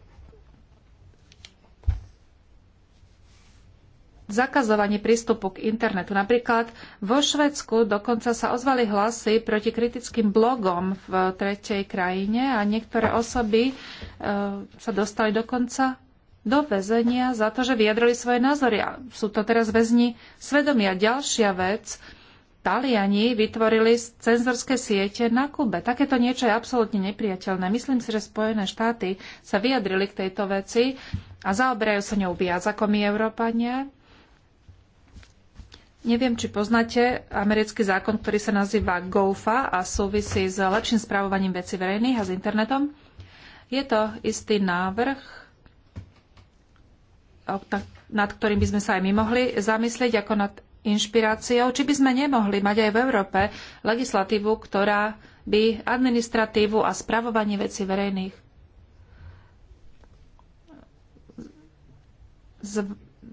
Speaker 2: zakazovanie prístupu k internetu. Napríklad vo Švedsku dokonca sa ozvali hlasy proti kritickým blogom v tretej krajine a niektoré osoby e, sa dostali dokonca do väzenia za to, že vyjadrili svoje názory. A sú to teraz väzni svedomia. Ďalšia vec, Taliani vytvorili cenzorské siete na Kube. Takéto niečo je absolútne nepriateľné. Myslím si, že Spojené štáty sa vyjadrili k tejto veci a zaoberajú sa ňou viac ako my, Európania. Neviem, či poznáte americký zákon, ktorý sa nazýva GOFA a súvisí s lepším správovaním veci verejných a s internetom. Je to istý návrh, nad ktorým by sme sa aj my mohli zamyslieť ako nad inšpiráciou, či by sme nemohli mať aj v Európe legislatívu, ktorá by administratívu a spravovanie veci verejných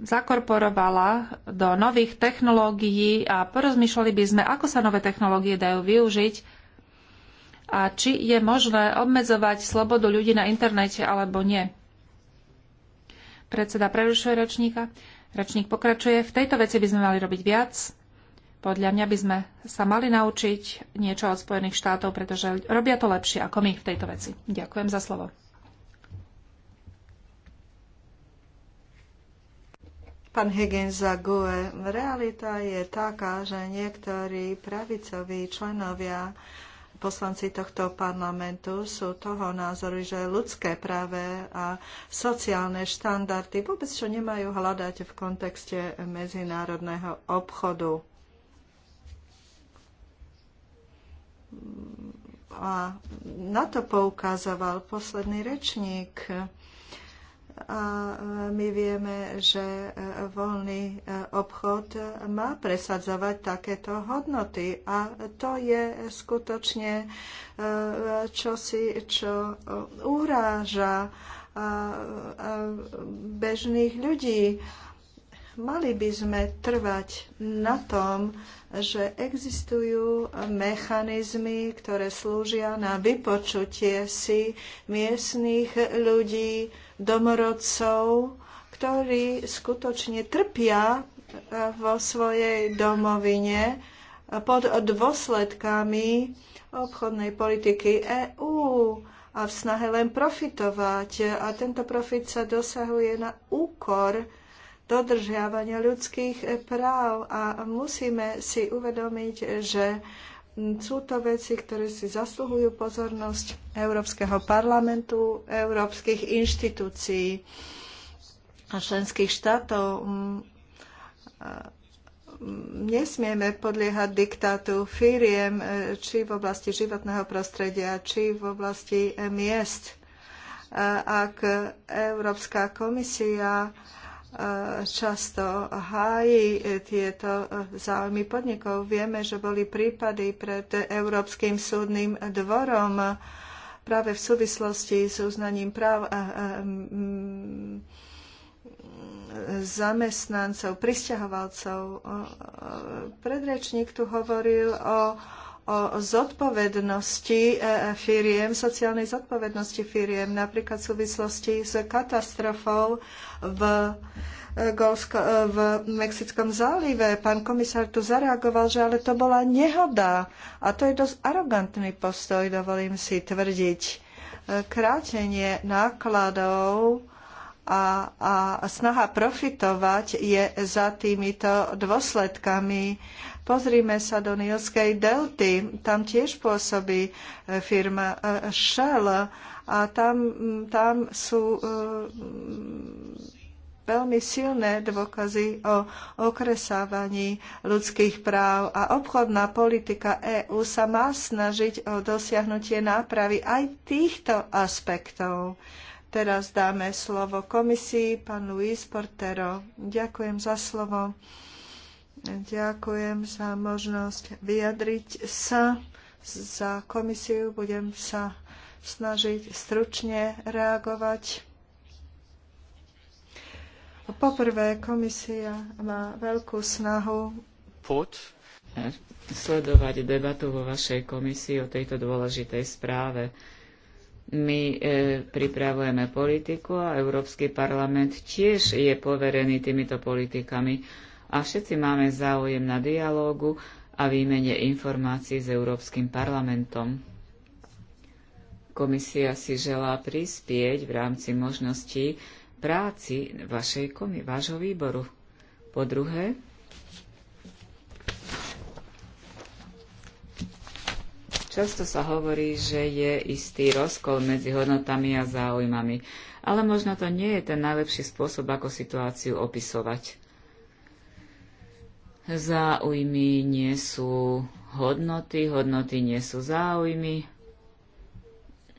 Speaker 2: zakorporovala do nových technológií a porozmýšľali by sme, ako sa nové technológie dajú využiť a či je možné obmedzovať slobodu ľudí na internete alebo nie. Predseda prerušuje rečníka. Ročník pokračuje. V tejto veci by sme mali robiť viac. Podľa mňa by sme sa mali naučiť niečo od Spojených štátov, pretože robia to lepšie ako my v tejto veci. Ďakujem za slovo.
Speaker 1: Pán Higgins za GUE. Realita je taká, že niektorí pravicoví členovia poslanci tohto parlamentu sú toho názoru, že ľudské práve a sociálne štandardy vôbec čo nemajú hľadať v kontexte medzinárodného obchodu. A na to poukazoval posledný rečník a e, my vieme, že e, voľný e, obchod má presadzovať takéto hodnoty a to je skutočne čosi, čo uráža bežných ľudí. Mali by sme trvať na tom, že existujú mechanizmy, ktoré slúžia na vypočutie si miestných ľudí, domorodcov, ktorí skutočne trpia e, vo svojej domovine e, pod dôsledkami obchodnej politiky EÚ a v snahe len profitovať. A tento profit sa dosahuje na úkor dodržiavania ľudských práv a musíme si uvedomiť, že Mm, sú to veci, ktoré si zasluhujú pozornosť Európskeho parlamentu, európskych inštitúcií a členských štátov. Mm, mm, nesmieme podliehať diktátu firiem, e, či v oblasti životného prostredia, či v oblasti e, miest. E, ak Európska komisia často hájí e, tieto e, záujmy podnikov. Vieme, že boli prípady pred Európskym súdnym dvorom práve v súvislosti s uznaním práv e, zamestnancov, pristahovalcov. Predrečník tu hovoril o o zodpovednosti e, firiem, sociálnej zodpovednosti firiem, napríklad v súvislosti s katastrofou v, e, Golsko, e, v Mexickom zálive. Pán komisár tu zareagoval, že ale to bola nehoda. A to je dosť arogantný postoj, dovolím si tvrdiť. Krátenie nákladov a, a snaha profitovať je za týmito dôsledkami Pozrime sa do Nilskej delty, tam tiež pôsobí e, firma e, Shell a tam, tam sú e, veľmi silné dôkazy o okresávaní ľudských práv a obchodná politika EÚ sa má snažiť o dosiahnutie nápravy aj týchto aspektov. Teraz dáme slovo komisii, pán Luis Portero. Ďakujem za slovo. Ďakujem za možnosť vyjadriť sa. Za komisiu budem sa snažiť stručne reagovať. Poprvé, komisia má veľkú snahu
Speaker 3: sledovať debatu vo vašej komisii o tejto dôležitej správe. My e, pripravujeme politiku a Európsky parlament tiež je poverený týmito politikami a všetci máme záujem na dialógu a výmene informácií s Európskym parlamentom. Komisia si želá prispieť v rámci možností práci vašej komi- vášho výboru. Po druhé, často sa hovorí, že je istý rozkol medzi hodnotami a záujmami, ale možno to nie je ten najlepší spôsob, ako situáciu opisovať. Záujmy nie sú hodnoty, hodnoty nie sú záujmy.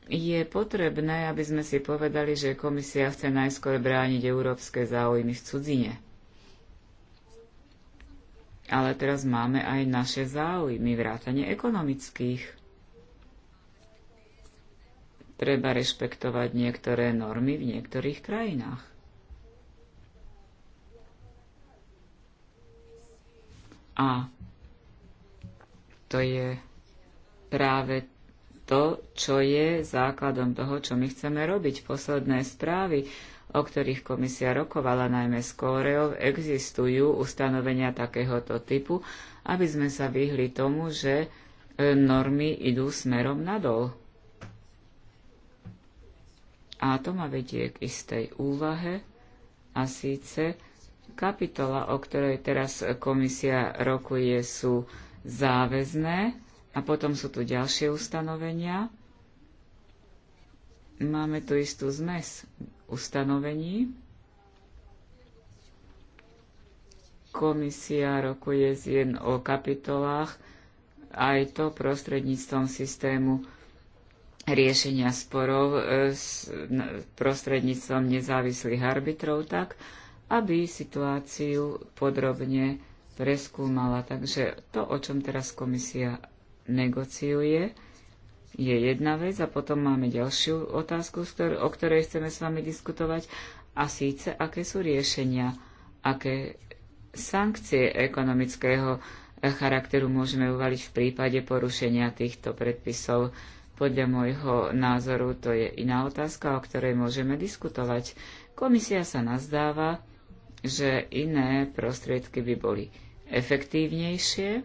Speaker 3: Je potrebné, aby sme si povedali, že komisia chce najskôr brániť európske záujmy v cudzine. Ale teraz máme aj naše záujmy, vrátane ekonomických treba rešpektovať niektoré normy v niektorých krajinách. A to je práve to, čo je základom toho, čo my chceme robiť. Posledné správy, o ktorých komisia rokovala najmä s Kóreou, existujú ustanovenia takéhoto typu, aby sme sa vyhli tomu, že e, normy idú smerom nadol. A to ma vedie k istej úvahe, a síce, Kapitola, o ktorej teraz komisia rokuje, sú záväzné a potom sú tu ďalšie ustanovenia. Máme tu istú zmes ustanovení. Komisia rokuje jen o kapitolách, aj to prostredníctvom systému riešenia sporov, e, prostredníctvom nezávislých arbitrov, tak aby situáciu podrobne preskúmala. Takže to, o čom teraz komisia negociuje, je jedna vec a potom máme ďalšiu otázku, o ktorej chceme s vami diskutovať a síce aké sú riešenia, aké sankcie ekonomického charakteru môžeme uvaliť v prípade porušenia týchto predpisov. Podľa môjho názoru to je iná otázka, o ktorej môžeme diskutovať. Komisia sa nazdáva, že iné prostriedky by boli efektívnejšie.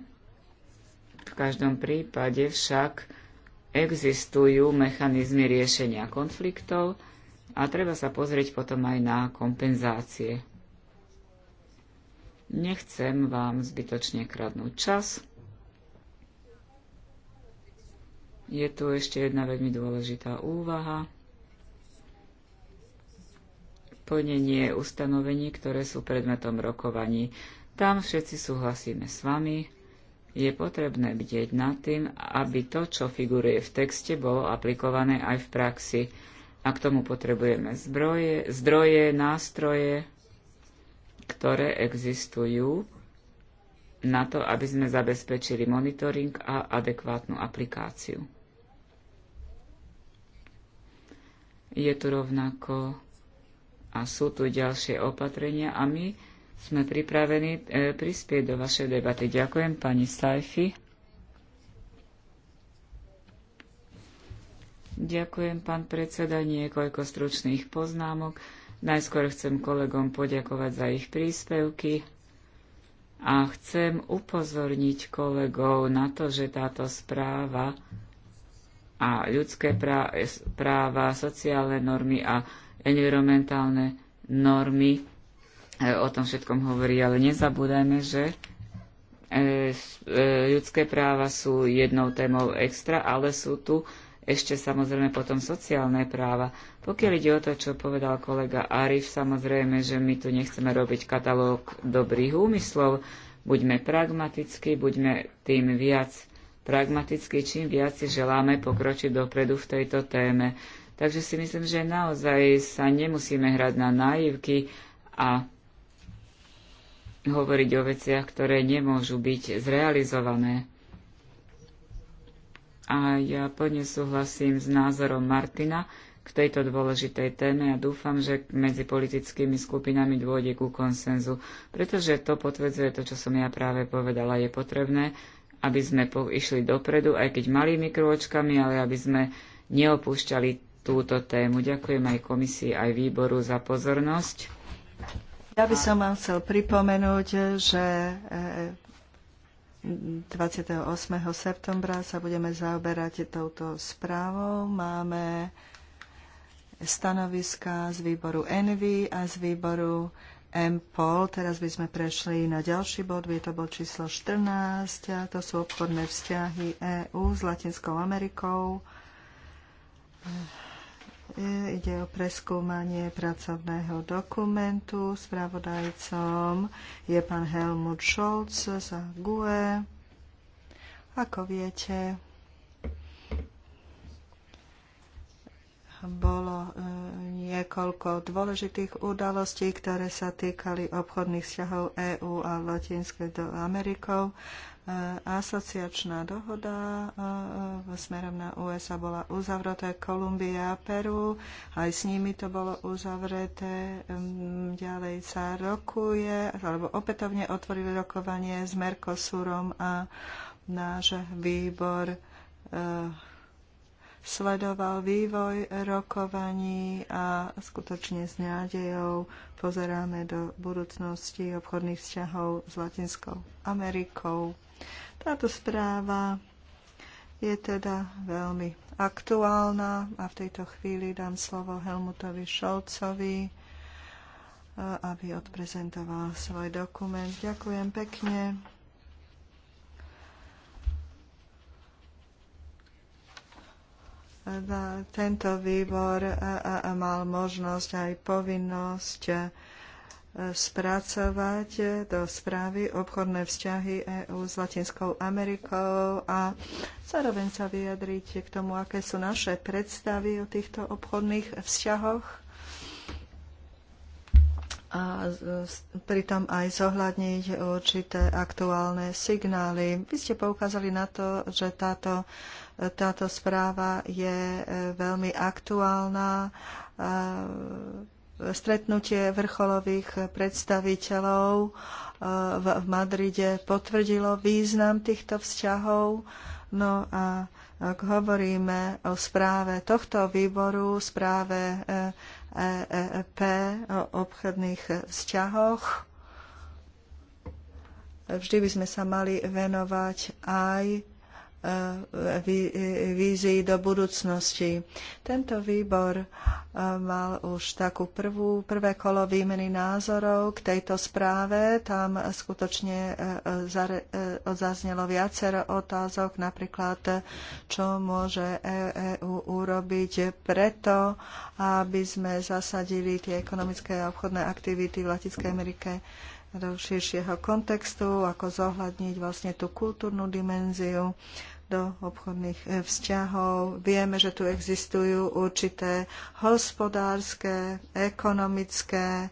Speaker 3: V každom prípade však existujú mechanizmy riešenia konfliktov a treba sa pozrieť potom aj na kompenzácie. Nechcem vám zbytočne kradnúť čas. Je tu ešte jedna veľmi dôležitá úvaha plnenie ustanovení, ktoré sú predmetom rokovaní. Tam všetci súhlasíme s vami. Je potrebné bdieť nad tým, aby to, čo figuruje v texte, bolo aplikované aj v praxi. A k tomu potrebujeme zbroje, zdroje nástroje, ktoré existujú na to, aby sme zabezpečili monitoring a adekvátnu aplikáciu. Je tu rovnako a sú tu ďalšie opatrenia a my sme pripravení e, prispieť do vašej debaty. Ďakujem pani Sajfi. Ďakujem, pán predseda, niekoľko stručných poznámok. Najskôr chcem kolegom poďakovať za ich príspevky a chcem upozorniť kolegov na to, že táto správa a ľudské práva, sociálne normy a environmentálne normy, e, o tom všetkom hovorí, ale nezabúdajme, že e, e, ľudské práva sú jednou témou extra, ale sú tu ešte samozrejme potom sociálne práva. Pokiaľ ide o to, čo povedal kolega Arif, samozrejme, že my tu nechceme robiť katalóg dobrých úmyslov. Buďme pragmatickí, buďme tým viac pragmatickí, čím viac si želáme pokročiť dopredu v tejto téme. Takže si myslím, že naozaj sa nemusíme hrať na naivky a hovoriť o veciach, ktoré nemôžu byť zrealizované. A ja plne súhlasím s názorom Martina k tejto dôležitej téme a dúfam, že medzi politickými skupinami dôjde ku konsenzu, pretože to potvrdzuje to, čo som ja práve povedala. Je potrebné, aby sme išli dopredu, aj keď malými krôčkami, ale aby sme neopúšťali túto tému. Ďakujem aj komisii, aj výboru za pozornosť.
Speaker 1: Ja by som vám chcel pripomenúť, že 28. E, septembra sa budeme zaoberať touto správou. Máme stanoviska z výboru ENVY a z výboru MPOL. Teraz by sme prešli na ďalší bod, je to bod číslo 14, a to sú obchodné vzťahy EÚ s Latinskou Amerikou. Ide o preskúmanie pracovného dokumentu. Spravodajcom je pán Helmut Scholz za GUE. Ako viete, bolo e, niekoľko dôležitých udalostí, ktoré sa týkali obchodných vzťahov EÚ a Latinskej do Amerikov. E, asociačná dohoda e, e, smerom na USA bola uzavretá Kolumbia, a Peru, aj s nimi to bolo uzavreté. Ďalej sa rokuje, alebo opätovne otvorili rokovanie s Mercosurom a náš výbor sledoval vývoj rokovaní a skutočne s nádejou pozeráme do budúcnosti obchodných vzťahov s Latinskou Amerikou táto správa je teda veľmi aktuálna a v tejto chvíli dám slovo Helmutovi Šolcovi, eh, aby odprezentoval svoj dokument. Ďakujem pekne. Tento výbor eh, eh, mal možnosť aj povinnosť spracovať do správy obchodné vzťahy EÚ s Latinskou Amerikou a zároveň sa vyjadriť k tomu, aké sú naše predstavy o týchto obchodných vzťahoch a pritom aj zohľadniť určité aktuálne signály. Vy ste poukázali na to, že táto, táto správa je e, veľmi aktuálna e, stretnutie vrcholových predstaviteľov e, v Madride potvrdilo význam týchto vzťahov. No a ak hovoríme o správe tohto výboru, správe EEP e, o obchodných vzťahoch, vždy by sme sa mali venovať aj vízií do budúcnosti. Tento výbor e, mal už takú prvú, prvé kolo výmeny názorov k tejto správe. Tam skutočne e, e, zaznelo viacero otázok, napríklad čo môže EÚ urobiť preto, aby sme zasadili tie ekonomické a obchodné aktivity v Latinskej Amerike do širšieho kontextu, ako zohľadniť vlastne tú kultúrnu dimenziu do obchodných eh, vzťahov. Vieme, že tu existujú určité hospodárske, ekonomické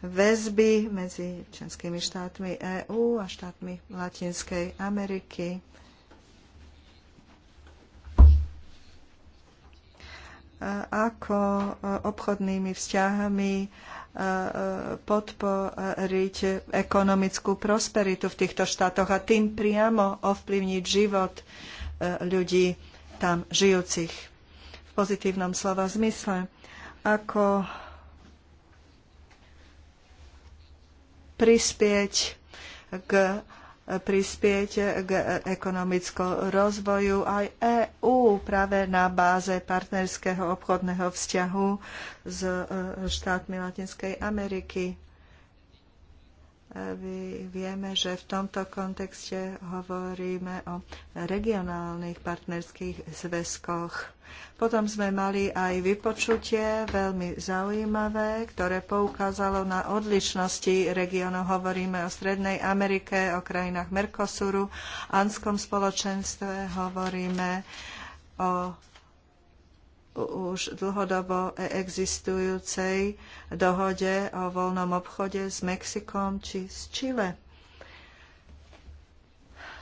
Speaker 1: väzby medzi členskými štátmi EÚ a štátmi Latinskej Ameriky. Eh, ako eh, obchodnými vzťahami podporiť ekonomickú prosperitu v týchto štátoch a tým priamo ovplyvniť život e, ľudí tam žijúcich v pozitívnom slova zmysle. Ako prispieť k prispieť k ekonomickému rozvoju aj EÚ práve na báze partnerského obchodného vzťahu s e, štátmi Latinskej Ameriky vieme, že v tomto kontexte hovoríme o regionálnych partnerských zväzkoch. Potom sme mali aj vypočutie veľmi zaujímavé, ktoré poukázalo na odlišnosti regiónu. Hovoríme o Strednej Amerike, o krajinách Mercosuru, Anskom spoločenstve, hovoríme o už dlhodobo existujúcej dohode o voľnom obchode s Mexikom či s Čile.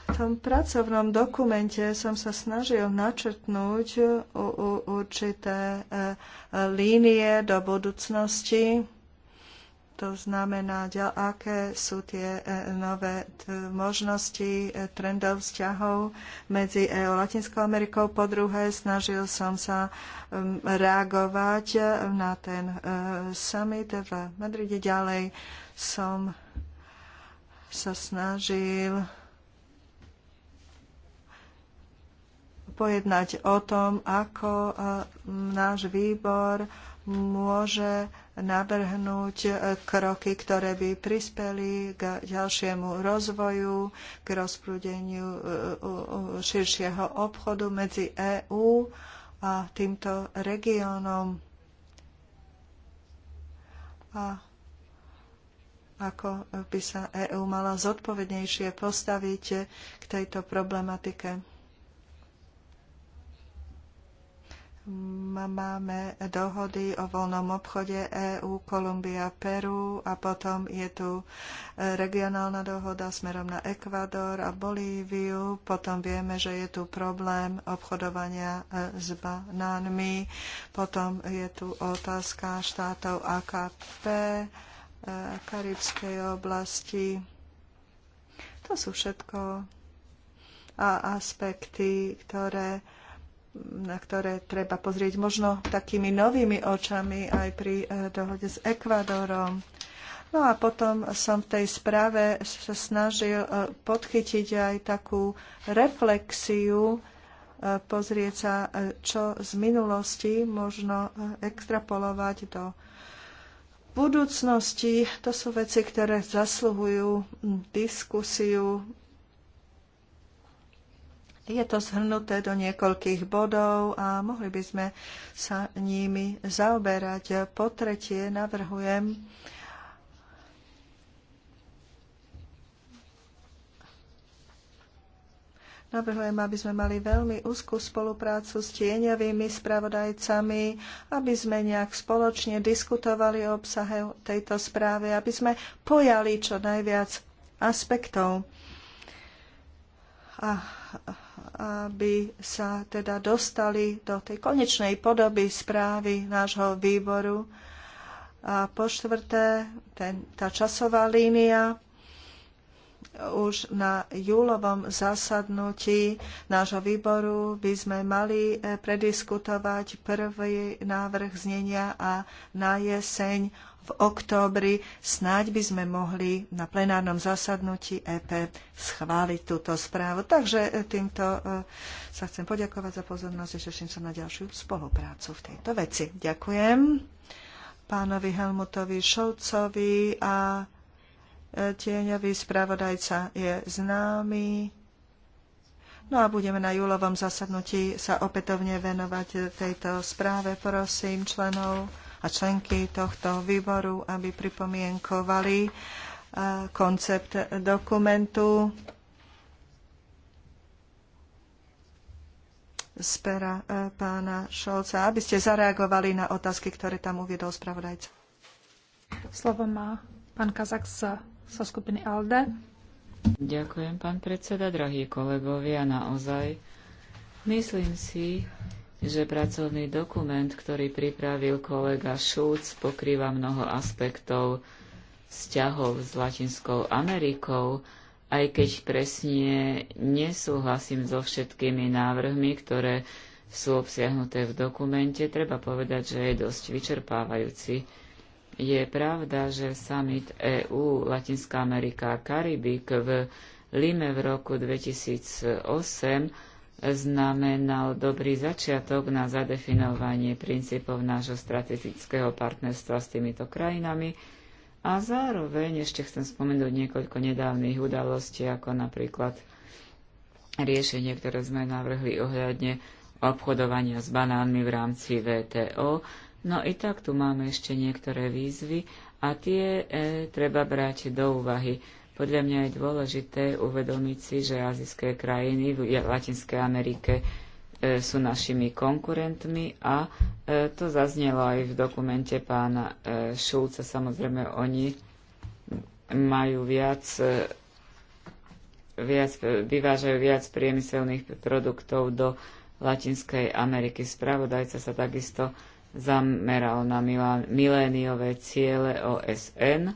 Speaker 1: V tom pracovnom dokumente som sa snažil načrtnúť určité e, línie do budúcnosti to znamená, aké sú tie e, nové možnosti e, trendov vzťahov medzi EU a Latinskou Amerikou. Po druhé, snažil som sa reagovať e, na ten summit v Madride. Ďalej som sa snažil pojednať o tom, ako náš výbor môže navrhnúť e, kroky, ktoré by prispeli k ďalšiemu rozvoju, k rozprúdeniu e, širšieho obchodu medzi EÚ a týmto regiónom. A ako by sa EÚ mala zodpovednejšie postaviť k tejto problematike. máme dohody o voľnom obchode EÚ, Kolumbia, Peru a potom je tu e, regionálna dohoda smerom na Ekvador a Bolíviu. Potom vieme, že je tu problém obchodovania e, s banánmi. Potom je tu otázka štátov AKP, e, karibskej oblasti. To sú všetko aspekty, ktoré na ktoré treba pozrieť možno takými novými očami aj pri eh, dohode s Ekvadorom. No a potom som v tej správe sa snažil eh, podchytiť aj takú reflexiu, eh, pozrieť sa, čo z minulosti možno extrapolovať do budúcnosti. To sú veci, ktoré zasluhujú hm, diskusiu, je to zhrnuté do niekoľkých bodov a mohli by sme sa nimi zaoberať. Po tretie navrhujem Navrhujem, aby sme mali veľmi úzkú spoluprácu s tieňovými spravodajcami, aby sme nejak spoločne diskutovali o obsahe tejto správy, aby sme pojali čo najviac aspektov. A aby sa teda dostali do tej konečnej podoby správy nášho výboru. A po štvrté, ten, tá časová línia už na júlovom zasadnutí nášho výboru by sme mali eh, prediskutovať prvý návrh znenia a na jeseň v októbri. Snáď by sme mohli na plenárnom zasadnutí EP schváliť túto správu. Takže e, týmto e, sa chcem poďakovať za pozornosť a teším sa na ďalšiu spoluprácu v tejto veci. Ďakujem pánovi Helmutovi Šolcovi a e, tieňový spravodajca je známy. No a budeme na júlovom zasadnutí sa opätovne venovať tejto správe. Prosím členov a členky tohto výboru, aby pripomienkovali e, koncept dokumentu z pera e, pána Šolca, aby ste zareagovali na otázky, ktoré tam uviedol spravodajca. Slovo má
Speaker 2: pán Kazak zo, skupiny ALDE.
Speaker 3: Ďakujem, pán predseda, drahí kolegovia, naozaj. Myslím si, že pracovný dokument, ktorý pripravil kolega Šúc, pokrýva mnoho aspektov vzťahov s Latinskou Amerikou, aj keď presne nesúhlasím so všetkými návrhmi, ktoré sú obsiahnuté v dokumente, treba povedať, že je dosť vyčerpávajúci. Je pravda, že summit EÚ, Latinská Amerika a Karibik v Lime v roku 2008 znamenal dobrý začiatok na zadefinovanie princípov nášho strategického partnerstva s týmito krajinami a zároveň ešte chcem spomenúť niekoľko nedávnych udalostí, ako napríklad riešenie, ktoré sme navrhli ohľadne obchodovania s banánmi v rámci VTO, No i tak tu máme ešte niektoré výzvy a tie e, treba brať do úvahy. Podľa mňa je dôležité uvedomiť si, že azijské krajiny v Latinskej Amerike e, sú našimi konkurentmi a e, to zaznelo aj v dokumente pána e, Šulca. Samozrejme, oni majú viac, viac vyvážajú viac priemyselných produktov do Latinskej Ameriky. Spravodajca sa takisto zameral na miléniové ciele OSN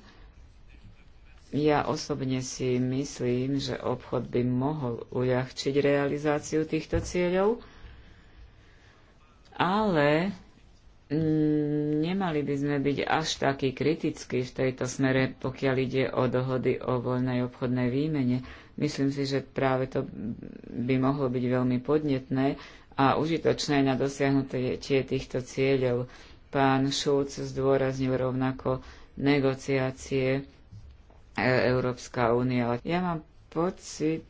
Speaker 3: ja osobne si myslím, že obchod by mohol uľahčiť realizáciu týchto cieľov, ale nemali by sme byť až takí kritickí v tejto smere, pokiaľ ide o dohody o voľnej obchodnej výmene. Myslím si, že práve to by mohlo byť veľmi podnetné a užitočné na dosiahnutie týchto cieľov. Pán Šulc zdôraznil rovnako negociácie E, Európska únia. Ja mám pocit,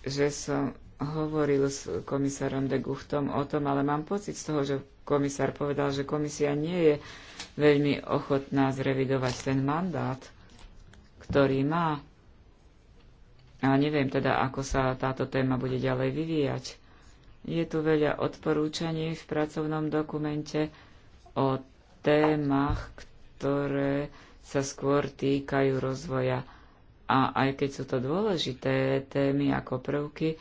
Speaker 3: že som hovoril s komisárom de Guchtom o tom, ale mám pocit z toho, že komisár povedal, že komisia nie je veľmi ochotná zrevidovať ten mandát, ktorý má. A neviem teda, ako sa táto téma bude ďalej vyvíjať. Je tu veľa odporúčaní v pracovnom dokumente o témach, ktoré sa skôr týkajú rozvoja. A aj keď sú to dôležité témy ako prvky,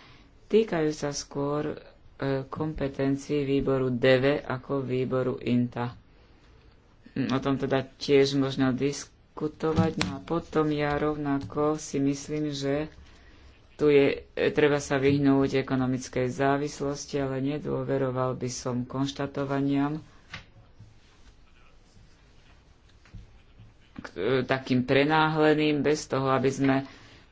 Speaker 3: týkajú sa skôr e, kompetencií výboru DV ako výboru INTA. Mm, o tom teda tiež možno diskutovať. No a potom ja rovnako si myslím, že tu je, e, treba sa vyhnúť ekonomickej závislosti, ale nedôveroval by som konštatovaniam, E, takým prenáhleným, bez toho, aby sme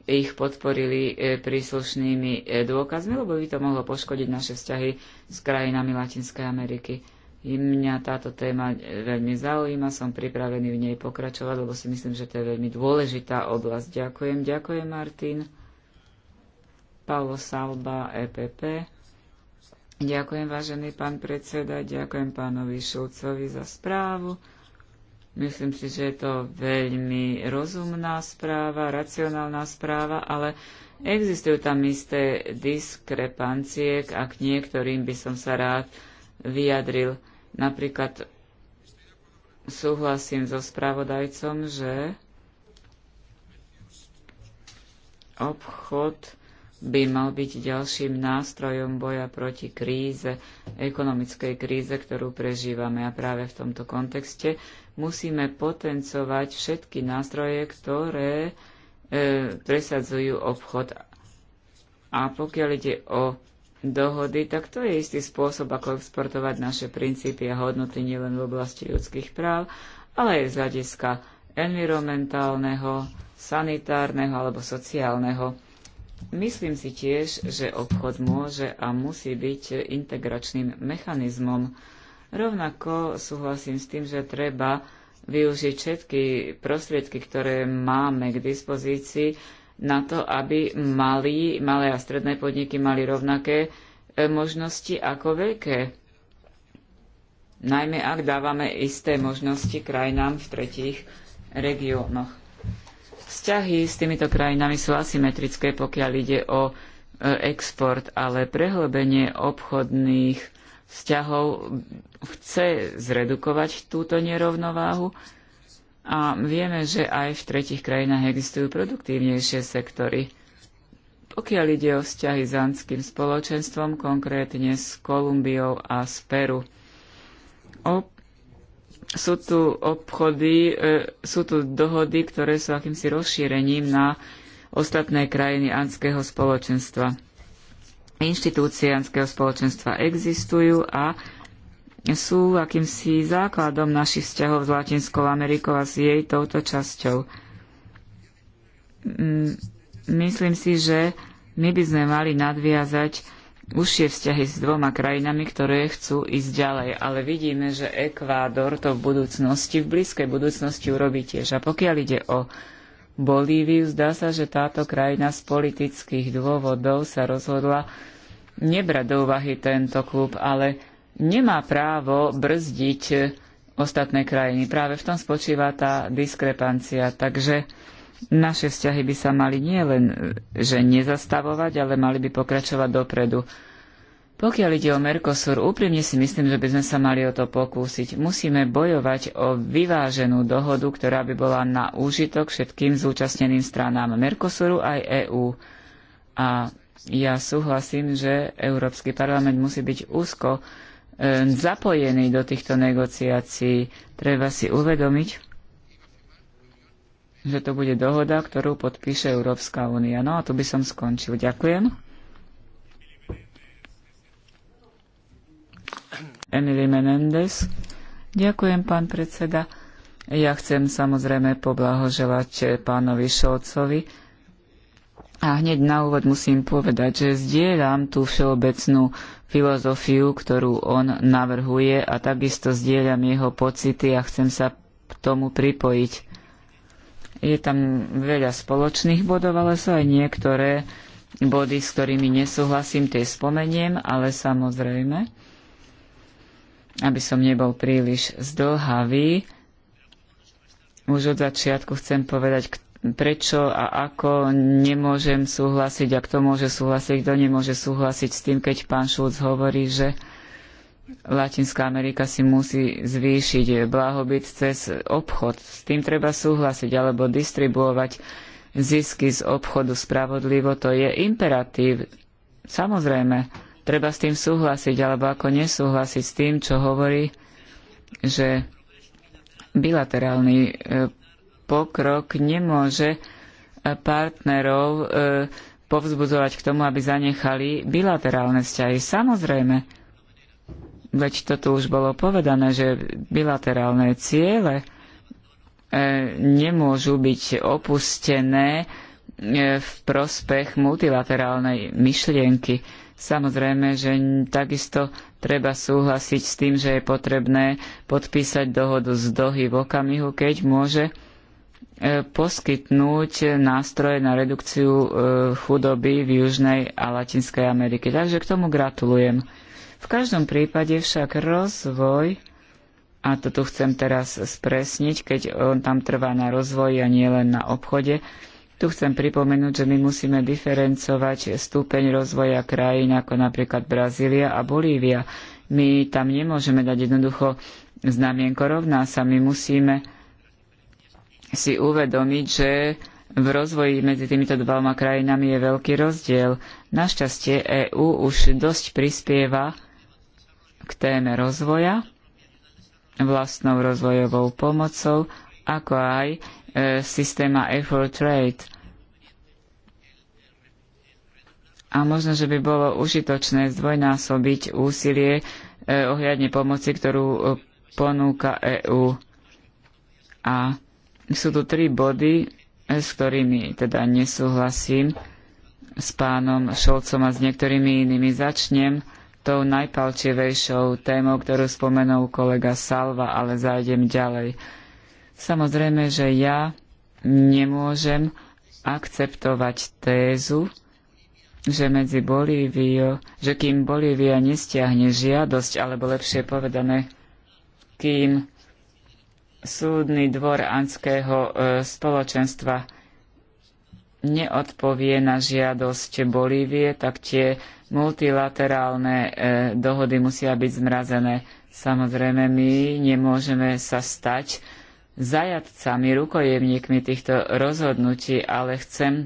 Speaker 3: ich podporili e, príslušnými e, dôkazmi, lebo by to mohlo poškodiť naše vzťahy s krajinami Latinskej Ameriky. I mňa táto téma veľmi zaujíma, som pripravený v nej pokračovať, lebo si myslím, že to je veľmi dôležitá oblasť. Ďakujem, ďakujem Martin. Paolo Salba, EPP. Ďakujem, vážený pán predseda, ďakujem pánovi Šulcovi za správu. Myslím si, že je to veľmi rozumná správa, racionálna správa, ale existujú tam isté diskrepancie a k niektorým by som sa rád vyjadril. Napríklad súhlasím so spravodajcom, že obchod by mal byť ďalším nástrojom boja proti kríze, ekonomickej kríze, ktorú prežívame. A práve v tomto kontexte musíme potencovať všetky nástroje, ktoré e, presadzujú obchod. A pokiaľ ide o dohody, tak to je istý spôsob, ako exportovať naše princípy a hodnoty nielen v oblasti ľudských práv, ale aj z hľadiska environmentálneho, sanitárneho alebo sociálneho. Myslím si tiež, že obchod môže a musí byť integračným mechanizmom, Rovnako súhlasím s tým, že treba využiť všetky prostriedky, ktoré máme k dispozícii na to, aby mali, malé a stredné podniky mali rovnaké e, možnosti ako veľké. Najmä ak dávame isté možnosti krajinám v tretích regiónoch. Vzťahy s týmito krajinami sú asymetrické, pokiaľ ide o e, export, ale prehlbenie obchodných vzťahov chce zredukovať túto nerovnováhu a vieme, že aj v tretich krajinách existujú produktívnejšie sektory. Pokiaľ ide o vzťahy s anským spoločenstvom, konkrétne s Kolumbiou a s Peru, o sú tu obchody, e, sú tu dohody, ktoré sú akýmsi rozšírením na ostatné krajiny anského spoločenstva inštitúciánskeho spoločenstva existujú a sú akýmsi základom našich vzťahov s Latinskou Amerikou a s jej touto časťou. Mm, myslím si, že my by sme mali nadviazať užšie vzťahy s dvoma krajinami, ktoré chcú ísť ďalej. Ale vidíme, že Ekvádor to v budúcnosti, v blízkej budúcnosti urobí tiež. A pokiaľ ide o Bolíviu, zdá sa, že táto krajina z politických dôvodov sa rozhodla nebrať do úvahy tento klub, ale nemá právo brzdiť ostatné krajiny. Práve v tom spočíva tá diskrepancia. Takže naše vzťahy by sa mali nie že nezastavovať, ale mali by pokračovať dopredu. Pokiaľ ide o Mercosur, úprimne si myslím, že by sme sa mali o to pokúsiť. Musíme bojovať o vyváženú dohodu, ktorá by bola na úžitok všetkým zúčastneným stranám Mercosuru aj EÚ. A ja súhlasím, že Európsky parlament musí byť úzko e, zapojený do týchto negociácií. Treba si uvedomiť, že to bude dohoda, ktorú podpíše Európska únia. No a tu by som skončil. Ďakujem. Emily Menendez. Ďakujem, pán predseda. Ja chcem samozrejme poblahoželať eh, pánovi Šolcovi. A hneď na úvod musím povedať, že zdieľam tú všeobecnú filozofiu, ktorú on navrhuje a takisto zdieľam jeho pocity a chcem sa k tomu pripojiť. Je tam veľa spoločných bodov, ale sú aj niektoré body, s ktorými nesúhlasím, tie spomeniem, ale samozrejme aby som nebol príliš zdlhavý. Už od začiatku chcem povedať, prečo a ako nemôžem súhlasiť a kto môže súhlasiť, kto nemôže súhlasiť s tým, keď pán Šulc hovorí, že Latinská Amerika si musí zvýšiť blahobyt cez obchod. S tým treba súhlasiť alebo distribuovať zisky z obchodu spravodlivo. To je imperatív. Samozrejme, treba s tým súhlasiť alebo ako nesúhlasiť s tým, čo hovorí, že bilaterálny e, pokrok nemôže e, partnerov e, povzbudzovať k tomu, aby zanechali bilaterálne vzťahy. Samozrejme, veď to tu už bolo povedané, že bilaterálne ciele nemôžu byť opustené v prospech multilaterálnej myšlienky Samozrejme, že takisto treba súhlasiť s tým, že je potrebné podpísať dohodu z dohy v okamihu, keď môže e, poskytnúť nástroje na redukciu e, chudoby v Južnej a Latinskej Amerike. Takže k tomu gratulujem. V každom prípade však rozvoj, a to tu chcem teraz spresniť, keď on tam trvá na rozvoji a nie len na obchode, tu chcem pripomenúť, že my musíme diferencovať stupeň rozvoja krajín ako napríklad Brazília a Bolívia. My tam nemôžeme dať jednoducho znamienko rovná sa. My musíme si uvedomiť, že v rozvoji medzi týmito dvoma krajinami je veľký rozdiel. Našťastie EÚ už dosť prispieva k téme rozvoja vlastnou rozvojovou pomocou, ako aj E, systéma Air Trade. A možno, že by bolo užitočné zdvojnásobiť úsilie e, ohľadne pomoci, ktorú e, ponúka EÚ. A sú tu tri body, s ktorými teda nesúhlasím s pánom Šolcom a s niektorými inými. Začnem tou najpalčivejšou témou, ktorú spomenul kolega Salva, ale zájdem ďalej. Samozrejme, že ja nemôžem akceptovať tézu, že medzi Bolíviou, že kým Bolívia nestiahne žiadosť, alebo lepšie povedané, kým súdny dvor anského e, spoločenstva neodpovie na žiadosť Bolívie, tak tie multilaterálne e, dohody musia byť zmrazené. Samozrejme, my nemôžeme sa stať zajadcami, rukojemníkmi týchto rozhodnutí, ale chcem e,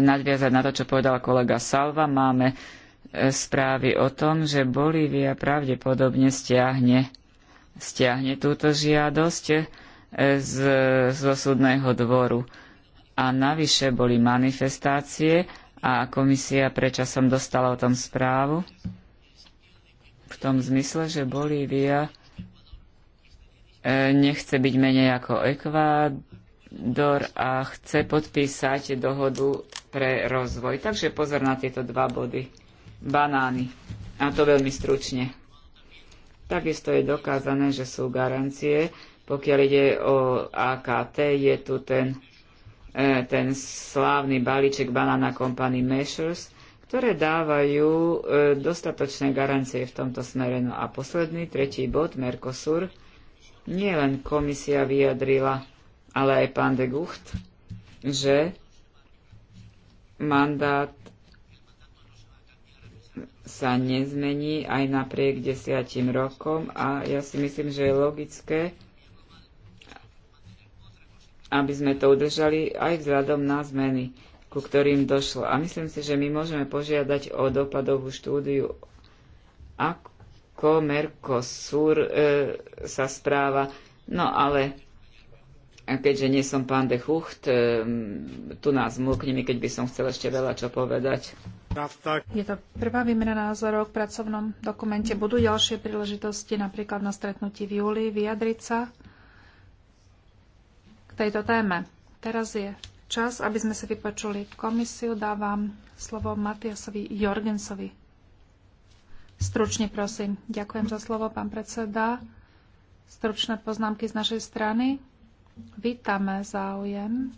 Speaker 3: nadviazať na to, čo povedal kolega Salva. Máme e, správy o tom, že Bolívia pravdepodobne stiahne, stiahne túto žiadosť e, z, zo súdneho dvoru. A navyše boli manifestácie a komisia prečasom dostala o tom správu v tom zmysle, že Bolívia nechce byť menej ako Ekvádor a chce podpísať dohodu pre rozvoj. Takže pozor na tieto dva body. Banány. A to veľmi stručne. Takisto je dokázané, že sú garancie. Pokiaľ ide o AKT, je tu ten, e, ten slávny balíček Banana Company Measures, ktoré dávajú e, dostatočné garancie v tomto smere. No a posledný, tretí bod, Mercosur nielen komisia vyjadrila, ale aj pán de Gucht, že mandát sa nezmení aj napriek desiatim rokom a ja si myslím, že je logické, aby sme to udržali aj vzhľadom na zmeny, ku ktorým došlo. A myslím si, že my môžeme požiadať o dopadovú štúdiu, ako ako Mercosur e, sa správa. No ale keďže nie som pán de Hucht, e, tu nás mi, keď by som chcel ešte veľa čo povedať.
Speaker 2: Je to prvá výmena názorov k pracovnom dokumente. Budú ďalšie príležitosti, napríklad na stretnutí v júli, vyjadriť sa k tejto téme. Teraz je čas, aby sme si vypočuli komisiu. Dávam slovo Matiasovi Jorgensovi. Stručne prosím. Ďakujem za slovo, pán predseda. Stručné poznámky z našej strany. Vítame záujem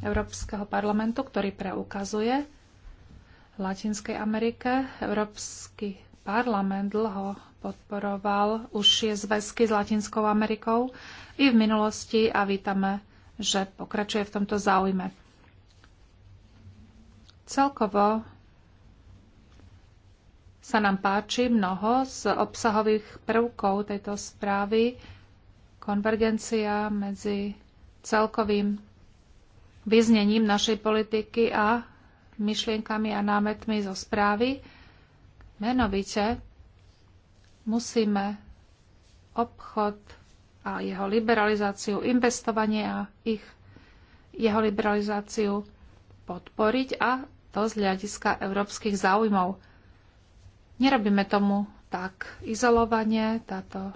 Speaker 2: Európskeho parlamentu, ktorý preukazuje v Latinskej Amerike. Európsky parlament dlho podporoval užšie zväzky s Latinskou Amerikou i v minulosti a vítame, že pokračuje v tomto záujme. Celkovo sa nám páči mnoho z obsahových prvkov tejto správy. Konvergencia medzi celkovým vyznením našej politiky a myšlienkami a námetmi zo správy. Menovite musíme obchod a jeho liberalizáciu, investovanie a ich, jeho liberalizáciu podporiť a to z hľadiska európskych záujmov. Nerobíme tomu tak izolovanie, táto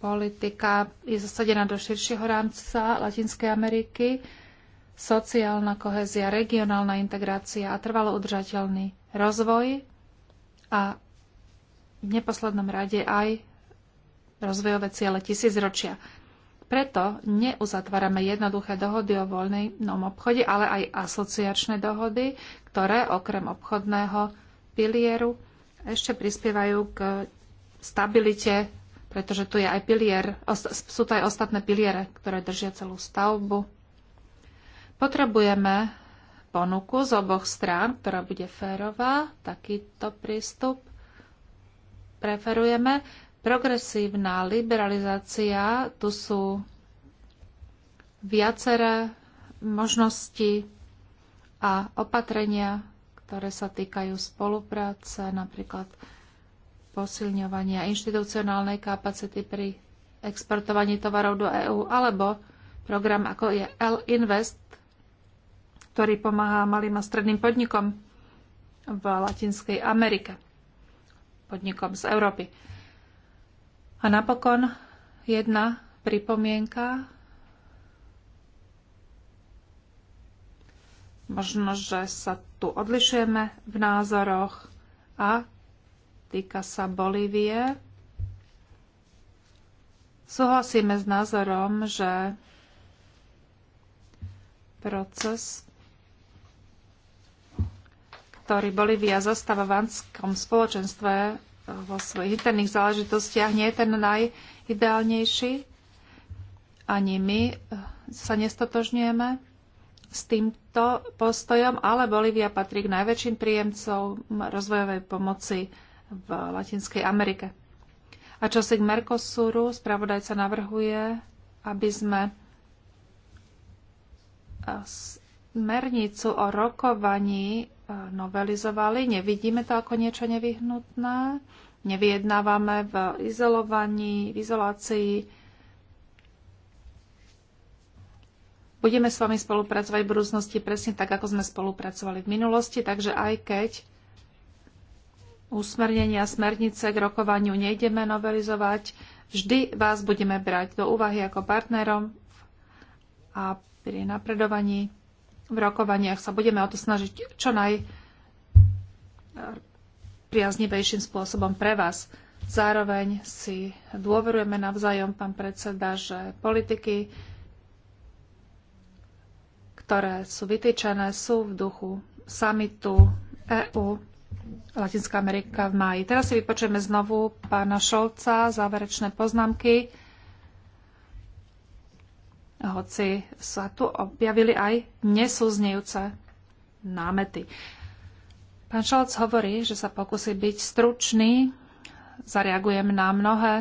Speaker 2: politika je zasadená do širšieho rámca Latinskej Ameriky, sociálna kohézia, regionálna integrácia a trvalo udržateľný rozvoj a v neposlednom rade aj rozvojové ciele tisícročia. Preto neuzatvárame jednoduché dohody o voľnom obchode, ale aj asociačné dohody, ktoré okrem obchodného pilieru ešte prispievajú k stabilite, pretože tu je aj pilier, sú to aj ostatné piliere, ktoré držia celú stavbu. Potrebujeme ponuku z oboch strán, ktorá bude férová, takýto prístup preferujeme. Progresívna liberalizácia, tu sú viaceré možnosti a opatrenia, ktoré sa týkajú spolupráce, napríklad posilňovania inštitucionálnej kapacity pri exportovaní tovarov do EÚ, alebo program ako je L-Invest, ktorý pomáha malým a stredným podnikom v Latinskej Amerike, podnikom z Európy. A napokon jedna pripomienka Možno, že sa tu odlišujeme v názoroch a týka sa Bolívie. Súhlasíme s názorom, že proces, ktorý Bolívia zostáva v anskom spoločenstve vo svojich interných záležitostiach, nie je ten najideálnejší. Ani my sa nestotožňujeme s týmto postojom, ale Bolívia patrí k najväčším príjemcom rozvojovej pomoci v Latinskej Amerike. A čo si k Mercosuru, spravodajca navrhuje, aby sme e, smernicu o rokovaní e, novelizovali. Nevidíme to ako niečo nevyhnutné. Nevyjednávame v izolovaní, v izolácii Budeme s vami spolupracovať v budúcnosti presne tak, ako sme spolupracovali v minulosti, takže aj keď usmernenia smernice k rokovaniu nejdeme novelizovať, vždy vás budeme brať do úvahy ako partnerom a pri napredovaní v rokovaniach sa budeme o to snažiť čo najpriaznivejším e, spôsobom pre vás. Zároveň si dôverujeme navzájom, pán predseda, že politiky ktoré sú vytýčené, sú v duchu samitu EÚ Latinská Amerika v máji. Teraz si vypočujeme znovu pána Šolca, záverečné poznámky. Hoci sa tu objavili aj nesúznejúce námety. Pán Šolc hovorí, že sa pokusí byť stručný, zareagujem na mnohé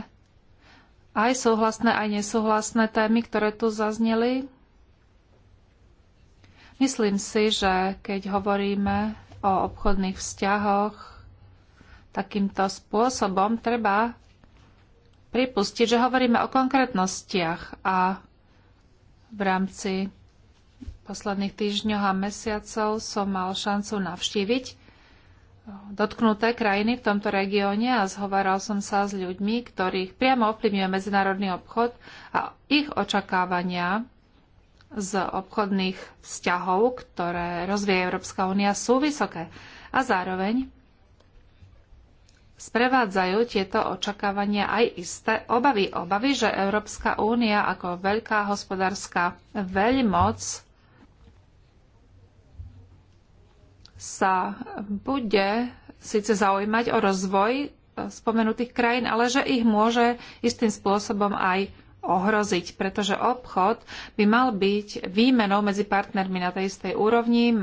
Speaker 2: aj súhlasné, aj nesúhlasné témy, ktoré tu zazneli. Myslím si, že keď hovoríme o obchodných vzťahoch takýmto spôsobom, treba pripustiť, že hovoríme o konkrétnostiach a v rámci posledných týždňov a mesiacov som mal šancu navštíviť dotknuté krajiny v tomto regióne a zhovaral som sa s ľuďmi, ktorých priamo ovplyvňuje medzinárodný obchod a ich očakávania z obchodných vzťahov, ktoré rozvíja Európska únia, sú vysoké. A zároveň sprevádzajú tieto očakávania aj isté obavy. Obavy, že Európska únia ako veľká hospodárska veľmoc sa bude síce zaujímať o rozvoj spomenutých krajín, ale že ich môže istým spôsobom aj ohroziť, pretože obchod by mal byť výmenou medzi partnermi na tej istej úrovni.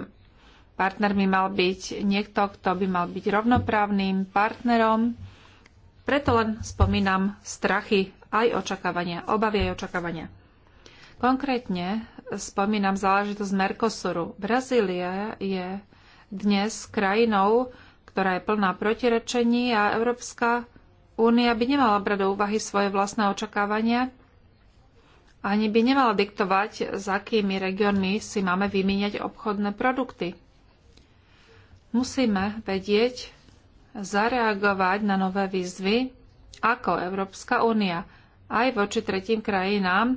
Speaker 2: Partnermi mal byť niekto, kto by mal byť rovnoprávnym partnerom. Preto len spomínam strachy aj očakávania, obavy aj očakávania. Konkrétne spomínam záležitosť Mercosuru. Brazília je dnes krajinou, ktorá je plná protirečení a Európska únia by nemala brať do úvahy svoje vlastné očakávania ani by nemala diktovať, s akými regiónmi si máme vymieňať obchodné produkty. Musíme vedieť, zareagovať na nové výzvy, ako Európska únia, aj voči tretím krajinám,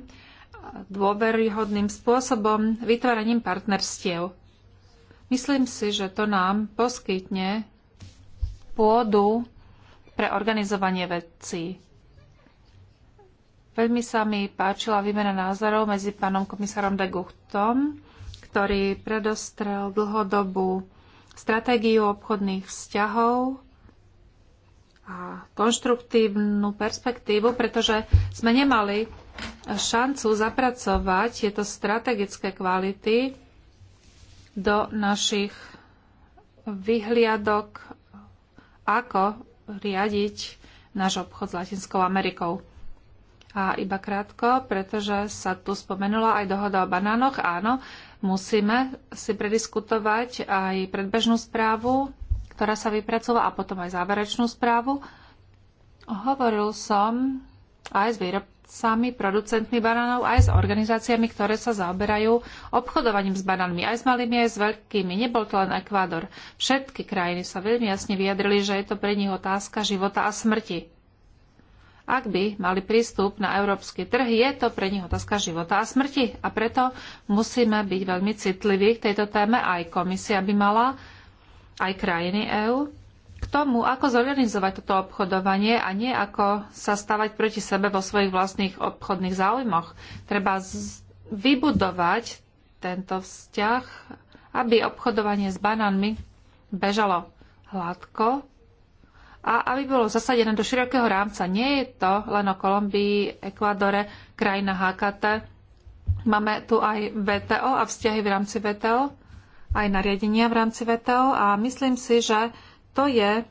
Speaker 2: dôveryhodným spôsobom vytváraním partnerstiev. Myslím si, že to nám poskytne pôdu pre organizovanie vecí. Veľmi sa mi páčila výmena názorov medzi pánom komisárom de Guchtom, ktorý predostrel dlhodobú stratégiu obchodných vzťahov a konštruktívnu perspektívu, pretože sme nemali šancu zapracovať tieto strategické kvality do našich vyhliadok, ako riadiť náš obchod s Latinskou Amerikou. A iba krátko, pretože sa tu spomenula aj dohoda o banánoch. Áno, musíme si prediskutovať aj predbežnú správu, ktorá sa vypracovala, a potom aj záverečnú správu. Hovoril som aj s výrobcami, producentmi banánov, aj s organizáciami, ktoré sa zaoberajú obchodovaním s banánmi, aj s malými, aj s veľkými. Nebol to len Ekvádor. Všetky krajiny sa veľmi jasne vyjadrili, že je to pre nich otázka života a smrti. Ak by mali prístup na európsky trh, je to pre nich otázka života a smrti. A preto musíme byť veľmi citliví k tejto téme. Aj komisia by mala, aj krajiny EÚ, k tomu, ako zorganizovať toto obchodovanie a nie ako sa stavať proti sebe vo svojich vlastných obchodných záujmoch. Treba vybudovať tento vzťah, aby obchodovanie s banánmi bežalo hladko a aby bolo zasadené do širokého rámca. Nie je to len o Kolumbii, Ekvádore, krajina HKT. Máme tu aj VTO a vzťahy v rámci VTO, aj nariadenia v rámci VTO a myslím si, že to je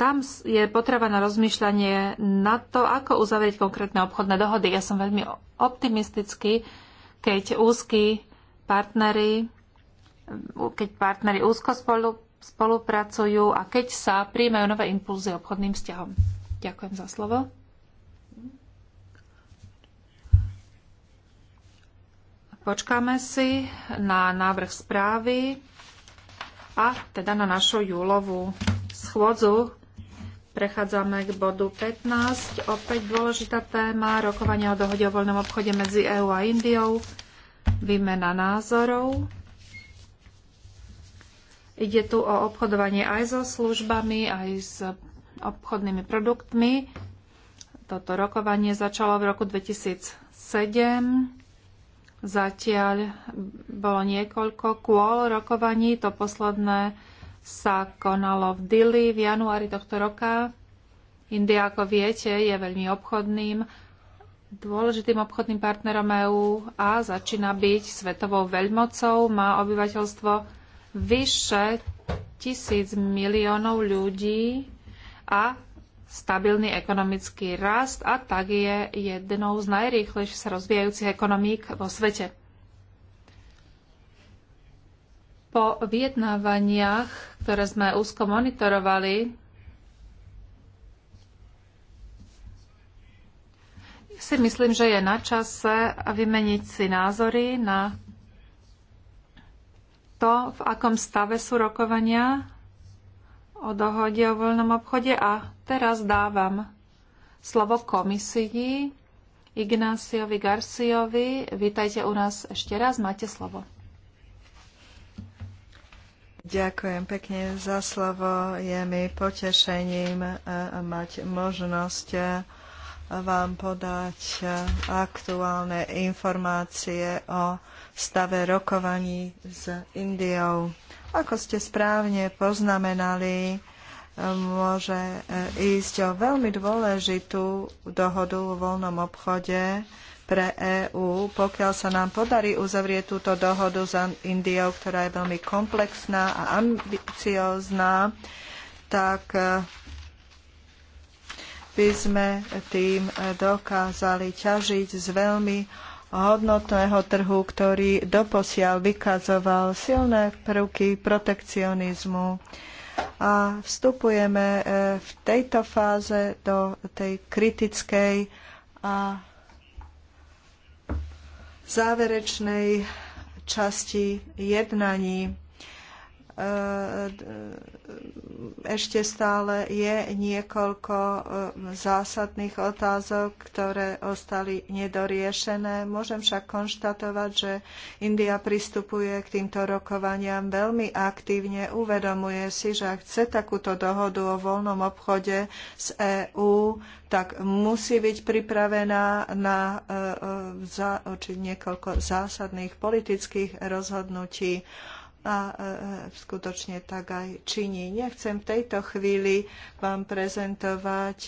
Speaker 2: tam je potreba na rozmýšľanie na to, ako uzavrieť konkrétne obchodné dohody. Ja som veľmi optimistický, keď úzky partnery, keď partnery úzko spolu spolupracujú a keď sa príjmajú nové impulzy obchodným vzťahom. Ďakujem za slovo. Počkáme si na návrh správy a teda na našu júlovú schôdzu. Prechádzame k bodu 15. Opäť dôležitá téma rokovania o dohode o voľnom obchode medzi EÚ a Indiou. Výmena názorov. Ide tu o obchodovanie aj so službami, aj s obchodnými produktmi. Toto rokovanie začalo v roku 2007. Zatiaľ bolo niekoľko kôl rokovaní. To posledné sa konalo v Dili v januári tohto roka. India, ako viete, je veľmi obchodným, dôležitým obchodným partnerom EÚ a začína byť svetovou veľmocou. Má obyvateľstvo vyše tisíc miliónov ľudí a stabilný ekonomický rast a tak je jednou z najrýchlejšie sa rozvíjajúcich ekonomík vo svete. Po vyjednávaniach, ktoré sme úzko monitorovali, si myslím, že je na čase vymeniť si názory na to, v akom stave sú rokovania o dohode o voľnom obchode a teraz dávam slovo komisii Ignáciovi Garciovi. Vítajte u nás ešte raz, máte slovo.
Speaker 1: Ďakujem pekne za slovo. Je mi potešením eh, mať možnosť eh, vám podať eh, aktuálne informácie o stave rokovaní s Indiou. Ako ste správne poznamenali, eh, môže eh, ísť o veľmi dôležitú dohodu o voľnom obchode pre EÚ, pokiaľ sa nám podarí uzavrieť túto dohodu s Indiou, ktorá je veľmi komplexná a ambiciózna, tak by sme tým dokázali ťažiť z veľmi hodnotného trhu, ktorý doposiaľ vykazoval silné prvky protekcionizmu. A vstupujeme e, v tejto fáze do tej kritickej a záverečnej časti jednaní Ehm, ešte stále je niekoľko ehm, zásadných otázok, ktoré ostali nedoriešené. Môžem však konštatovať, že India pristupuje k týmto rokovaniam veľmi aktívne, uvedomuje si, že ak chce takúto dohodu o voľnom obchode z EÚ, tak musí byť pripravená na ehm, za, niekoľko zásadných politických rozhodnutí a e, e, skutočne tak aj činí. Nechcem v tejto chvíli vám prezentovať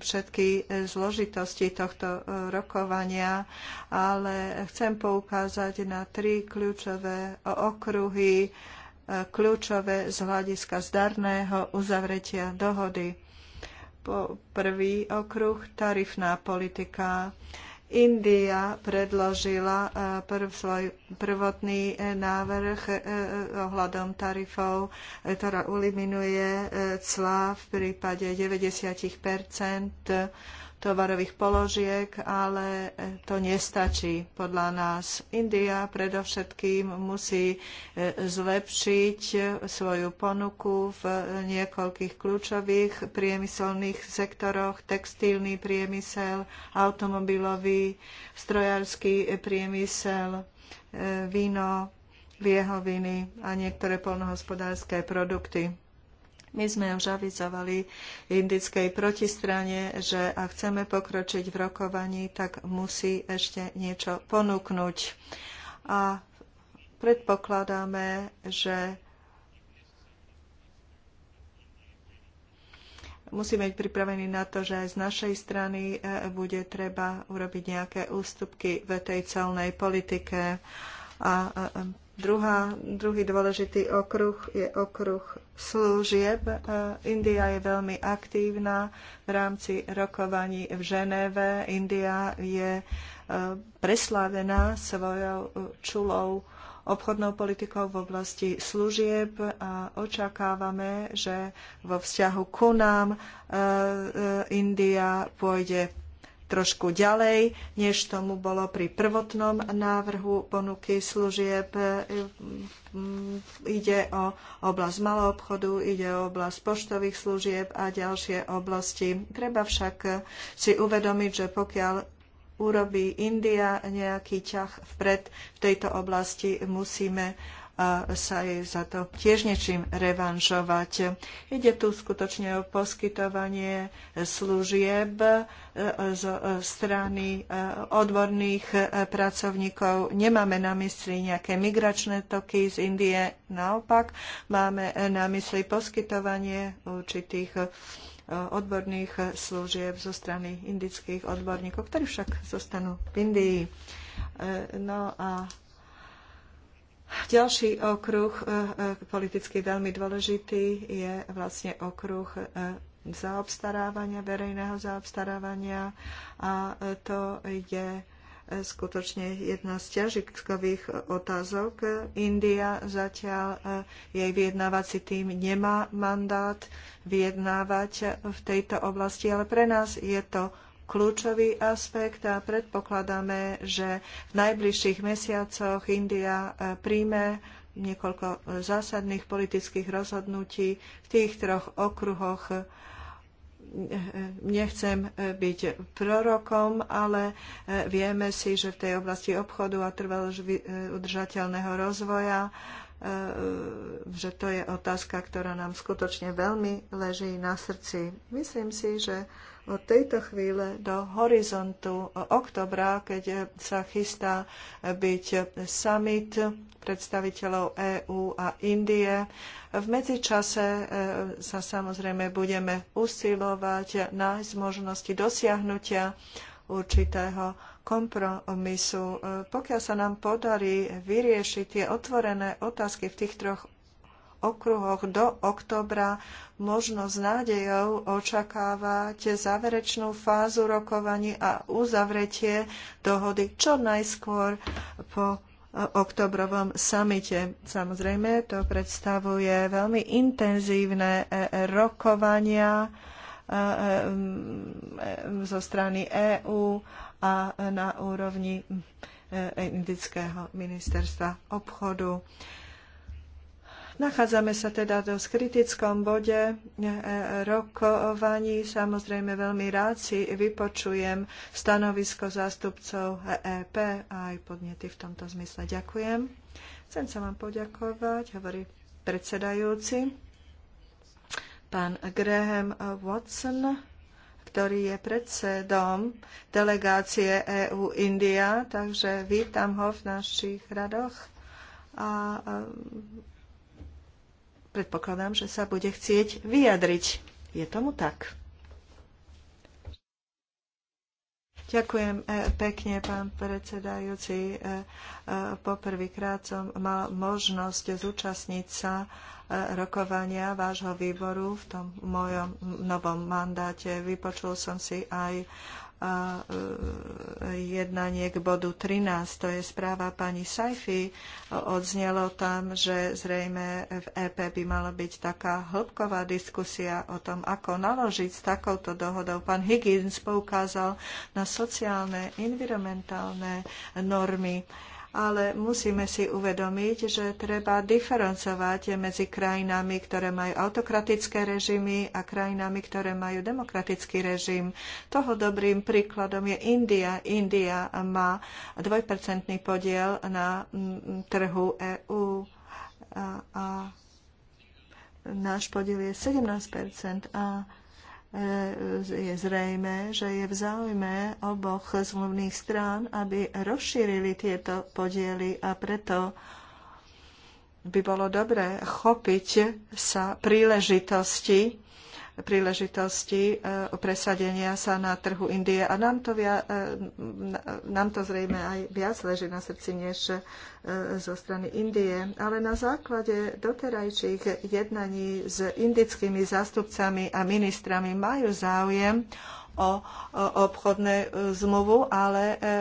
Speaker 1: všetky zložitosti tohto e, rokovania, ale chcem poukázať na tri kľúčové okruhy, kľúčové z hľadiska zdarného uzavretia dohody. Prvý okruh, tarifná politika. India predložila e, prv svoj prvotný e, návrh e, ohľadom tarifov, ktorá eliminuje clá v prípade 90 tovarových položiek, ale to nestačí podľa nás. India predovšetkým musí e, zlepšiť e, svoju ponuku v niekoľkých kľúčových priemyselných sektoroch, textilný priemysel, automobilový, strojársky priemysel, e, víno, liehoviny a niektoré polnohospodárske produkty my sme už avizovali indickej protistrane, že ak chceme pokročiť v rokovaní, tak musí ešte niečo ponúknuť. A predpokladáme, že musíme byť pripravení na to, že aj z našej strany e, bude treba urobiť nejaké ústupky v tej celnej politike a e, Druhá, druhý dôležitý okruh je okruh služieb. E, India je veľmi aktívna v rámci rokovaní v Ženeve. India je e, preslávená svojou e, čulou obchodnou politikou v oblasti služieb a očakávame, že vo vzťahu ku nám India pôjde trošku ďalej, než tomu bolo pri prvotnom návrhu ponuky služieb. Ide o oblasť maloobchodu, ide o oblasť poštových služieb a ďalšie oblasti. Treba však si uvedomiť, že pokiaľ urobí India nejaký ťah vpred v tejto oblasti, musíme a sa jej za to tiež niečím revanšovať. Ide tu skutočne o poskytovanie služieb e, zo strany e, odborných e, pracovníkov. Nemáme na mysli nejaké migračné toky z Indie, naopak máme na mysli poskytovanie určitých odborných služieb zo strany indických odborníkov, ktorí však zostanú v Indii. No a ďalší okruh, e, e, politicky veľmi dôležitý, je vlastne okruh e, zaobstarávania, verejného zaobstarávania a to je skutočne jedna z ťažiskových otázok. India zatiaľ jej vyjednávací tým nemá mandát vyjednávať v tejto oblasti, ale pre nás je to kľúčový aspekt a predpokladáme, že v najbližších mesiacoch India e, príjme niekoľko e, zásadných politických rozhodnutí v tých troch okruhoch. E, nechcem byť prorokom, ale vieme si, že v tej oblasti obchodu a trvalo udržateľného rozvoja že to je otázka, ktorá nám skutočne veľmi leží na srdci. Myslím si, že od tejto chvíle do horizontu oktobra, keď sa chystá byť summit predstaviteľov EÚ a Indie. V medzičase e, sa samozrejme budeme usilovať nájsť možnosti dosiahnutia určitého kompromisu. E, pokiaľ sa nám podarí vyriešiť tie otvorené otázky v tých troch okruhoch do oktobra možno s nádejou očakávať záverečnú fázu rokovaní a uzavretie dohody čo najskôr po e, oktobrovom samite. Samozrejme, to predstavuje veľmi intenzívne e, rokovania e, zo strany EÚ a na úrovni Indického ministerstva obchodu. Nachádzame sa teda v kritickom bode e, e, rokovaní. Samozrejme veľmi rád si vypočujem stanovisko zástupcov EP e a aj podnety v tomto zmysle. Ďakujem. Chcem sa vám poďakovať, hovorí predsedajúci. Pán Graham Watson, ktorý je predsedom delegácie EU-India, takže vítam ho v našich radoch a Predpokladám, že sa bude chcieť vyjadriť. Je tomu tak? Ďakujem e, pekne, pán predsedajúci. E, e, poprvýkrát som mal možnosť zúčastniť sa rokovania vášho výboru v tom mojom novom mandáte. Vypočul som si aj E, jednanie k bodu 13, to je správa pani Saifi. Odznelo tam, že zrejme v EP by mala byť taká hĺbková diskusia o tom, ako naložiť s takouto dohodou. Pán Higgins poukázal na sociálne, environmentálne normy ale musíme si uvedomiť, že treba diferencovať medzi krajinami, ktoré majú autokratické režimy a krajinami, ktoré majú demokratický režim. Toho dobrým príkladom je India. India má dvojpercentný podiel na mm, mm, trhu EÚ a, a náš podiel je 17 a E, je zrejme, že je v záujme oboch zmluvných strán, aby rozšírili tieto podiely a preto by bolo dobré chopiť sa príležitosti príležitosti e, presadenia sa na trhu Indie. A nám to, via, e, e, nám to zrejme aj viac leží na srdci než zo strany Indie. Ale na základe doterajších jednaní s indickými zástupcami a ministrami majú záujem o obchodné e, zmluvu, ale e, e,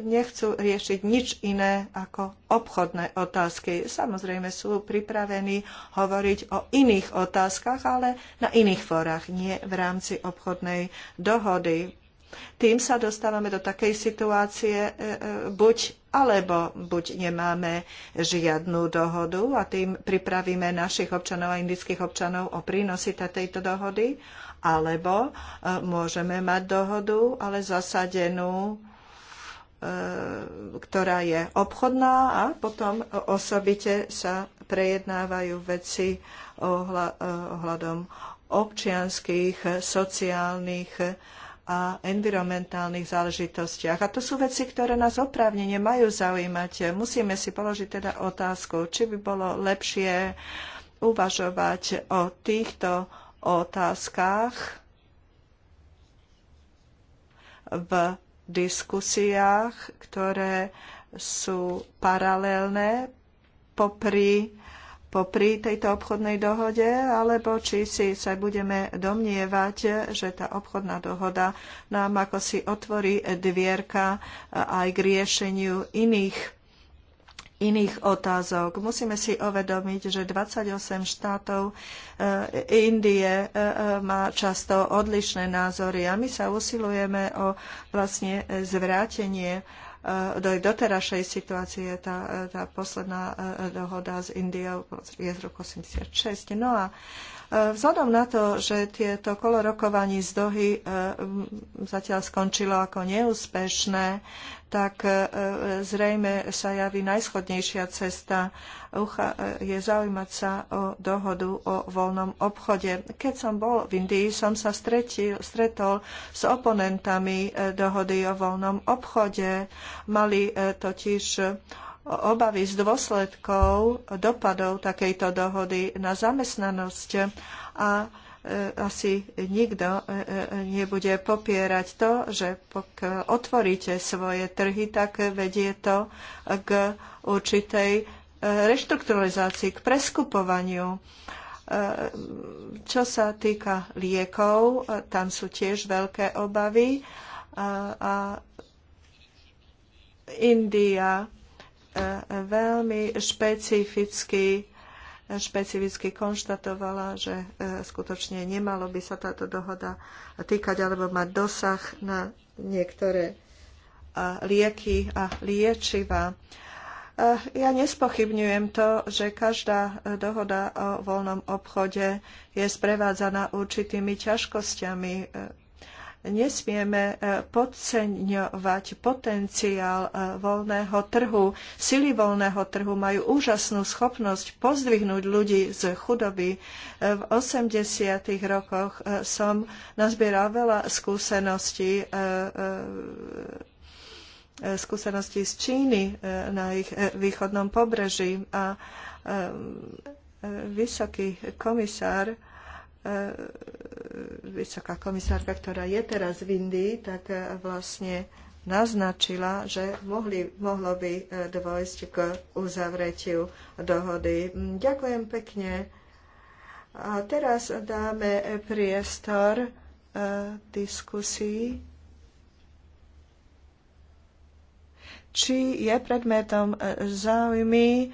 Speaker 1: nechcú riešiť nič iné ako obchodné otázky. Samozrejme sú pripravení hovoriť o iných otázkach, ale na iných fórach, nie v rámci obchodnej dohody. Tým sa dostávame do takej situácie buď alebo buď nemáme žiadnu dohodu a tým pripravíme našich občanov a indických občanov o prínosy tejto dohody, alebo e, môžeme mať dohodu, ale zasadenú e, ktorá je obchodná a potom osobite sa prejednávajú veci e, ohľadom občianských, sociálnych a environmentálnych záležitostiach. A to sú veci, ktoré nás oprávnene majú zaujímať. Musíme si položiť teda otázku, či by bolo lepšie uvažovať o týchto o otázkach v diskusiách, ktoré sú paralelné popri, popri tejto obchodnej dohode, alebo či si sa budeme domnievať, že tá obchodná dohoda nám ako si otvorí dvierka aj k riešeniu iných iných otázok. Musíme si uvedomiť, že 28 štátov eh, Indie eh, eh, má často odlišné názory a my sa usilujeme o vlastne zvrátenie do doterajšej situácie. Tá, tá posledná dohoda s Indiou je z roku 86. No a Vzhľadom na to, že tieto kolorokovanie z Dohy zatiaľ skončilo ako neúspešné, tak e, e, zrejme sa javí najschodnejšia cesta e, je zaujímať sa o dohodu o voľnom obchode. Keď som bol v Indii, som sa stretil, stretol s oponentami dohody o voľnom obchode. Mali totiž obavy z dôsledkov dopadov takejto dohody na zamestnanosť a asi nikto e, e, nebude popierať to, že pokiaľ otvoríte svoje trhy, tak vedie to k určitej e, reštrukturalizácii, k preskupovaniu. Čo sa týka liekov, tam sú tiež veľké obavy. A India veľmi špecificky špecificky konštatovala, že e, skutočne nemalo by sa táto dohoda týkať alebo mať dosah na niektoré e, lieky a liečiva. E, ja nespochybňujem to, že každá dohoda o voľnom obchode je sprevádzaná určitými ťažkosťami, Nesmieme e, podceňovať potenciál e, voľného trhu. Sily voľného trhu majú úžasnú schopnosť pozdvihnúť ľudí z chudoby. E, v 80. rokoch som nazbieral veľa skúseností skúsenosti z Číny na ich východnom pobreží a vysoký komisár E, vysoká komisárka, ktorá je teraz v Indii, tak e, vlastne naznačila, že mohli, mohlo by e, dôjsť k uzavretiu dohody. Ďakujem pekne. A teraz dáme priestor diskusii, či je predmetom záujmy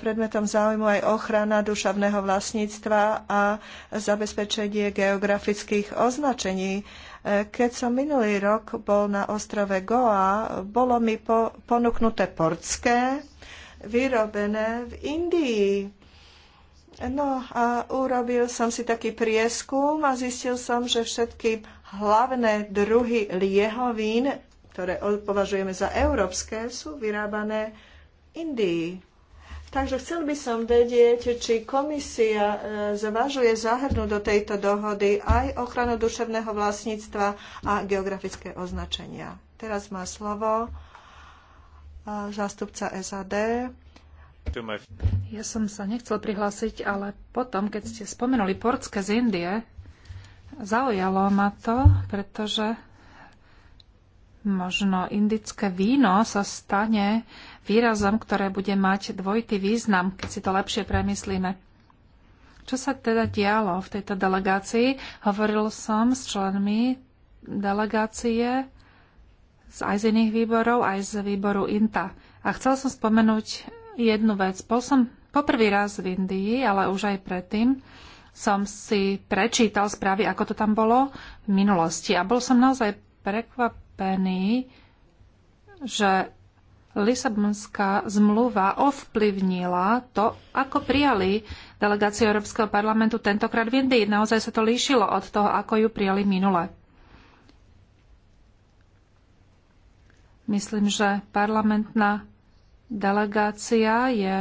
Speaker 1: predmetom záujmu aj ochrana duševného vlastníctva a zabezpečenie geografických označení. E, keď som minulý rok bol na ostrove Goa, bolo mi po, ponúknuté portské, vyrobené v Indii. No a urobil som si taký prieskum a zistil som, že všetky hlavné druhy liehovín, ktoré považujeme za európske, sú vyrábané v Indii. Takže chcel by som vedieť, či komisia e, zvažuje zahrnúť do tejto dohody aj ochranu duševného vlastníctva a geografické označenia. Teraz má slovo e, zástupca SAD. Ja som sa nechcel prihlásiť,
Speaker 2: ale potom, keď ste spomenuli portské z Indie, zaujalo ma to, pretože Možno indické víno sa stane výrazom, ktoré bude mať dvojitý význam, keď si to lepšie premyslíme. Čo sa teda dialo v tejto delegácii? Hovoril som s členmi delegácie aj z iných výborov, aj z výboru INTA. A chcel som spomenúť jednu vec. Bol som poprvý raz v Indii, ale už aj predtým som si prečítal správy, ako to tam bolo v minulosti. A bol som naozaj prekvapený prekvapený, že Lisabonská zmluva ovplyvnila to, ako prijali delegáciu Európskeho parlamentu tentokrát v Indii. Naozaj sa to líšilo od toho, ako ju prijali minule. Myslím, že parlamentná delegácia je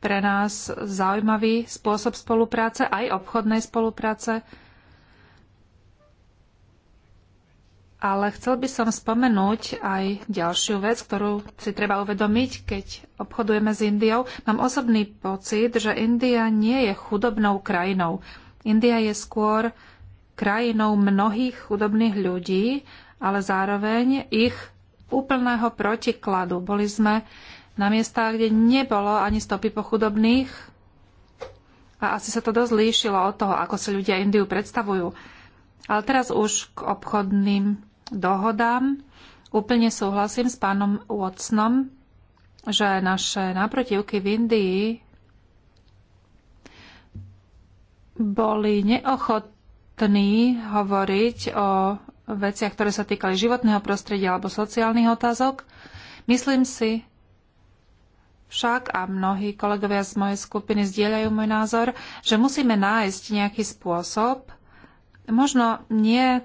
Speaker 2: pre nás zaujímavý spôsob spolupráce, aj obchodnej spolupráce Ale chcel by som spomenúť aj ďalšiu vec, ktorú si treba uvedomiť, keď obchodujeme s Indiou. Mám osobný pocit, že India nie je chudobnou krajinou. India je skôr krajinou mnohých chudobných ľudí, ale zároveň ich úplného protikladu. Boli sme na miestach, kde nebolo ani stopy po chudobných a asi sa to dosť líšilo od toho, ako si ľudia Indiu predstavujú. Ale teraz už k obchodným dohodám. Úplne súhlasím s pánom Watsonom, že naše naprotivky v Indii boli neochotní hovoriť o veciach, ktoré sa týkali životného prostredia alebo sociálnych otázok. Myslím si však, a mnohí kolegovia z mojej skupiny zdieľajú môj názor, že musíme nájsť nejaký spôsob, možno nie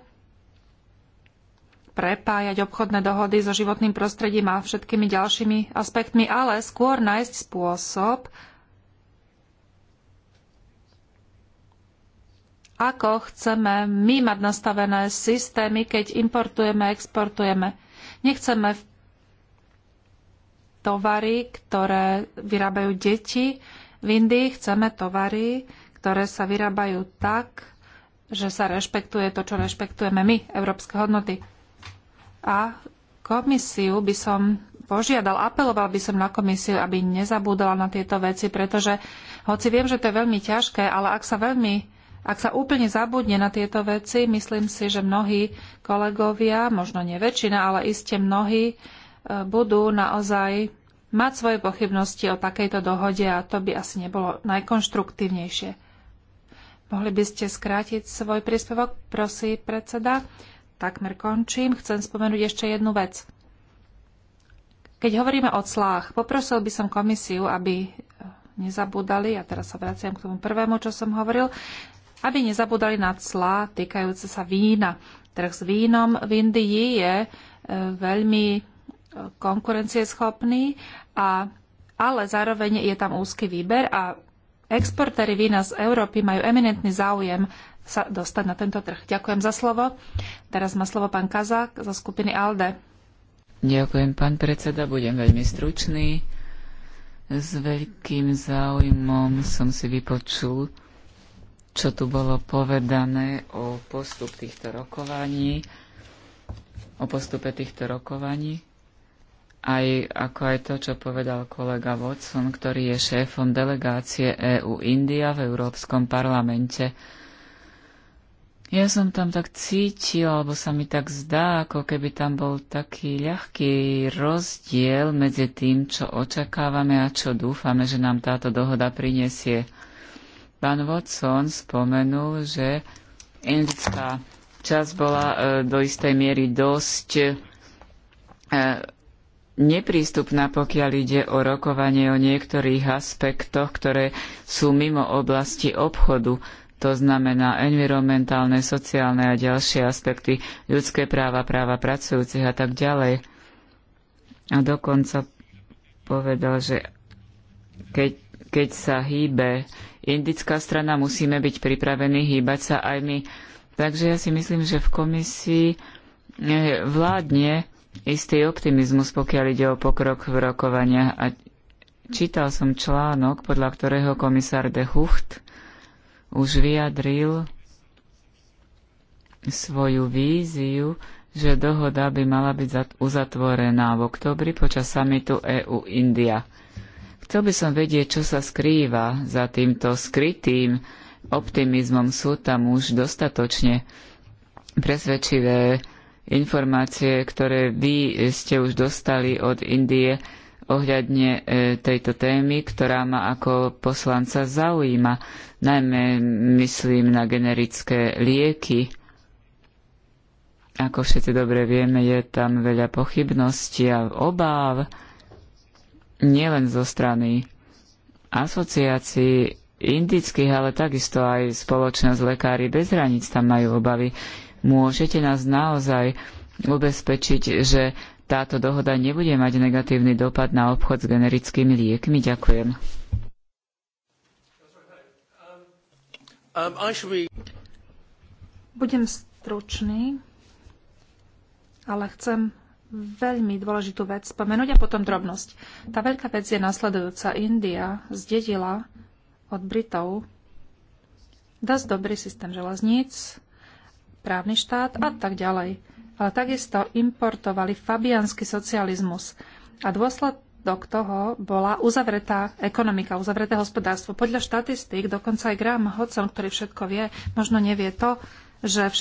Speaker 2: prepájať obchodné dohody so životným prostredím a všetkými ďalšími aspektmi, ale skôr nájsť spôsob, ako chceme my mať nastavené systémy, keď importujeme, exportujeme. Nechceme tovary, ktoré vyrábajú deti v Indii, chceme tovary, ktoré sa vyrábajú tak, že sa rešpektuje to, čo rešpektujeme my, európske hodnoty. A komisiu by som požiadal, apeloval by som na komisiu, aby nezabúdala na tieto veci, pretože hoci viem, že to je veľmi ťažké, ale ak sa veľmi ak sa úplne zabudne na tieto veci, myslím si, že mnohí kolegovia, možno nie väčšina, ale iste mnohí, e, budú naozaj mať svoje pochybnosti o takejto dohode a to by asi nebolo najkonštruktívnejšie. Mohli by ste skrátiť svoj príspevok, prosí predseda takmer končím, chcem spomenúť ešte jednu vec. Keď hovoríme o clách, poprosil by som komisiu, aby e, nezabúdali, a teraz sa vraciam k tomu prvému, čo som hovoril, aby nezabúdali na clá týkajúce sa vína. Trh s vínom v Indii je e, veľmi e, konkurencieschopný, a, ale zároveň je tam úzky výber a exportéry vína z Európy majú eminentný záujem sa dostať na tento trh. Ďakujem za slovo. Teraz má slovo pán Kazák zo skupiny ALDE.
Speaker 3: Ďakujem, pán predseda, budem veľmi stručný. S veľkým záujmom som si vypočul, čo tu bolo povedané o postup týchto rokovaní, o postupe týchto rokovaní, aj ako aj to, čo povedal kolega Watson, ktorý je šéfom delegácie EU India v Európskom parlamente. Ja som tam tak cítil, alebo sa mi tak zdá, ako keby tam bol taký ľahký rozdiel medzi tým, čo očakávame a čo dúfame, že nám táto dohoda prinesie. Pán Watson spomenul, že indická čas bola e, do istej miery dosť e, neprístupná, pokiaľ ide o rokovanie o niektorých aspektoch, ktoré sú mimo oblasti obchodu to znamená environmentálne, sociálne a ďalšie aspekty, ľudské práva, práva pracujúcich a tak ďalej. A dokonca povedal, že keď, keď sa hýbe indická strana, musíme byť pripravení hýbať sa aj my. Takže ja si myslím, že v komisii eh, vládne istý optimizmus, pokiaľ ide o pokrok v rokovaniach. A čítal som článok, podľa ktorého komisár de Hucht už vyjadril svoju víziu, že dohoda by mala byť uzatvorená v oktobri počas samitu EU-India. Chcel by som vedieť, čo sa skrýva za týmto skrytým optimizmom. Sú tam už dostatočne presvedčivé informácie, ktoré vy ste už dostali od Indie ohľadne e, tejto témy, ktorá ma ako poslanca zaujíma. Najmä myslím na generické lieky. Ako všetci dobre vieme, je tam veľa pochybností a obáv, nielen zo strany asociácií indických, ale takisto aj spoločnosť Lekári bez hraníc tam majú obavy. Môžete nás naozaj ubezpečiť, že táto dohoda nebude mať negatívny dopad na obchod s generickými liekmi? Ďakujem.
Speaker 2: Um, Budem stručný, ale chcem veľmi dôležitú vec spomenúť a potom drobnosť. Tá veľká vec je nasledujúca. India zdedila od Britov dosť dobrý systém železníc, právny štát a tak ďalej ale takisto importovali fabiansky socializmus. A dôsledok toho bola uzavretá ekonomika, uzavreté hospodárstvo. Podľa štatistík, dokonca aj Graham Hodson, ktorý všetko vie, možno nevie to, že v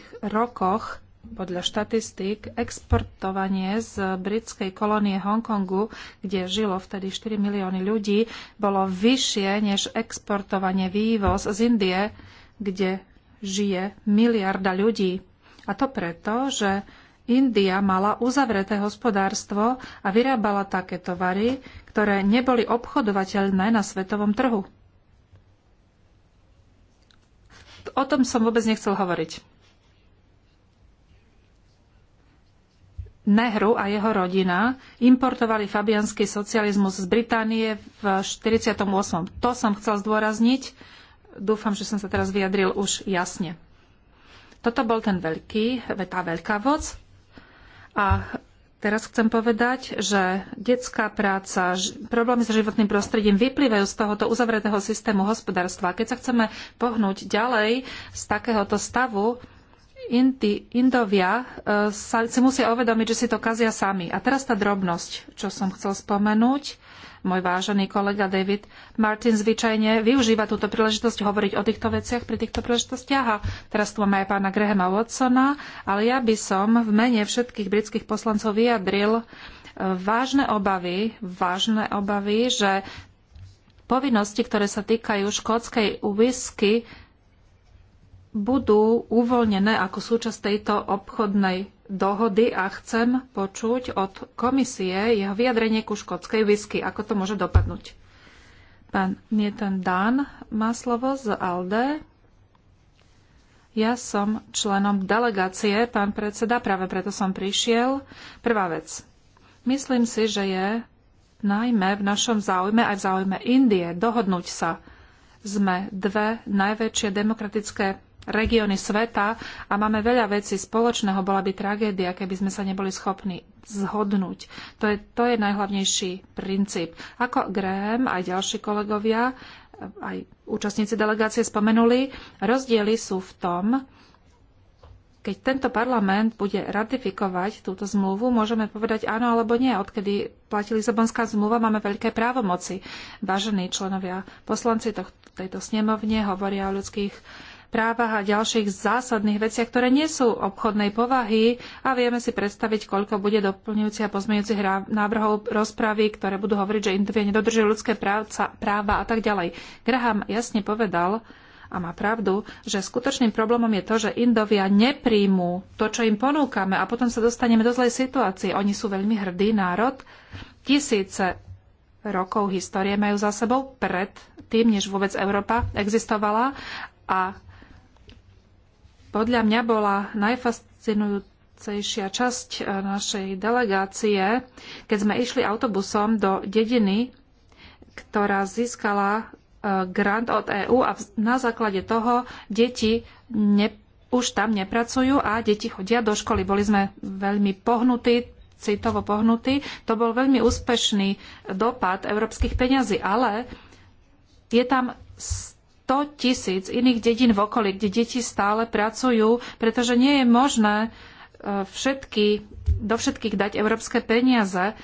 Speaker 2: 60. rokoch podľa štatistík exportovanie z britskej kolónie Hongkongu, kde žilo vtedy 4 milióny ľudí, bolo vyššie než exportovanie vývoz z Indie, kde žije miliarda ľudí. A to preto, že India mala uzavreté hospodárstvo a vyrábala také tovary, ktoré neboli obchodovateľné na svetovom trhu. O tom som vôbec nechcel hovoriť. Nehru a jeho rodina importovali fabianský socializmus z Británie v 48. To som chcel zdôrazniť. Dúfam, že som sa teraz vyjadril už jasne. Toto bol ten veľký, tá veľká voc. A teraz chcem povedať, že detská práca, problémy s životným prostredím vyplývajú z tohoto uzavretého systému hospodárstva. Keď sa chceme pohnúť ďalej z takéhoto stavu, Indovia e, sa, si musia uvedomiť, že si to kazia sami. A teraz tá drobnosť, čo som chcel spomenúť. Môj vážený kolega David Martin zvyčajne využíva túto príležitosť hovoriť o týchto veciach pri týchto príležitostiach. A teraz tu máme aj pána Grahama Watsona, ale ja by som v mene všetkých britských poslancov vyjadril e, vážne obavy, vážne obavy, že povinnosti, ktoré sa týkajú škótskej whisky, budú uvoľnené ako súčasť tejto obchodnej dohody a chcem počuť od komisie jeho vyjadrenie ku škótskej whisky, ako to môže dopadnúť. Pán Nietan Dan má slovo z ALDE. Ja som členom delegácie, pán predseda, práve preto som prišiel. Prvá vec. Myslím si, že je najmä v našom záujme aj v záujme Indie dohodnúť sa. Sme dve najväčšie demokratické regióny sveta a máme veľa vecí spoločného. Bola by tragédia, keby sme sa neboli schopní zhodnúť. To je, to je najhlavnejší princíp. Ako Graham, aj ďalší kolegovia, aj účastníci delegácie spomenuli, rozdiely sú v tom, keď tento parlament bude ratifikovať túto zmluvu, môžeme povedať áno alebo nie. Odkedy platí Lisabonská zmluva, máme veľké právomoci. Vážení členovia poslanci tohto, tejto snemovne hovoria o ľudských právach a ďalších zásadných veciach, ktoré nie sú obchodnej povahy a vieme si predstaviť, koľko bude doplňujúci a pozmeňujúci návrhov rozpravy, ktoré budú hovoriť, že Indovia nedodržujú ľudské práca, práva a tak ďalej. Graham jasne povedal, a má pravdu, že skutočným problémom je to, že Indovia nepríjmú to, čo im ponúkame a potom sa dostaneme do zlej situácie. Oni sú veľmi hrdý národ. Tisíce rokov histórie majú za sebou pred tým, než vôbec Európa existovala a podľa mňa bola najfascinujúcejšia časť e, našej delegácie, keď sme išli autobusom do dediny, ktorá získala e, grant od EÚ a na základe toho deti ne, už tam nepracujú a deti chodia do školy. Boli sme veľmi pohnutí, citovo pohnutí. To bol veľmi úspešný dopad európskych peňazí, ale je tam 100 tisíc iných dedín v okolí, kde deti stále pracujú, pretože nie je možné e, všetky, do všetkých dať európske peniaze.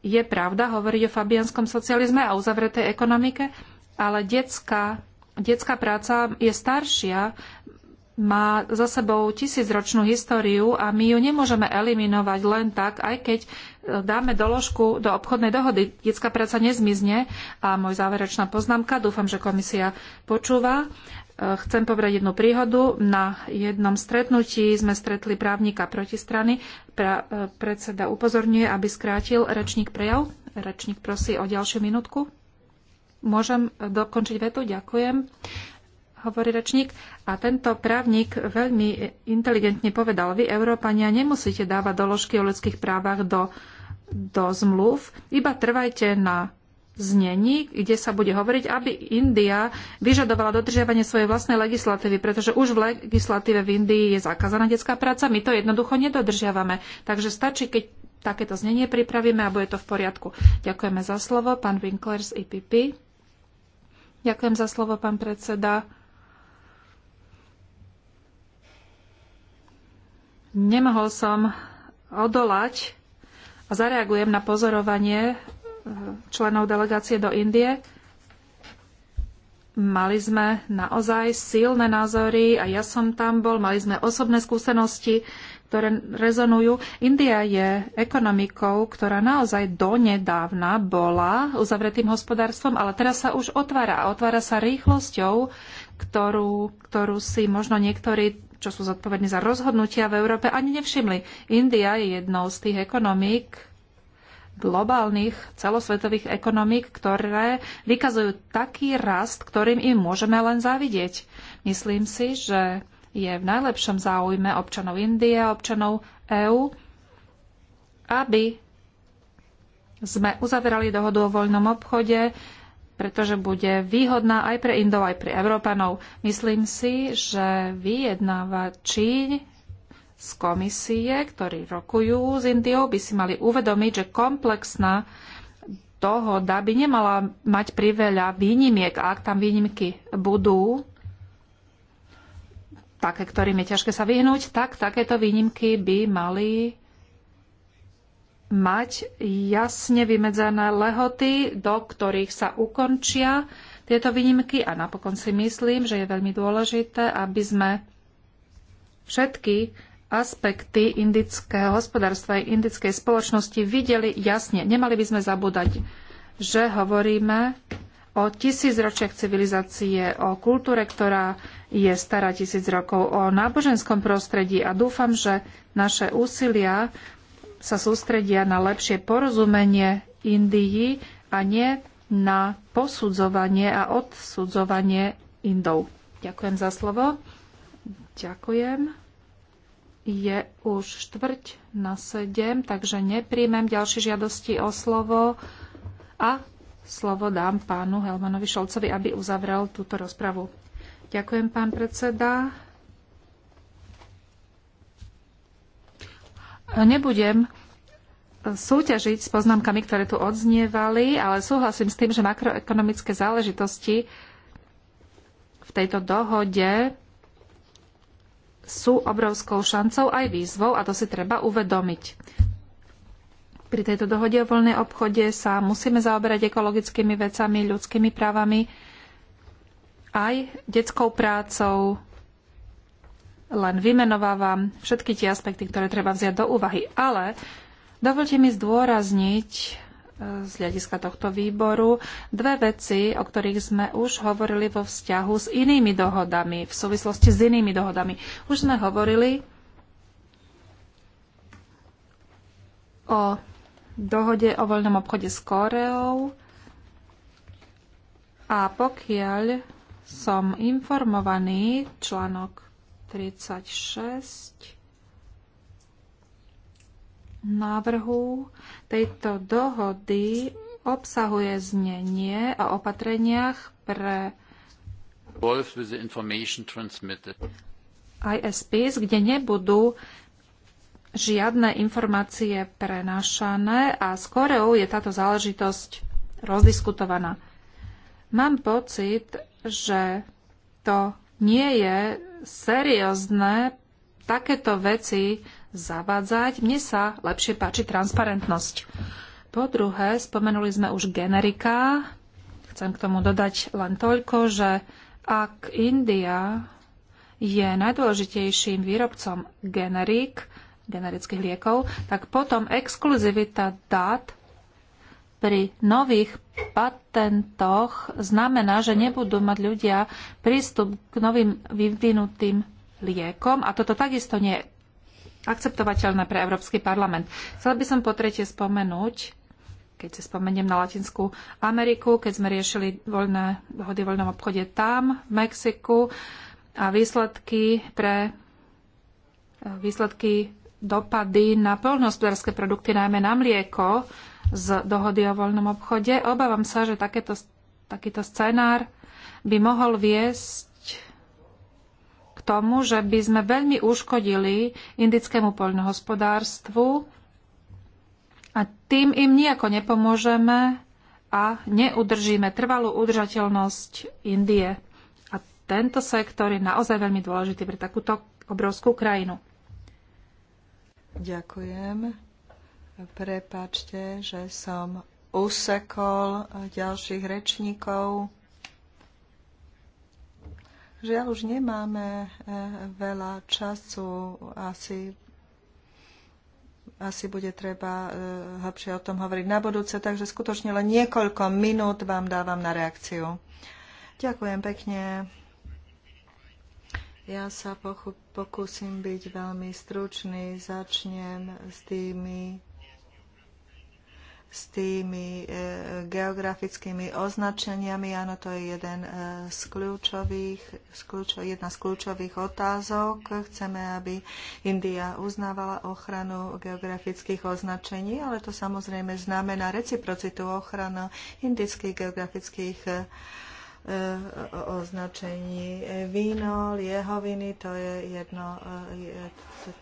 Speaker 2: Je pravda hovoriť o fabianskom socializme a uzavretej ekonomike, ale detská, detská práca je staršia, má za sebou tisícročnú históriu a my ju nemôžeme eliminovať len tak, aj keď dáme doložku do obchodnej dohody. Detská práca nezmizne a môj záverečná poznámka, dúfam, že komisia počúva. E, chcem povedať jednu príhodu. Na jednom stretnutí sme stretli právnika protistrany. Pra, e, predseda upozorňuje, aby skrátil rečník prejav. Rečník prosí o ďalšiu minútku. Môžem dokončiť vetu? Ďakujem hovorí rečník. A tento právnik veľmi inteligentne povedal, vy, Európania, nemusíte dávať doložky o ľudských právach do do zmluv, iba trvajte na znení, kde sa bude hovoriť, aby India vyžadovala dodržiavanie svojej vlastnej legislatívy, pretože už v legislatíve v Indii je zakázaná detská práca, my to jednoducho nedodržiavame. Takže stačí, keď takéto znenie pripravíme a bude to v poriadku. Ďakujeme za slovo, pán Winkler z IPP. Ďakujem za slovo, pán predseda. Nemohol som odolať a zareagujem na pozorovanie eh, členov delegácie do Indie. Mali sme naozaj silné názory a ja som tam bol, mali sme osobné skúsenosti, ktoré rezonujú. India je ekonomikou, ktorá naozaj donedávna bola uzavretým hospodárstvom, ale teraz sa už otvára a otvára sa rýchlosťou, ktorú, ktorú si možno niektorí čo sú zodpovední za rozhodnutia v Európe, ani nevšimli. India je jednou z tých ekonomík, globálnych celosvetových ekonomík, ktoré vykazujú taký rast, ktorým im môžeme len závidieť. Myslím si, že je v najlepšom záujme občanov Indie a občanov EÚ, aby sme uzaverali dohodu o voľnom obchode, pretože bude výhodná aj pre Indov, aj pre Európanov. Myslím si, že vyjednávači z komisie, ktorí rokujú s Indiou, by si mali uvedomiť, že komplexná dohoda by nemala mať priveľa výnimiek. A ak tam výnimky budú, také, ktorým je ťažké sa vyhnúť, tak takéto výnimky by mali mať jasne vymedzené lehoty, do ktorých sa ukončia tieto výnimky a napokon si myslím, že je veľmi dôležité, aby sme všetky aspekty indického hospodárstva a indickej spoločnosti videli jasne. Nemali by sme zabúdať, že hovoríme o tisícročiach civilizácie, o kultúre, ktorá je stará tisíc rokov, o náboženskom prostredí a dúfam, že naše úsilia sa sústredia na lepšie porozumenie Indii a nie na posudzovanie a odsudzovanie Indov. Ďakujem za slovo. Ďakujem. Je už štvrť na sedem, takže nepríjmem ďalšie žiadosti o slovo a slovo dám pánu Helmanovi Šolcovi, aby uzavrel túto rozpravu. Ďakujem, pán predseda. Nebudem súťažiť s poznámkami, ktoré tu odznievali, ale súhlasím s tým, že makroekonomické záležitosti v tejto dohode sú obrovskou šancou aj výzvou a to si treba uvedomiť. Pri tejto dohode o voľnej obchode sa musíme zaoberať ekologickými vecami, ľudskými právami, aj detskou prácou, len vymenovávam všetky tie aspekty, ktoré treba vziať do úvahy. Ale Dovolte mi zdôrazniť e, z hľadiska tohto výboru dve veci, o ktorých sme už hovorili vo vzťahu s inými dohodami, v súvislosti s inými dohodami. Už sme hovorili o dohode o voľnom obchode s Koreou a pokiaľ som informovaný, článok 36 návrhu tejto dohody obsahuje znenie o opatreniach pre ISPs, kde nebudú žiadne informácie prenášané a s Koreou je táto záležitosť rozdiskutovaná. Mám pocit, že to nie je seriózne takéto veci zavádzať. Mne sa lepšie páči transparentnosť. Po druhé, spomenuli sme už generika. Chcem k tomu dodať len toľko, že ak India je najdôležitejším výrobcom generik generických liekov, tak potom exkluzivita dát pri nových patentoch znamená, že nebudú mať ľudia prístup k novým vyvinutým liekom a toto takisto nie je akceptovateľné pre Európsky parlament. Chcel by som po tretie spomenúť, keď sa spomeniem na Latinskú Ameriku, keď sme riešili voľné, dohody o voľnom obchode tam, v Mexiku a výsledky pre e, výsledky dopady na poľnohospodárske produkty, najmä na mlieko z dohody o voľnom obchode. Obávam sa, že takéto, takýto scenár by mohol viesť tomu, že by sme veľmi uškodili indickému poľnohospodárstvu a tým im nejako nepomôžeme a neudržíme trvalú udržateľnosť Indie. A tento sektor je naozaj veľmi dôležitý pre takúto obrovskú
Speaker 1: krajinu. Ďakujem. Prepačte, že som usekol ďalších rečníkov. Žiaľ, už nemáme e, veľa času. Asi, asi bude treba e, hlbšie o tom hovoriť na budúce, takže skutočne len niekoľko minút vám dávam na reakciu. Ďakujem pekne. Ja sa pokúsim byť veľmi stručný. Začnem s tými s tými e, geografickými označeniami. Áno, to je jeden e, z kľúčových, z kľúčo, jedna z kľúčových otázok. Chceme, aby India uznávala ochranu geografických označení, ale to samozrejme znamená reciprocitu ochranu indických geografických označení Eh, označení víno, liehoviny, to je jedno, eh,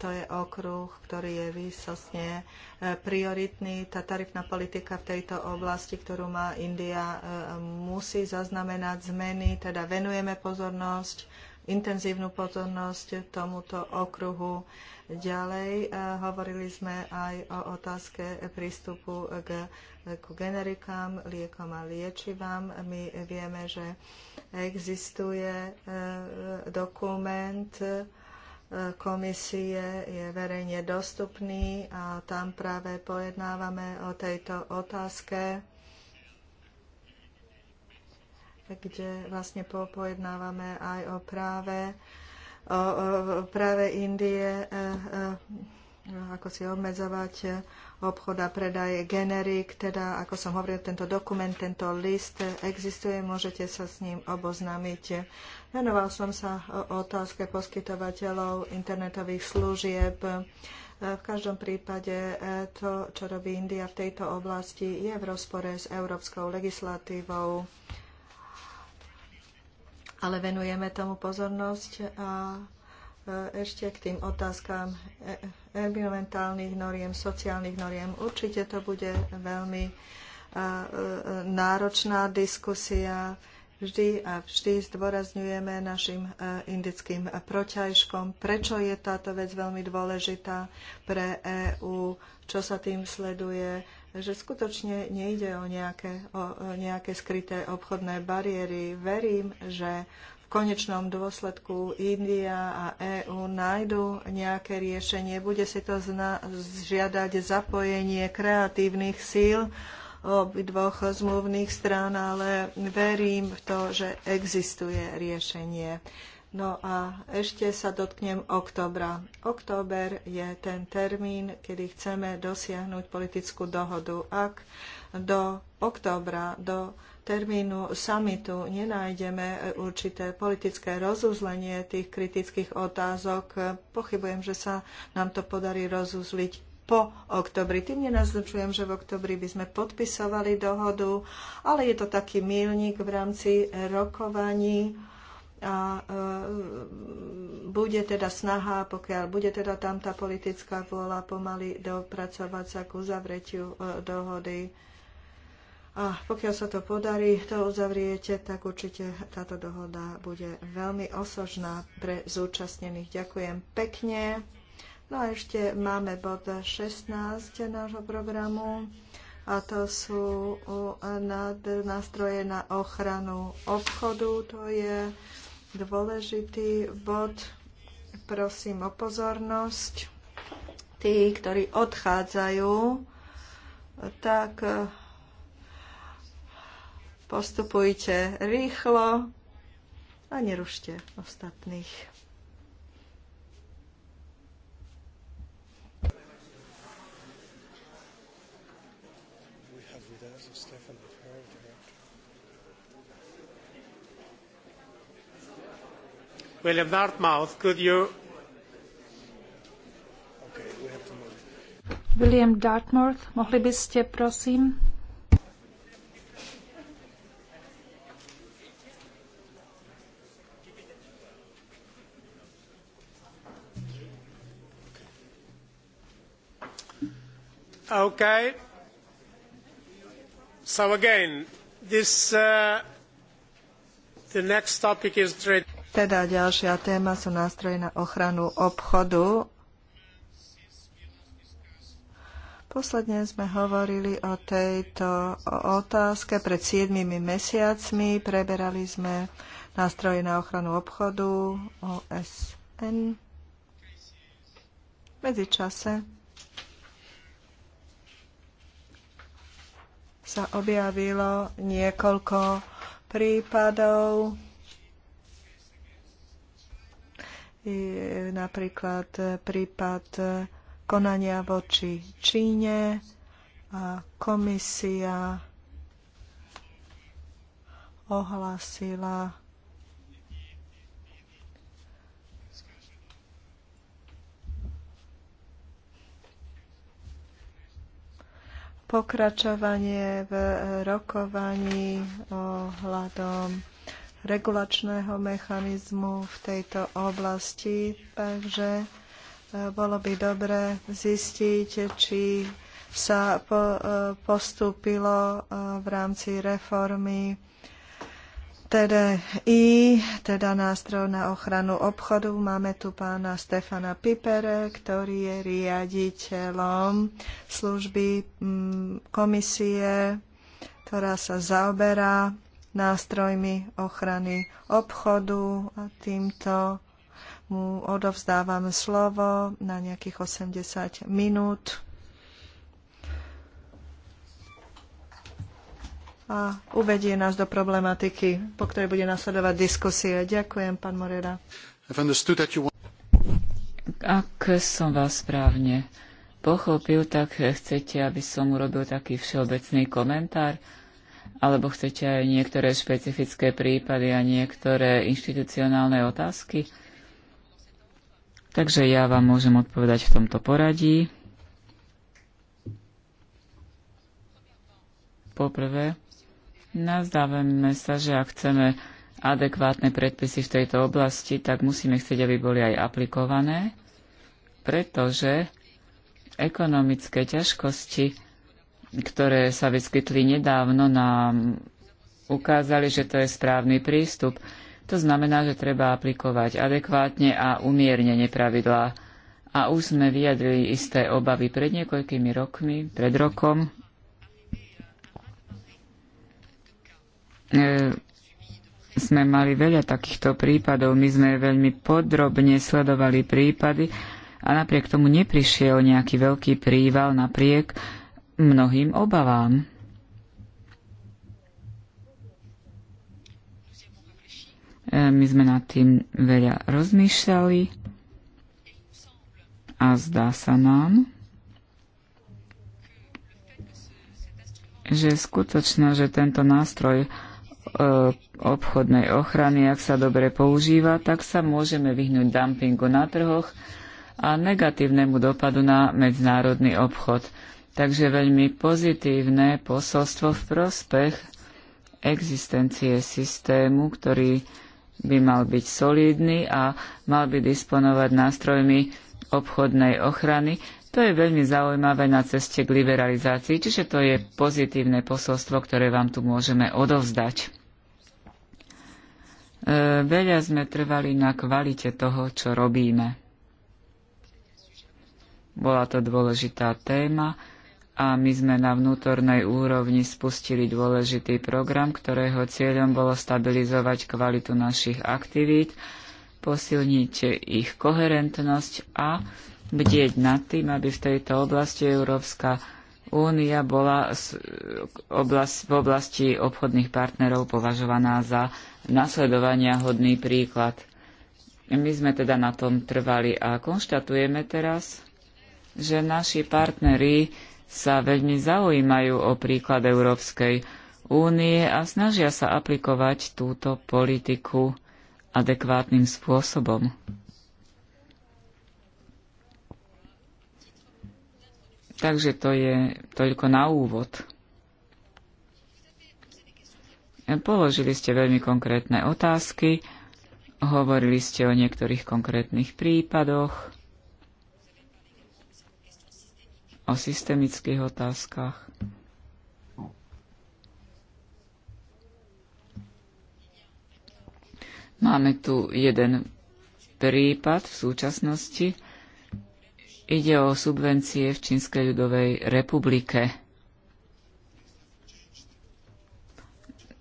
Speaker 1: to je okruh, ktorý je výsostne eh, prioritný. Tá tarifná politika v tejto oblasti, ktorú má India, musí zaznamenať zmeny, teda venujeme pozornosť, intenzívnu pozornosť tomuto okruhu. Ďalej hovorili sme aj o otázke prístupu k k generikám, liekom a liečivám. My vieme, že existuje e, dokument e, komisie, je verejne dostupný a tam práve pojednávame o tejto otázke kde vlastne pojednávame aj o práve, o, o práve Indie, e, ako si obmedzovať obchod a predaj generík, teda ako som hovoril, tento dokument, tento list existuje, môžete sa s ním oboznámiť. Venoval som sa o otázke poskytovateľov internetových služieb. V každom prípade eh, to, čo robí India v tejto oblasti, je v rozpore s európskou legislatívou. Ale venujeme tomu pozornosť a eh, ešte k tým otázkam eh, environmentálnych noriem, sociálnych noriem. Určite to bude veľmi náročná diskusia. Vždy a vždy zdôrazňujeme našim indickým proťažkom, prečo je táto vec veľmi dôležitá pre EÚ, čo sa tým sleduje, že skutočne nejde o nejaké, o nejaké skryté obchodné bariéry. Verím, že konečnom dôsledku India a EÚ nájdu nejaké riešenie. Bude si to zna- žiadať zapojenie kreatívnych síl obidvoch zmluvných strán, ale verím v to, že existuje riešenie. No a ešte sa dotknem oktobra. Október je ten termín, kedy chceme dosiahnuť politickú dohodu. Ak do októbra, do termínu samitu nenájdeme určité politické rozuzlenie tých kritických otázok. Pochybujem, že sa nám to podarí rozuzliť po oktobri. Tým nenaznačujem, že v oktobri by sme podpisovali dohodu, ale je to taký milník v rámci rokovaní a e, bude teda snaha, pokiaľ bude teda tam tá politická vôľa pomaly dopracovať sa k uzavretiu e, dohody a pokiaľ sa to podarí, to uzavriete, tak určite táto dohoda bude veľmi osožná pre zúčastnených. Ďakujem pekne. No a ešte máme bod 16 nášho programu a to sú nástroje na ochranu obchodu. To je dôležitý bod. Prosím o pozornosť. Tí, ktorí odchádzajú, tak Postupujte rýchlo a nerušte ostatných.
Speaker 2: William Dartmouth, could you William Dartmouth, mohli by ste prosím Okay. So again, this, uh, the next topic is trade.
Speaker 1: Teda ďalšia téma sú nástroje na ochranu obchodu. Posledne sme hovorili o tejto otázke pred 7 mesiacmi. Preberali sme nástroje na ochranu obchodu OSN. Medzičase sa objavilo niekoľko prípadov, napríklad prípad konania voči Číne a komisia ohlasila pokračovanie v eh, rokovaní ohľadom regulačného mechanizmu v tejto oblasti, takže eh, bolo by dobre zistiť, či sa eh, postúpilo v rámci reformy TDI, teda nástroj na ochranu obchodu. Máme tu pána Stefana Pipere, ktorý je riaditeľom služby mm, komisie, ktorá sa zaoberá nástrojmi ochrany obchodu a týmto mu odovzdávam slovo na nejakých 80 minút. a uvedie nás do problematiky, po ktorej bude nasledovať diskusie. Ďakujem, pán Morera.
Speaker 3: Ak som vás správne pochopil, tak chcete, aby som urobil taký všeobecný komentár, alebo chcete aj niektoré špecifické prípady a niektoré inštitucionálne otázky? Takže ja vám môžem odpovedať v tomto poradí. Poprvé, Nazdávame sa, že ak chceme adekvátne predpisy v tejto oblasti, tak musíme chcieť, aby boli aj aplikované, pretože ekonomické ťažkosti, ktoré sa vyskytli nedávno, nám ukázali, že to je správny prístup. To znamená, že treba aplikovať adekvátne a umiernene pravidlá. A už sme vyjadrili isté obavy pred niekoľkými rokmi, pred rokom, E, sme mali veľa takýchto prípadov. My sme veľmi podrobne sledovali prípady a napriek tomu neprišiel nejaký veľký príval napriek mnohým obavám. E, my sme nad tým veľa rozmýšľali a zdá sa nám, že skutočno, že tento nástroj E, obchodnej ochrany, ak sa dobre používa, tak sa môžeme vyhnúť dumpingu na trhoch a negatívnemu dopadu na medzinárodný obchod. Takže veľmi pozitívne posolstvo v prospech existencie systému, ktorý by mal byť solidný a mal by disponovať nástrojmi obchodnej ochrany. To je veľmi zaujímavé na ceste k liberalizácii, čiže to je pozitívne posolstvo, ktoré vám tu môžeme odovzdať. E, veľa sme trvali na kvalite toho, čo robíme. Bola to dôležitá téma a my sme na vnútornej úrovni spustili dôležitý program, ktorého cieľom bolo stabilizovať kvalitu našich aktivít, posilniť ich koherentnosť a bdieť nad tým, aby v tejto oblasti Európska Únia bola v oblasti obchodných partnerov považovaná za nasledovania hodný príklad. My sme teda na tom trvali a konštatujeme teraz, že naši partneri sa veľmi zaujímajú o príklad Európskej únie a snažia sa aplikovať túto politiku adekvátnym spôsobom. Takže to je toľko na úvod. Položili ste veľmi konkrétne otázky, hovorili ste o niektorých konkrétnych prípadoch, o systemických otázkach. Máme tu jeden prípad v súčasnosti, Ide o subvencie v Čínskej ľudovej republike.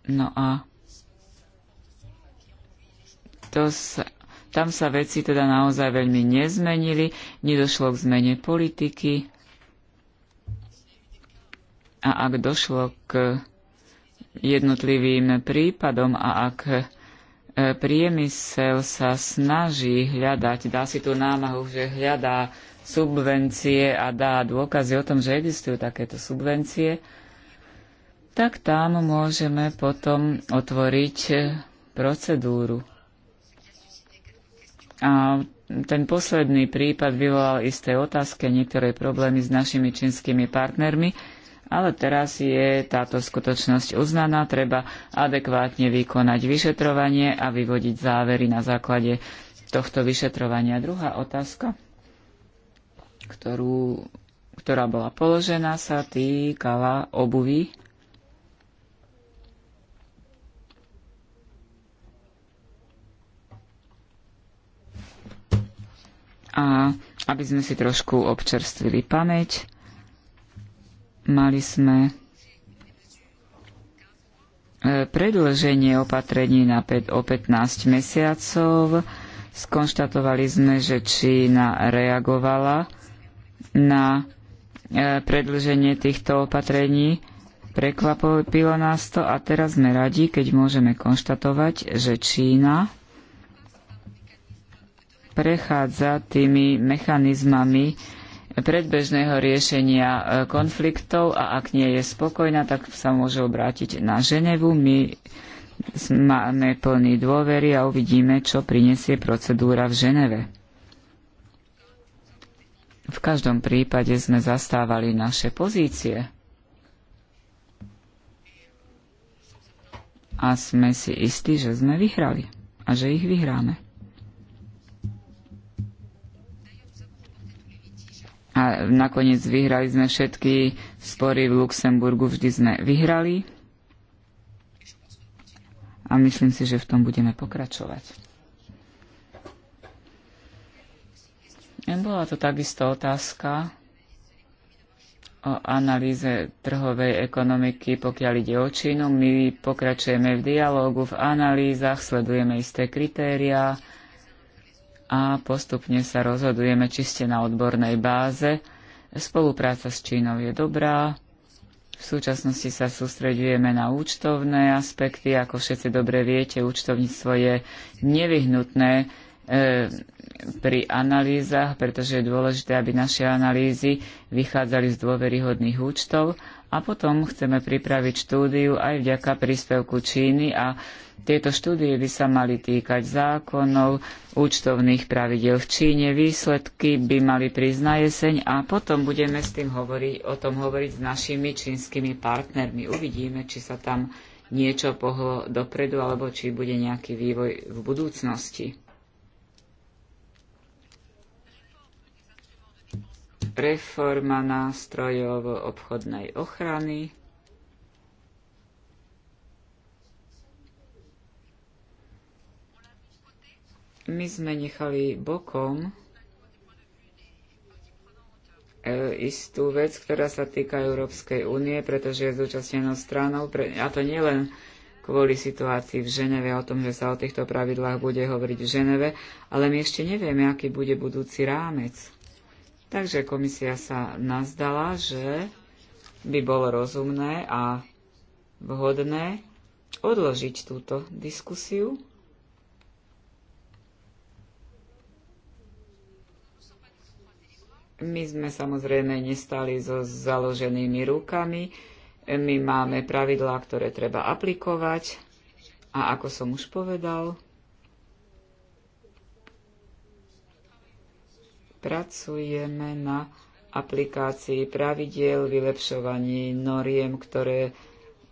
Speaker 3: No a to sa, tam sa veci teda naozaj veľmi nezmenili, nedošlo k zmene politiky a ak došlo k jednotlivým prípadom a ak e, priemysel sa snaží hľadať, dá si tú námahu, že hľadá subvencie a dá dôkazy o tom, že existujú takéto subvencie, tak tam môžeme potom otvoriť procedúru. A ten posledný prípad vyvolal isté otázky, niektoré problémy s našimi čínskymi partnermi, ale teraz je táto skutočnosť uznaná, treba adekvátne vykonať vyšetrovanie a vyvodiť závery na základe tohto vyšetrovania. Druhá otázka ktorú, ktorá bola položená, sa týkala obuvy. A aby sme si trošku občerstvili pamäť, mali sme e, predlženie opatrení na 5, o 15 mesiacov. Skonštatovali sme, že Čína reagovala na e, predlženie týchto opatrení. Prekvapilo nás to a teraz sme radi, keď môžeme konštatovať, že Čína prechádza tými mechanizmami predbežného riešenia e, konfliktov a ak nie je spokojná, tak sa môže obrátiť na Ženevu. My máme plný dôvery a uvidíme, čo prinesie procedúra v Ženeve. V každom prípade sme zastávali naše pozície. A sme si istí, že sme vyhrali a že ich vyhráme. A nakoniec vyhrali sme všetky spory v Luxemburgu, vždy sme vyhrali. A myslím si, že v tom budeme pokračovať. Bola to takisto otázka o analýze trhovej ekonomiky, pokiaľ ide o Čínu. My pokračujeme v dialógu, v analýzach, sledujeme isté kritériá a postupne sa rozhodujeme čiste na odbornej báze. Spolupráca s Čínou je dobrá. V súčasnosti sa sústredujeme na účtovné aspekty. Ako všetci dobre viete, účtovníctvo je nevyhnutné E, pri analýzach, pretože je dôležité, aby naše analýzy vychádzali z dôveryhodných účtov a potom chceme pripraviť štúdiu aj vďaka príspevku Číny a tieto štúdie by sa mali týkať zákonov, účtovných pravidel v Číne, výsledky by mali prísť na jeseň a potom budeme s tým hovoriť, o tom hovoriť s našimi čínskymi partnermi. Uvidíme, či sa tam niečo pohlo dopredu alebo či bude nejaký vývoj v budúcnosti. reforma nástrojov obchodnej ochrany, my sme nechali bokom e, istú vec, ktorá sa týka Európskej únie, pretože je zúčastnenou stranou, a to nielen kvôli situácii v Ženeve, o tom, že sa o týchto pravidlách bude hovoriť v Ženeve, ale my ešte nevieme, aký bude budúci rámec. Takže komisia sa nazdala, že by bolo rozumné a vhodné odložiť túto diskusiu. My sme samozrejme nestali so založenými rukami. My máme pravidlá, ktoré treba aplikovať. A ako som už povedal, Pracujeme na aplikácii pravidiel, vylepšovaní noriem, ktoré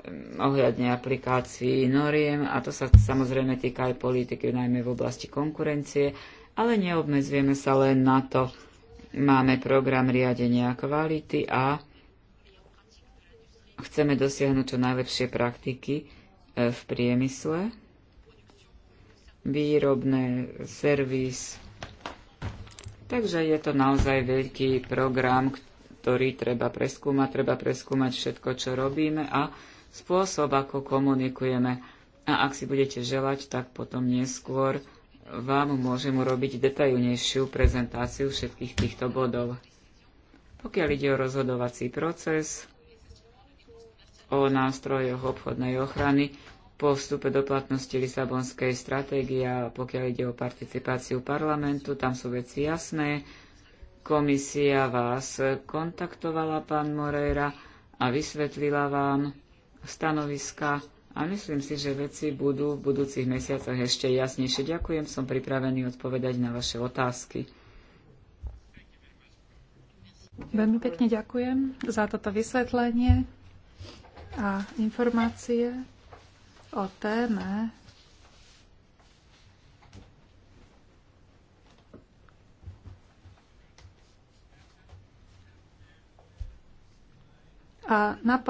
Speaker 3: mm, ohľadne aplikácií noriem a to sa samozrejme týka aj politiky, najmä v oblasti konkurencie, ale neobmedzujeme sa len na to. Máme program riadenia kvality a chceme dosiahnuť čo najlepšie praktiky e, v priemysle, výrobné, servis, Takže je to naozaj veľký program, ktorý treba preskúmať. Treba preskúmať všetko, čo robíme a spôsob, ako komunikujeme. A ak si budete želať, tak potom neskôr vám môžem urobiť detailnejšiu prezentáciu všetkých týchto bodov. Pokiaľ ide o rozhodovací proces, o nástrojoch obchodnej ochrany, po vstupe do platnosti Lisabonskej stratégie a pokiaľ ide o participáciu parlamentu, tam sú veci jasné. Komisia vás kontaktovala, pán Moreira, a vysvetlila vám stanoviska a myslím si, že veci budú v budúcich mesiacoch ešte jasnejšie. Ďakujem, som pripravený odpovedať na vaše otázky.
Speaker 2: Veľmi pekne ďakujem za toto vysvetlenie a informácie o téme A napokon